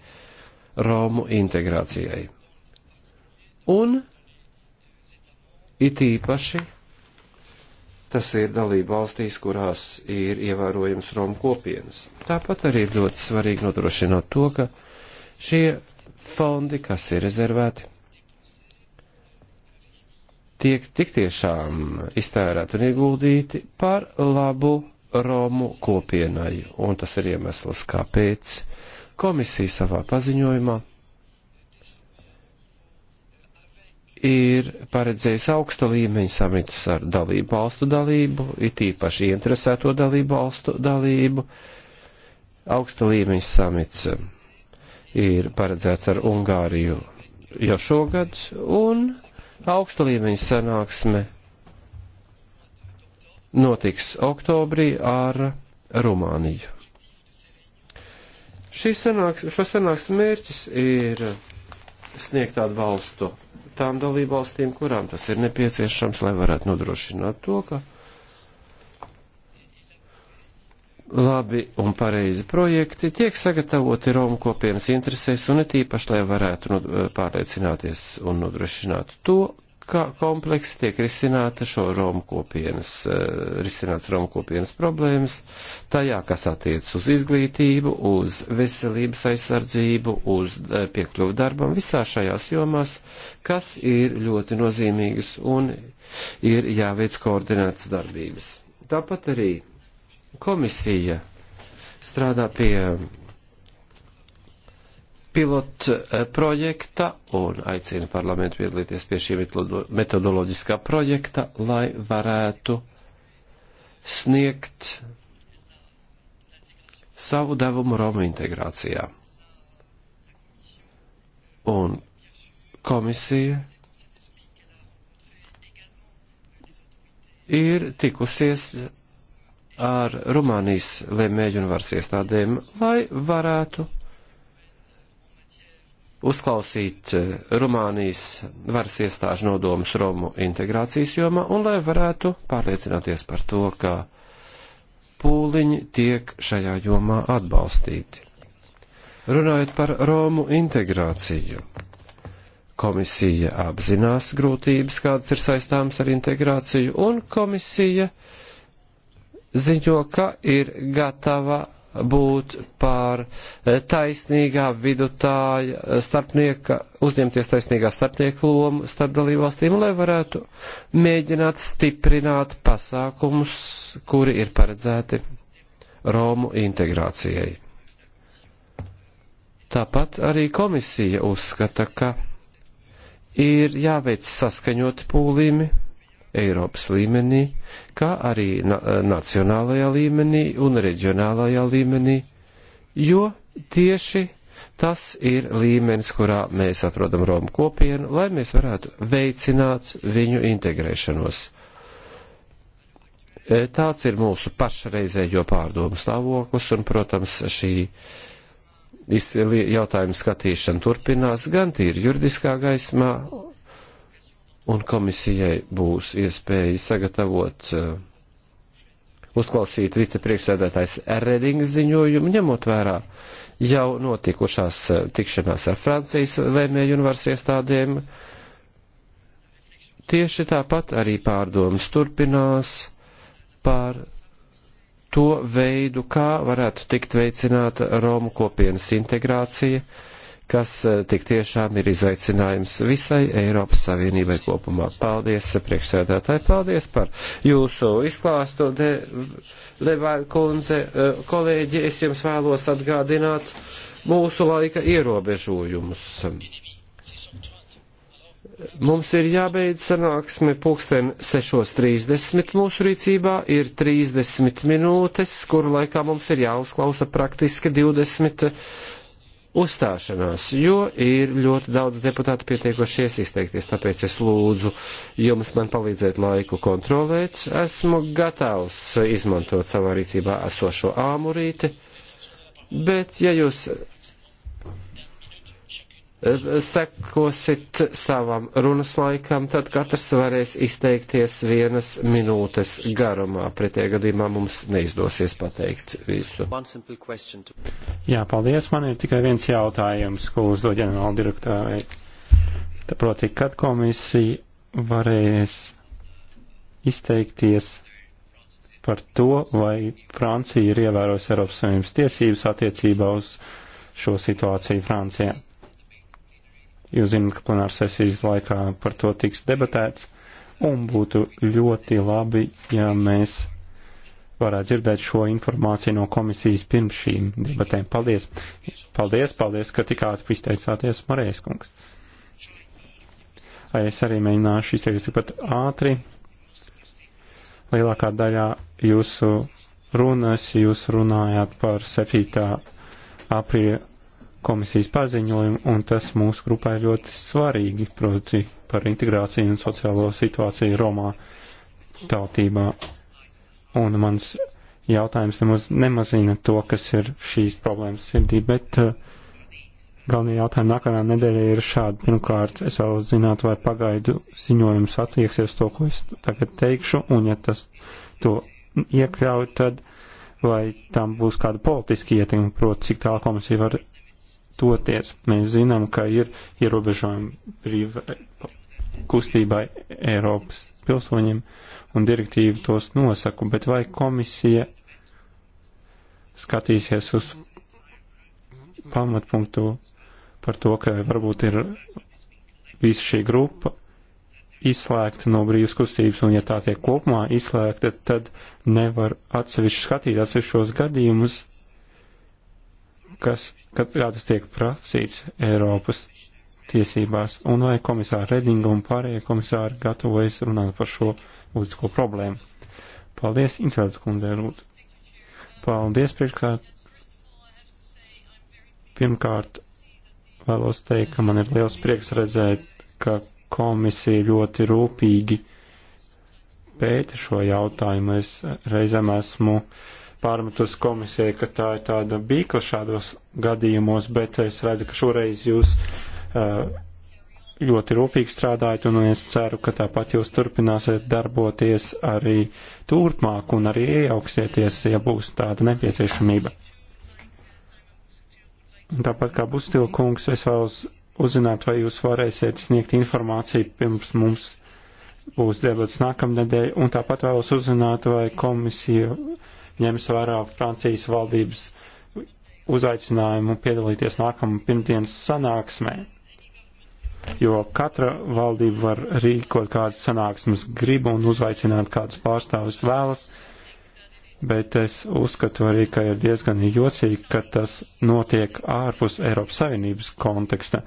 Romu integrācijai. Un it īpaši Tas ir dalība valstīs, kurās ir ievērojams Romu kopienas. Tāpat arī ir ļoti svarīgi nodrošināt to, ka šie fondi, kas ir rezervēti, tiek tik tiešām iztērēti un ieguldīti par labu Romu kopienai. Un tas ir iemesls, kāpēc komisija savā paziņojumā ir paredzējis augsta līmeņa samitus ar dalību valstu dalību, it īpaši interesēto dalību valstu dalību. Augsta līmeņa samits eh, ir paredzēts ar Ungāriju jau šogad, un augsta līmeņa sanāksme notiks oktobrī ar Rumāniju. Sanāks, šo sanāksmu mērķis ir sniegt atbalstu tām dalībvalstīm, kurām tas ir nepieciešams, lai varētu nodrošināt to, ka labi un pareizi projekti tiek sagatavoti Romu kopienas interesēs un it īpaši, lai varētu pārliecināties un nodrošināt to, kompleksi, tiek risināta šo Romu kopienas, eh, risināts Romu kopienas problēmas, tajā, kas attiec uz izglītību, uz veselības aizsardzību, uz eh, piekļuvu darbam, visā šajās jomās, kas ir ļoti nozīmīgas un ir jāveic koordinētas darbības. Tāpat arī komisija strādā pie pilot eh, projekta un aicina parlamentu piedalīties pie šī metodoloģiskā projekta, lai varētu sniegt savu devumu Roma integrācijā. Un komisija ir tikusies ar Rumānijas lēmēju un varas iestādēm, lai varētu uzklausīt eh, Rumānijas varas iestāžu nodomus Romu integrācijas jomā un lai varētu pārliecināties par to, ka pūliņi tiek šajā jomā atbalstīti. Runājot par Romu integrāciju, komisija apzinās grūtības, kādas ir saistāmas ar integrāciju, un komisija ziņo, ka ir gatava būt par eh, taisnīgā vidutāja eh, starpnieka, uzņemties taisnīgā starpnieka lomu starp dalībvalstīm, lai varētu mēģināt stiprināt pasākumus, kuri ir paredzēti Romu integrācijai. Tāpat arī komisija uzskata, ka ir jāveic saskaņot pūlīmi Eiropas līmenī, kā arī na eh, nacionālajā līmenī un reģionālajā līmenī, jo tieši tas ir līmenis, kurā mēs atrodam Romu kopienu, lai mēs varētu veicināt viņu integrēšanos. Eh, tāds ir mūsu pašreizējo pārdomu stāvoklis, un, protams, šī jautājuma skatīšana turpinās gan tīri juridiskā gaismā, un komisijai būs iespēja sagatavot eh, uzklausīt vicepriekšsēdētājs Erredinga ziņojumu, ņemot vērā jau notikušās eh, tikšanās ar Francijas lēmēju un varas iestādēm. Tieši tāpat arī pārdomas turpinās par to veidu, kā varētu tikt veicināta Romu kopienas integrācija, uh, kas eh, tik tiešām ir izaicinājums visai Eiropas Savienībai kopumā. Paldies, eh, priekšsēdētāji, paldies par jūsu izklāstu, De Levāra kundze. Eh, kolēģi, es jums vēlos atgādināt mūsu laika ierobežojumus. Mums ir jābeidz sanāksme pulksten 6.30. Mūsu rīcībā ir 30 minūtes, kuru laikā mums ir jāuzklausa praktiski 20 uzstāšanās, jo ir ļoti daudz deputātu pietiekošies izteikties, tāpēc es lūdzu jums man palīdzēt laiku kontrolēt. Esmu gatavs izmantot savā rīcībā esošo āmurīti, bet ja jūs sekosit savam runas laikam, tad katrs varēs izteikties vienas minūtes garumā. Pretējā gadījumā mums neizdosies pateikt visu. Jā, paldies. Man ir tikai viens jautājums, ko uzdod ģenerāla direktārai. Proti, kad komisija varēs izteikties par to, vai Francija ir ievērojusi Eiropas Savienības tiesības attiecībā uz šo situāciju Francijā? Jūs zināt, ka plenāra sesijas laikā par to tiks debatēts, un būtu ļoti labi, ja mēs varētu dzirdēt šo informāciju no komisijas pirms šīm debatēm. Paldies! Paldies, paldies, ka tik ātri izteicāties, Marijas kungs! Es arī mēģināšu izteikties tikpat ātri. Lielākā daļā jūsu runas jūs runājāt par 7. aprīļa komisijas paziņojumu, un tas mūsu grupai ļoti svarīgi, proti par integrāciju un sociālo situāciju Romā tautībā. Un mans jautājums nemaz nemazina to, kas ir šīs problēmas sirdī, bet uh, galvenie jautājumi nākamajā nedēļā ir šādi. Pirmkārt, es vēl zināt, vai pagaidu ziņojums attieksies to, ko es tagad teikšu, un ja tas to iekļauj, tad vai tam būs kāda politiska ietekme, proti, cik tālu komisija var toties. Mēs zinām, ka ir ierobežojumi brīvai kustībai Eiropas pilsoņiem, un direktīva tos nosaka, bet vai komisija skatīsies uz pamatpunktu par to, ka varbūt ir visa šī grupa izslēgta no brīvas kustības, un ja tā tiek kopumā izslēgta, tad nevar atsevišķi skatīt atsevišķos gadījumus, kas, kad kā tas tiek prasīts Eiropas tiesībās, un vai komisāra Redinga un pārējie komisāri gatavojas runāt par šo būtisko problēmu. Paldies, Intelēdz kundē, lūdzu. Paldies, priekškārt. Pirmkārt, vēlos teikt, ka man ir liels prieks redzēt, ka komisija ļoti rūpīgi pēta šo jautājumu. Es reizēm esmu uh, pārmetus komisijai, ka tā ir tāda bīkla šādos gadījumos, bet es redzu, ka šoreiz jūs ļoti rūpīgi strādājat, un es ceru, ka tāpat jūs turpināsiet darboties arī turpmāk un arī iejauksieties, ja būs tāda nepieciešamība. Un tāpat kā Bustilkungs, es vēlos uzzināt, vai jūs varēsiet sniegt informāciju pirms mums būs debats nākamnedēļ, un tāpat vēlos uzzināt, vai komisija ņems vērā Francijas valdības uzaicinājumu piedalīties nākamā pirmdienas sanāksmē, jo katra valdība var rīkot kādas sanāksmes gribu un uzaicināt kādus pārstāvus vēlas, bet es uzskatu arī, ka ir diezgan jocīgi, ka tas notiek ārpus Eiropas Savienības konteksta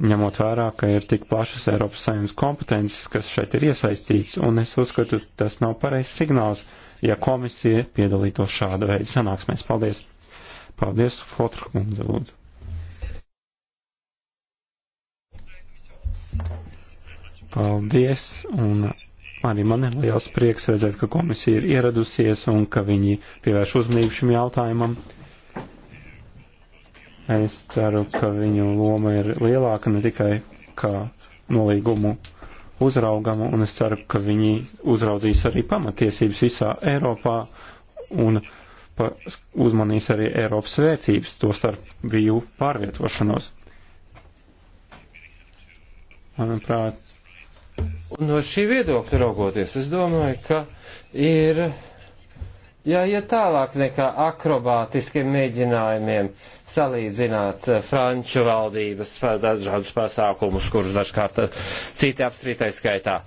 ņemot vērā, ka ir tik plašas Eiropas saimnes kompetences, kas šeit ir iesaistīts, un es uzskatu, tas nav pareizs signāls ja komisija piedalītos šāda veida sanāksmēs. Paldies! Paldies, Flotra kundze, lūdzu! Paldies! Un arī man ir liels prieks redzēt, ka komisija ir ieradusies un ka viņi pievērš uzmanību šim jautājumam. Es ceru, ka viņu loma ir lielāka ne tikai kā nolīgumu uzraugamu, un es ceru, ka viņi uzraudzīs arī pamatiesības visā Eiropā un uzmanīs arī Eiropas vērtības, to starp brīvu pārvietošanos. Manuprāt. Un no šī viedokļa raugoties, es domāju, ka ir jāiet tālāk nekā akrobātiskiem mēģinājumiem salīdzināt eh, franču valdības dažādus pasākumus, kurus dažkārt eh, citi apstrītai skaitā.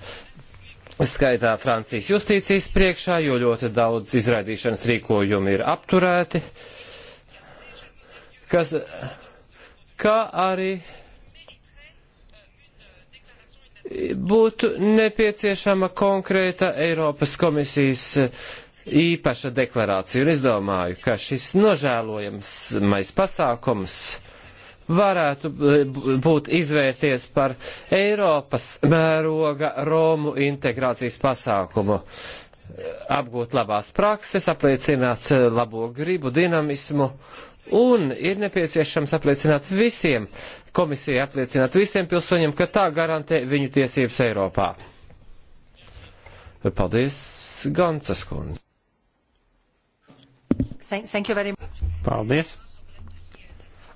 Skaitā Francijas justīcijas priekšā, jo ļoti daudz izraidīšanas rīkojumi ir apturēti, kas, kā arī būtu nepieciešama konkrēta Eiropas komisijas eh, īpaša deklarācija, un es domāju, ka šis nožēlojamais pasākums varētu eh, būt izvērties par Eiropas mēroga Romu integrācijas pasākumu. Apgūt labās prakses, apliecināt eh, labo gribu, dinamismu Un ir nepieciešams apliecināt visiem, komisija apliecināt visiem pilsoņiem, ka tā garantē viņu tiesības Eiropā. Paldies, Gancas kundze. Thank you very much. Paldies.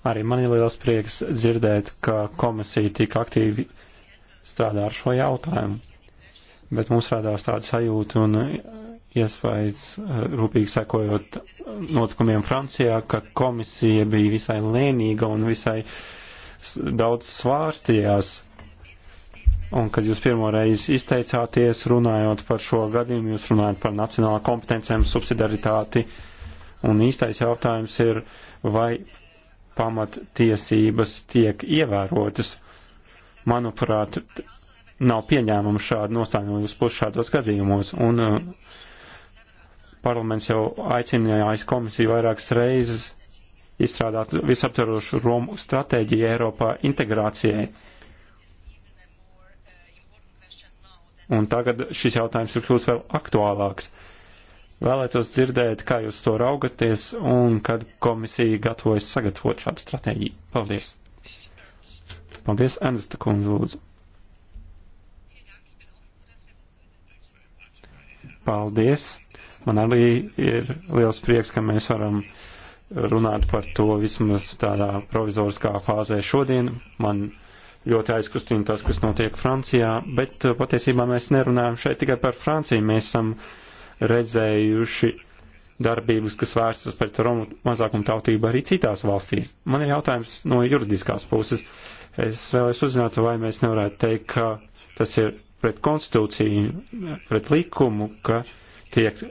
Arī man ir liels prieks dzirdēt, ka komisija tik aktīvi strādā ar šo jautājumu. Bet mums radās tāda sajūta un iespējas eh, rūpīgi sekojot notikumiem Francijā, ka komisija bija visai lēnīga un visai daudz svārstījās. Un, kad jūs pirmo reizi izteicāties runājot par šo gadījumu, jūs runājat par nacionālā kompetencijām, subsidaritāti, uh, Un īstais jautājums ir, vai pamattiesības tiek ievērotas. Manuprāt, nav pieņēmama šāda nostājuma uz pusi šādos gadījumos. Un uh, parlaments jau aicinājās komisiju vairākas reizes izstrādāt visaptverošu Romu stratēģiju Eiropā integrācijai. Un tagad šis jautājums ir kļūst vēl aktuālāks. Vēlētos dzirdēt, kā jūs to raugaties un kad komisija gatavojas sagatavot šādu stratēģiju. Paldies! Paldies, Ernesta kundze, lūdzu! Paldies! Man arī ir liels prieks, ka mēs varam runāt par to vismaz tādā provizoriskā fāzē šodien. Man ļoti aizkustina tas, kas notiek Francijā, bet patiesībā mēs nerunājam šeit tikai par Franciju. Mēs esam uh, redzējuši darbības, kas vērstas pret Romu mazākumu tautību arī citās valstīs. Man ir jautājums no juridiskās puses. Es vēlēs uzzināt, vai mēs nevarētu teikt, ka tas ir pret konstitūciju, pret likumu, ka tiek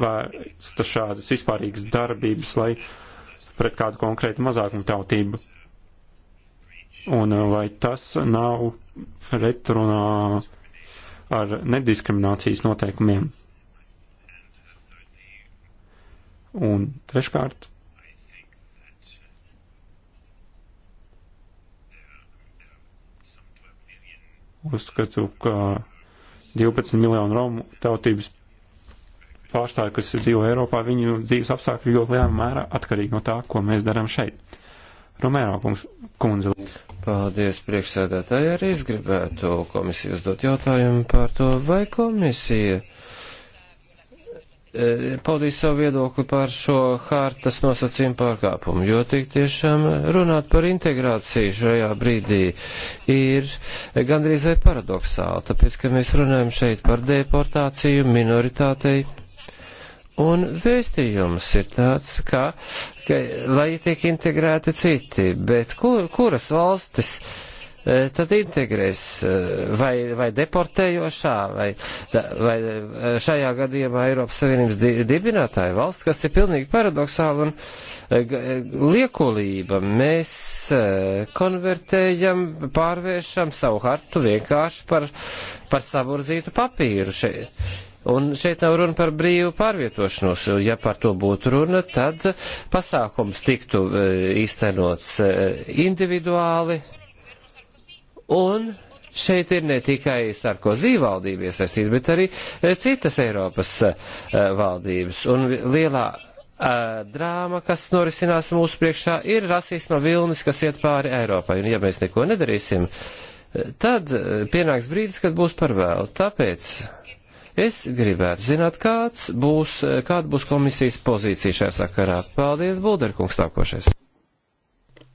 vērstas šādas vispārīgas darbības, lai pret kādu konkrētu mazākumu tautību. Un uh, vai tas nav pretrunā ar nediskriminācijas noteikumiem? Un treškārt, uzskatu, ka 12 miljonu romu tautības pārstāvju, kas dzīvo Eiropā, viņu dzīves apstākļi ļoti lielā mērā atkarīgi no tā, ko mēs darām šeit. Romēro kundze. Paldies, priekšsēdētāji. Arī es gribētu komisiju uzdot jautājumu par to, vai komisija E, paudīs savu viedokli par šo hārtas nosacījumu pārkāpumu, jo tik tiešām runāt par integrāciju šajā brīdī ir gandrīz vai paradoxāli, tāpēc, ka mēs runājam šeit par deportāciju minoritātei. Un vēstījums ir tāds, ka, ka lai tiek integrēti citi, bet kur, kuras valstis uh, E, tad integrēs e, vai, vai deportējošā, vai, vai e, šajā gadījumā Eiropas Savienības dibinātāja valsts, kas ir pilnīgi paradoxāli un liekolība. Mēs konvertējam, pārvēršam savu hartu vienkārši par, par saburzītu papīru šeit. Un šeit nav runa par brīvu pārvietošanos. Ja par to būtu runa, tad pasākums tiktu īstenots individuāli, Un šeit ir ne tikai Sarkozī valdība iesaistīta, bet arī eh, citas Eiropas eh, valdības. Un lielā eh, drāma, kas norisinās mūsu priekšā, ir rasisma vilnis, kas iet pāri Eiropai. Un ja mēs neko nedarīsim, tad pienāks brīdis, kad būs par vēlu. Tāpēc es gribētu zināt, kāds būs, kāda būs komisijas pozīcija šajā sakarā. Paldies, Bulderkungs, nākošais.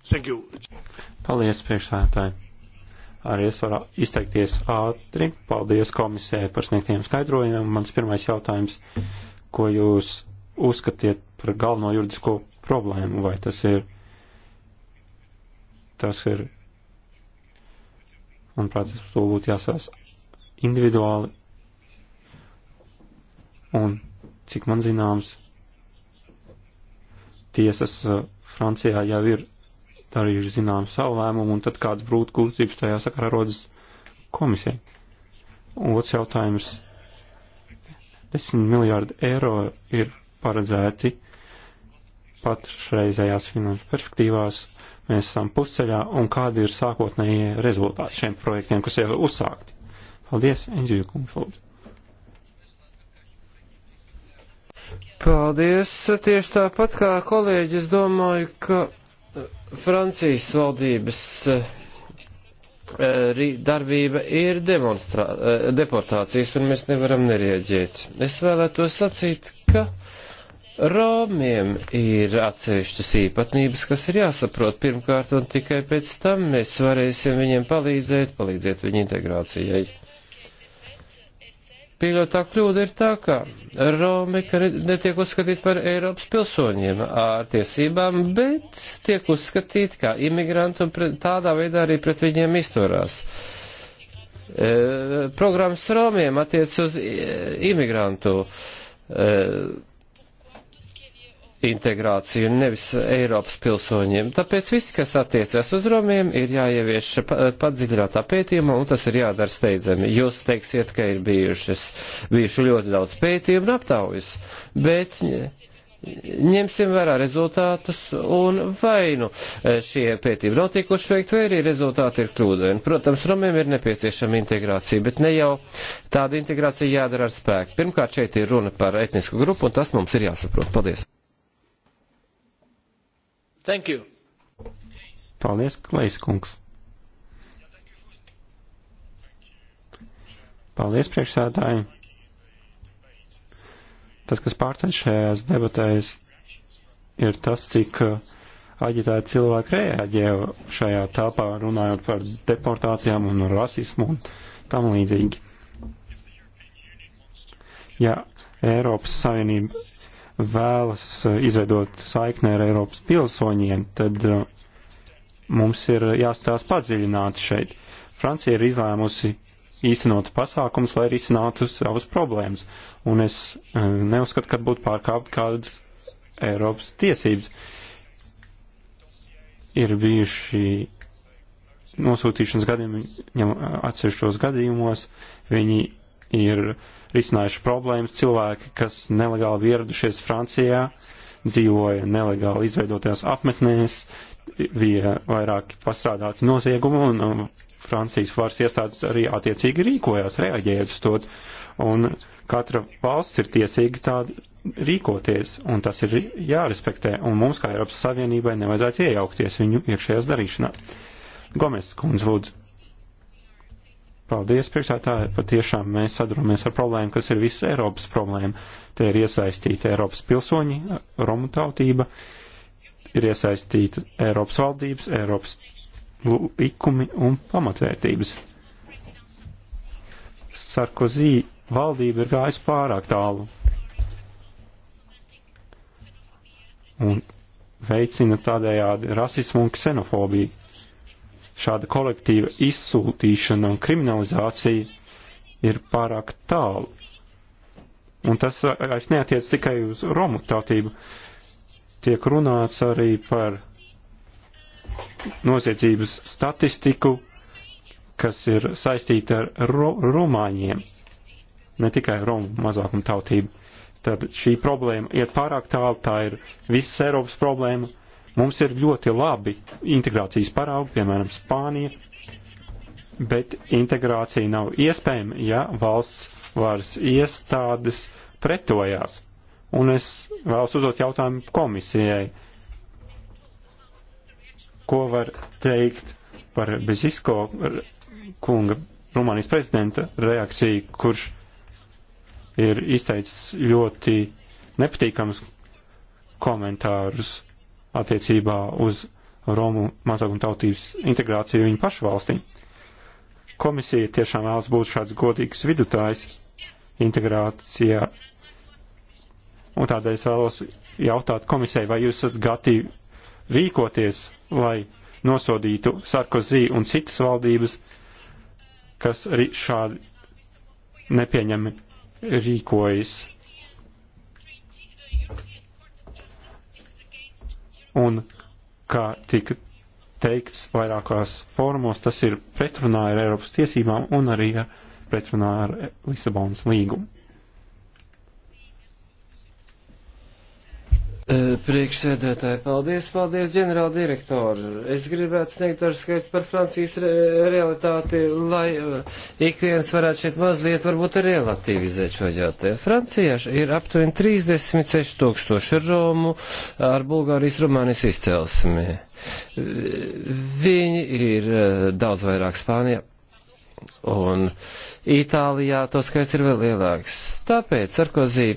Paldies, priekšsētāji arī es varu izteikties ātri. Paldies komisē par sniegtiem skaidrojumiem. Mans pirmais jautājums, ko jūs uzskatiet par galveno juridisko problēmu, vai tas ir, tas ir, manuprāt, tas to būtu jāsās individuāli. Un, cik man zināms, tiesas uh, Francijā jau ir darījuši zinām savu lēmumu, un tad kādas brūtkūtības tajā sakarā rodas komisijai. Otrs jautājums. 10 miljārdi eiro ir paredzēti patreizējās finanšu perspektīvās. Mēs esam pusceļā, un kādi ir sākotnējie rezultāti šiem projektiem, kas jau ir uzsākti? Paldies, Enģiju kungs, lūdzu. Paldies! Tieši tāpat kā kolēģis, domāju, ka Francijas valdības eh, darbība ir eh, deportācijas, un mēs nevaram nereaģēt. Es vēlētos sacīt, ka Romiem ir atsevišķas īpatnības, kas ir jāsaprot pirmkārt, un tikai pēc tam mēs varēsim viņiem palīdzēt, palīdzēt viņu integrācijai pieļautā kļūda ir tā, ka Romi netiek uzskatīti par Eiropas pilsoņiem ar tiesībām, bet tiek uzskatīti kā imigranti un pret, tādā veidā arī pret viņiem izturās. E, programmas Romiem attiec uz imigrantu e, integrāciju, nevis Eiropas pilsoņiem. Tāpēc viss, kas attiecas uz Romiem, ir jāievieš padziļinātā pētījumā, un tas ir jādara steidzami. Jūs teiksiet, ka ir bijušas, bijuši ļoti daudz pētījumu un aptaujas, bet ņemsim vērā rezultātus un vainu e, šie pētījumi nav tikuši veikt, vai arī rezultāti ir kļūdaini. Protams, Romiem ir nepieciešama integrācija, bet ne jau tāda integrācija jādara ar spēku. Pirmkārt, šeit ir runa par etnisku grupu, un tas mums ir jāsaprot. Paldies! Thank you. Paldies, Klais kungs. Paldies, priekšsēdāji. Tas, kas pārsteidz šajās debatēs, ir tas, cik uh, aģitēti cilvēki reaģē šajā tāpā runājot par deportācijām un rasismu un tam līdzīgi. Ja Eiropas Savienība vēlas eh, izveidot saikni ar Eiropas pilsoņiem, tad eh, mums ir jāstāsta padziļināti šeit. Francija ir izlēmusi īstenot pasākums, lai risinātu savas problēmas, un es eh, neuzskatu, ka būtu pārkāpt kādas Eiropas tiesības. Ir bijuši nosūtīšanas gadījumi, atsevišķos gadījumos viņi ir uh, risinājuši problēmas. Cilvēki, kas nelegāli ieradušies Francijā, dzīvoja nelegāli izveidotajās apmetnēs, bija vairāk pastrādāti noziegumi un, un um, Francijas varas iestādes arī attiecīgi rīkojās, reaģējot uz to. Un katra valsts ir tiesīga tādi rīkoties, un tas ir jārespektē, un mums kā Eiropas Savienībai nevajadzētu iejaukties viņu iekšējās darīšanā. Gomes, kundze, lūdzu. Paldies, priekšsētāji. Patiešām mēs saduramies ar problēmu, kas ir visa Eiropas problēma. Te ir iesaistīta Eiropas pilsoņi, Romu tautība, ir iesaistīta Eiropas valdības, Eiropas likumi un pamatvērtības. Sarkozī valdība ir gājusi pārāk tālu un veicina tādējādi rasismu un ksenofobiju šāda kolektīva izsūtīšana un kriminalizācija ir pārāk tālu. Un tas vairs neatiec tikai uz Romu tautību. Tiek runāts arī par noziedzības statistiku, kas ir saistīta ar ro romāņiem, ne tikai romu mazākumu tautību. Tad šī problēma iet pārāk tālu, tā ir visas Eiropas problēma Mums ir ļoti labi integrācijas paraugi, piemēram, Spānija, bet integrācija nav iespējama, ja valsts varas iestādes pretojās. Un es vēlos uzdot jautājumu komisijai, ko var teikt par Bezisko kunga, Rumānijas prezidenta reakciju, kurš ir izteicis ļoti nepatīkams komentārus attiecībā uz Romu mazākumtautības integrāciju viņu pašu valstī. Komisija tiešām vēlas būt šāds godīgs vidutājs integrācijā. Un tādēļ es vēlos jautāt komisijai, vai jūs esat gatavi rīkoties, lai nosodītu Sarkozī un citas valdības, kas šādi nepieņemi rīkojas un kā tika teikts vairākās formos, tas ir pretrunā ar Eiropas tiesībām un arī pretrunā ar Lisabonas līgumu. Eh, priekšsēdētāji, paldies, paldies, ģenerāla direktori. Es gribētu sniegt dažu skaits par Francijas re realitāti, lai eh, ik viens varētu šeit mazliet varbūt relativizēt šo jautājumu. Francijā ir aptuveni 36 tūkstoši Romu ar Bulgārijas Rumānijas izcelsmi. Viņi ir eh, daudz vairāk Spānijā. Un Itālijā to skaits ir vēl lielāks. Tāpēc Sarkozī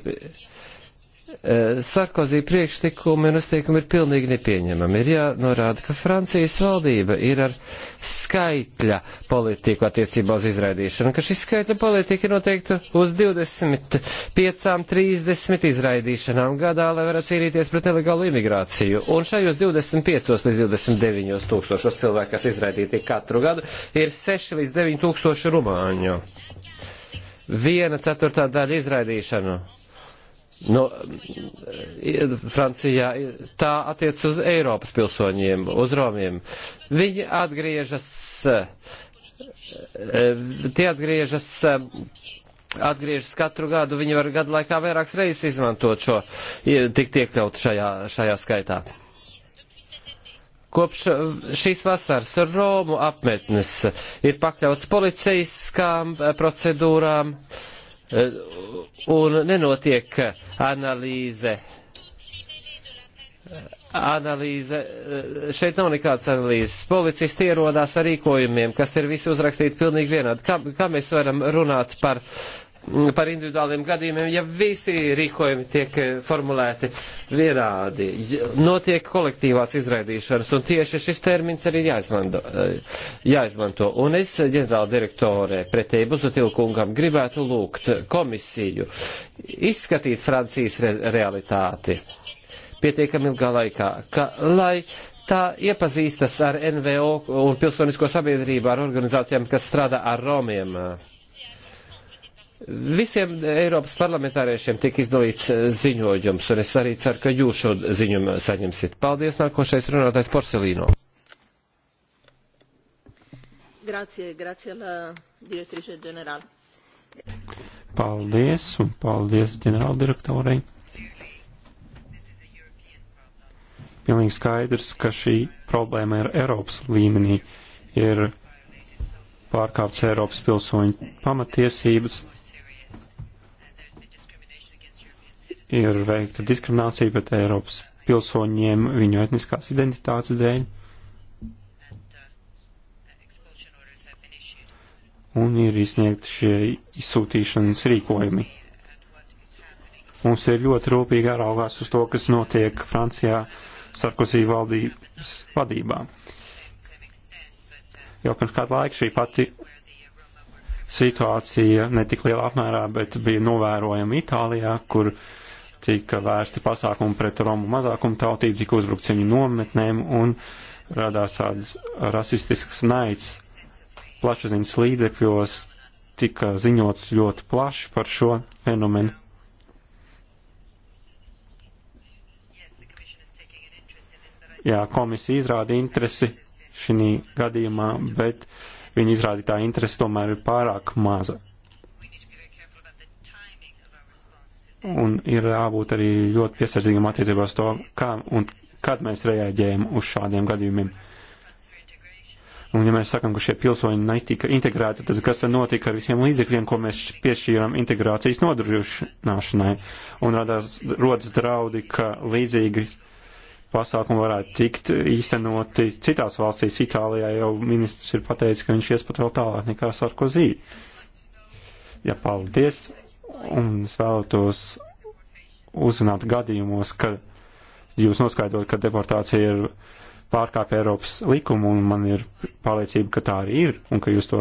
Eh, Sarkozī priekšlikumi un uzteikumi ir pilnīgi nepieņemami. Ir jānorāda, ka Francijas valdība ir ar skaitļa politiku attiecībā uz izraidīšanu, ka šī skaitļa politika ir noteikta uz 25-30 izraidīšanām gadā, lai varētu cīnīties pret nelegālu imigrāciju. Un šajos 25 līdz 29 tūkstošos cilvēku, kas izraidīti katru gadu, ir 6 līdz 9 tūkstoši rumāņu. Viena ceturtā daļa izraidīšanu Nu, Francijā tā attiec uz Eiropas pilsoņiem, uz Romiem. Viņi atgriežas, e, tie atgriežas, e, atgriežas katru gadu, viņi var gadu laikā vairākas reizes izmantot šo, tik tiekļaut šajā, šajā skaitā. Kopš šīs vasaras Romu apmetnes ir pakļauts policijas skām e, procedūrām. Uh, Eh, un nenotiek analīze. Analīze, eh, šeit nav nekādas analīzes. Policisti ierodās ar rīkojumiem, kas ir visi uzrakstīti pilnīgi vienādi. Kā, kā mēs varam runāt par uh, par individuāliem gadījumiem, ja visi rīkojumi tiek eh, formulēti vienādi. Notiek kolektīvās izraidīšanas, un tieši šis termins arī jāizmanto. Eh, jāizmanto. Un es ģenerāla direktorē pretēji Buzutilkungam gribētu lūgt komisiju izskatīt Francijas re realitāti pietiekami ilgā laikā, ka, lai tā iepazīstas ar NVO un pilsonisko sabiedrību, ar organizācijām, kas strādā ar Romiem. Uh, Visiem Eiropas parlamentāriešiem tika izdalīts eh, ziņojums, un es arī ceru, ka jūs šo ziņojumu saņemsiet. Paldies, nākošais runātājs Porcelīno. Grazie, grazie la direktrice generāla. Paldies, un paldies ģenerāldirektorei. Pilnīgi skaidrs, ka šī problēma ir Eiropas līmenī, ir pārkāpts Eiropas pilsoņu pamatiesības ir veikta diskriminācija pret Eiropas pilsoņiem viņu etniskās identitātes dēļ. Un ir izsniegti šie izsūtīšanas rīkojumi. Mums ir ļoti rūpīgi jāraugās uz to, kas notiek Francijā Sarkozī valdības vadībā. Jau pirms kādu laiku šī pati situācija netik lielā apmērā, bet bija novērojama Itālijā, kur uh, tika vērsti pasākumi pret Romu mazākumu tautību, tika uzbrukts viņu nometnēm un radās tādas rasistiskas naids. Plašsaziņas līdzekļos tika ziņots ļoti plaši par šo fenomenu. Jā, komisija izrāda interesi šī gadījumā, bet viņa izrādītā interese tomēr ir pārāk maza. Un ir jābūt arī ļoti piesardzīgam attiecībā uz to, kā un kad mēs reaģējam uz šādiem gadījumiem. Un, ja mēs sakām, ka šie pilsoņi netika integrēti, tad kas tad notika ar visiem līdzekļiem, ko mēs piešķīram integrācijas nodrošināšanai? Un radās, rodas draudi, ka līdzīgi pasākumi varētu tikt īstenoti citās valstīs. Itālijā jau ministrs ir pateicis, ka viņš ies pat vēl tālāk nekā Sarkozī. Ja paldies, Un es vēlētos uzzināt gadījumos, ka jūs noskaidrot, ka deportācija ir pārkāpja Eiropas likumu, un man ir pārliecība, ka tā arī ir, un ka jūs to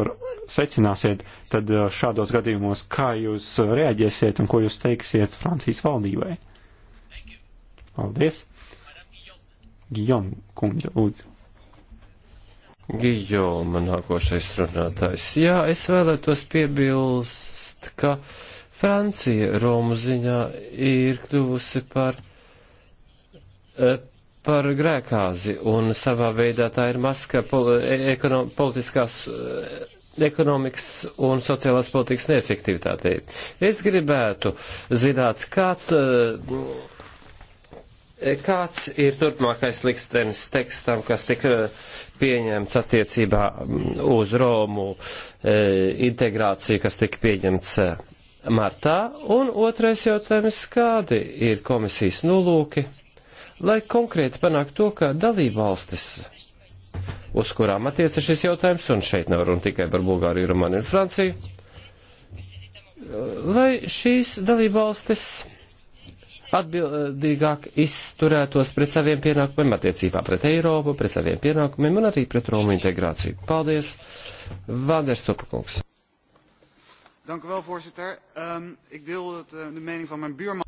secināsiet, tad uh, šādos gadījumos kā jūs reaģēsiet un ko jūs teiksiet Francijas valdībai? Paldies! Gijom, kundze, lūdzu. Gijoma nākošais runātājs. Jā, es vēlētos piebilst, ka. Uh, Francija Romu ziņā ir kļuvusi par, eh, par grēkāzi, un savā veidā tā ir maska pol, e, ekonom, politiskās eh, ekonomikas un sociālās politikas neefektivitātei. Es gribētu zināt, kāds, eh, kāds ir turpmākais likstenis tekstam, kas tika pieņemts attiecībā mm, uz Romu integrāciju, kas tika pieņemts martā, un otrais jautājums, kādi ir komisijas nolūki, lai konkrēti panāktu to, ka dalībvalstis uz kurām attiecas šis jautājums, un šeit nav runa tikai par Bulgāriju, Rumāniju un Franciju, lai šīs dalībvalstis atbildīgāk izturētos pret saviem pienākumiem attiecībā pret Eiropu, pret saviem pienākumiem un arī pret Romu integrāciju. Paldies, Vanders Topakungs! Dank u wel, voorzitter. Um, ik deel het, uh, de mening van mijn buurman.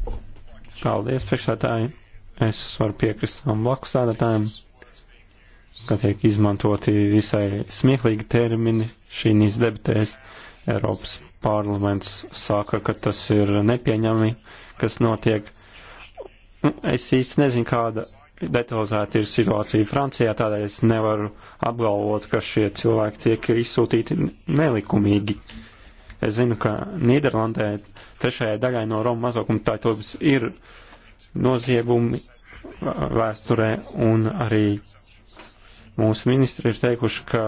Paldies, priekšsētāji. Es varu piekrist tam blakus sēdētājiem, ka tiek izmantoti visai smieklīgi termini šīs debatēs. Eiropas parlaments saka, ka tas ir nepieņemami, kas notiek. Es īsti nezinu, kāda detalizēta ir situācija Francijā, tādēļ es nevaru apgalvot, ka šie cilvēki tiek izsūtīti nelikumīgi. Uh, Es zinu, ka Nīderlandē trešajai daļai no Roma mazākumtautības ir noziegumi vēsturē, un arī mūsu ministri ir teikuši, ka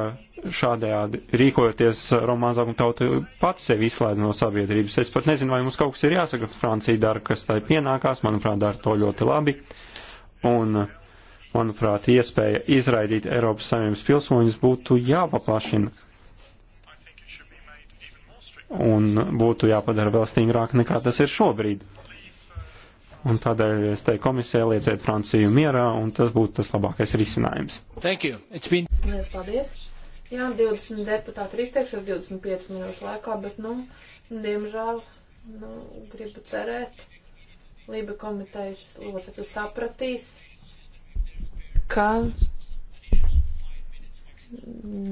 šādējādi rīkojoties Roma mazākumtauta pati sevi izslēdz no sabiedrības. Es pat nezinu, vai mums kaut kas ir jāsaka, Francija dara, kas tai pienākās, manuprāt, dara to ļoti labi. Un manuprāt, iespēja izraidīt Eiropas Savienības pilsoņus būtu jāpaplašina un būtu jāpadara vēl stingrāk nekā tas ir šobrīd. Un tādēļ es teiktu komisijai lieciet Franciju mierā, un tas būtu tas labākais risinājums. Thank you. It's been... Lies, paldies. Jā, 20 deputāti ir izteikšies 25 minūšu laikā, bet, nu, diemžēl, nu, gribu cerēt, Lība komitejas locekļi sapratīs, ka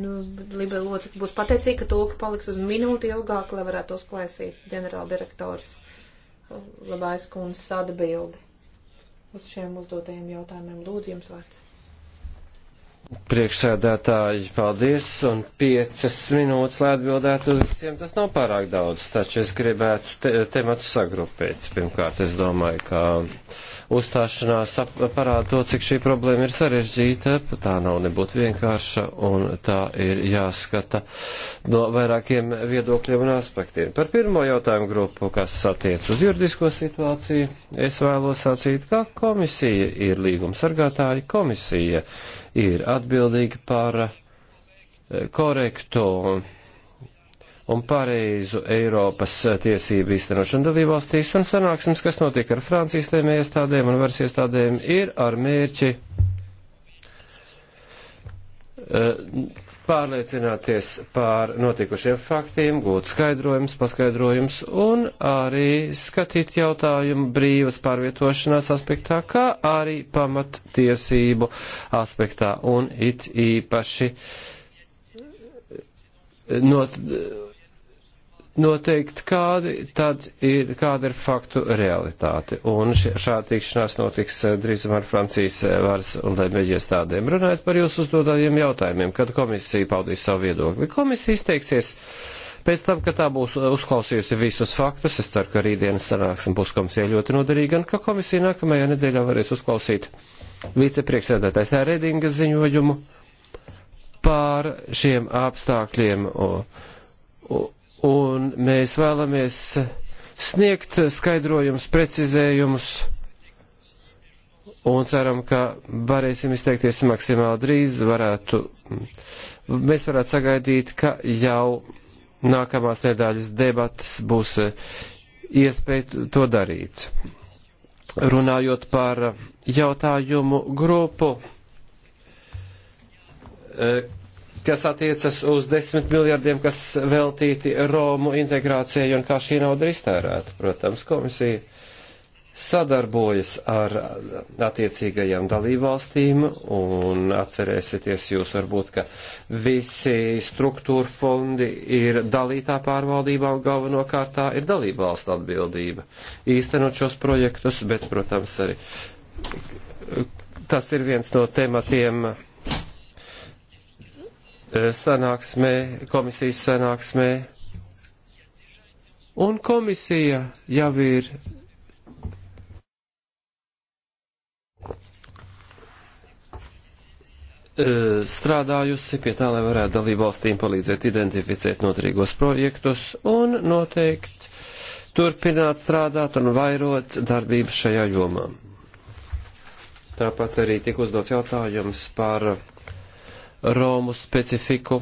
nu, Libela locekļi būs pateicīgi, ka tulki paliks uz minūti ilgāk, lai varētu uzklausīt ģenerāldirektors uh, Labais kundzes atbildi uz šiem uzdotajiem jautājumiem. Lūdzu, jums vārds. Priekšsēdētāji, paldies, un piecas minūtes, lai atbildētu uz visiem, tas nav pārāk daudz, taču es gribētu te tematu sagrupēt. Pirmkārt, es domāju, ka. Kā uzstāšanās parāda to, cik šī problēma ir sarežģīta, tā nav nebūt vienkārša un tā ir jāskata no vairākiem viedokļiem un aspektiem. Par pirmo jautājumu grupu, kas attiec uz juridisko situāciju, es vēlos sacīt, ka komisija ir līgumsargātāja komisija ir atbildīga par eh, korektu un pareizu Eiropas eh, tiesību īstenošanu dalībvalstīs, un sanāksmes, kas notiek ar Francijas tēmē iestādēm un varas iestādēm, ir ar mērķi eh, pārliecināties pār notikušiem faktiem, gūt skaidrojums, paskaidrojums un arī skatīt jautājumu brīvas pārvietošanās aspektā, kā arī pamattiesību aspektā un it īpaši eh, not, noteikt, kādi tad ir, kāda ir faktu realitāte. Un šāda tikšanās notiks eh, drīzumā ar Francijas eh, varas un lemēģies tādiem. Runājot par jūsu uzdodājiem jautājumiem, kad komisija paudīs savu viedokli. Komisija izteiksies pēc tam, kad tā būs eh, uzklausījusi visus faktus. Es ceru, ka rītdienas sanāksim būs komisija ļoti noderīga un ka komisija nākamajā nedēļā varēs uzklausīt vicepriekšsēdētājs Redinga ziņojumu pār šiem apstākļiem. O, o, un mēs vēlamies sniegt skaidrojumus, precizējumus un ceram, ka varēsim izteikties maksimāli drīz, varētu, mēs varētu sagaidīt, ka jau nākamās nedēļas debatas būs iespēja to darīt. Runājot par jautājumu grupu, kas attiecas uz desmit miljardiem, kas veltīti Romu integrācijai un kā šī nauda ir iztērēta. Protams, komisija sadarbojas ar attiecīgajām dalībvalstīm un atcerēsieties jūs varbūt, ka visi struktūra fondi ir dalītā pārvaldībā un galvenokārt tā ir dalībvalstu atbildība īstenot šos projektus, bet, protams, arī tas ir viens no tematiem Eh, sanāksmē, komisijas sanāksmē. Un komisija jau ir eh, strādājusi pie tā, lai varētu dalību valstīm palīdzēt identificēt noturīgos projektus un noteikt, turpināt strādāt un vairot darbības šajā jomā. Tāpat arī tika uzdots jautājums par Romu specifiku,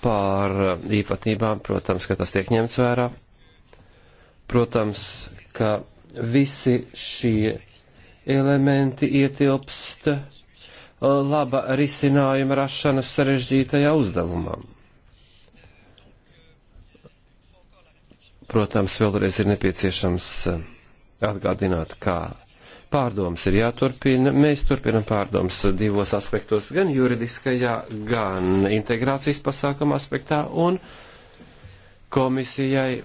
par īpatnībām, protams, ka tas tiek ņemts vērā. Protams, ka visi šie elementi ietilpst uh, laba risinājuma rašanas sarežģītajā uzdevumā. Protams, vēlreiz ir nepieciešams uh, atgādināt, kā Pārdomas ir jāturpina. Mēs turpinam pārdomas divos aspektos, gan juridiskajā, gan integrācijas pasākuma aspektā, un komisijai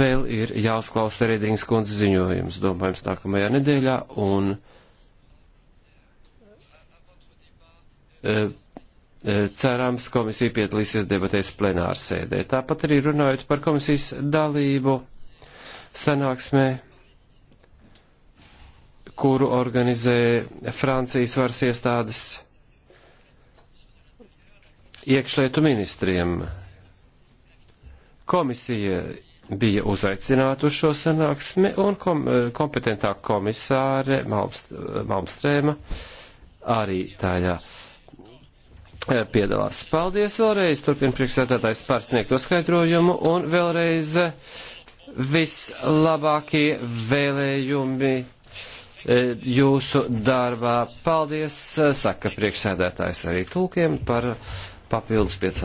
vēl ir jāuzklausa Redings kundzes ziņojums, domājams, nākamajā nedēļā, un e, e, cerams, komisija piedalīsies debatēs plenārsēdē. Tāpat arī runājot par komisijas dalību sanāksmē kuru organizē Francijas varas iestādes iekšlietu ministriem. Komisija bija uzaicināta uz šo sanāksmi, un kom, kompetentā komisāre Malmst, Malmstrēma arī tajā eh, piedalās. Paldies vēlreiz, turpina priekšsētātājs par sniegto skaidrojumu, un vēlreiz vislabākie vēlējumi Eh, jūsu darbā. Paldies, eh, saka priekšsēdētājs arī tulkiem par papildus 5.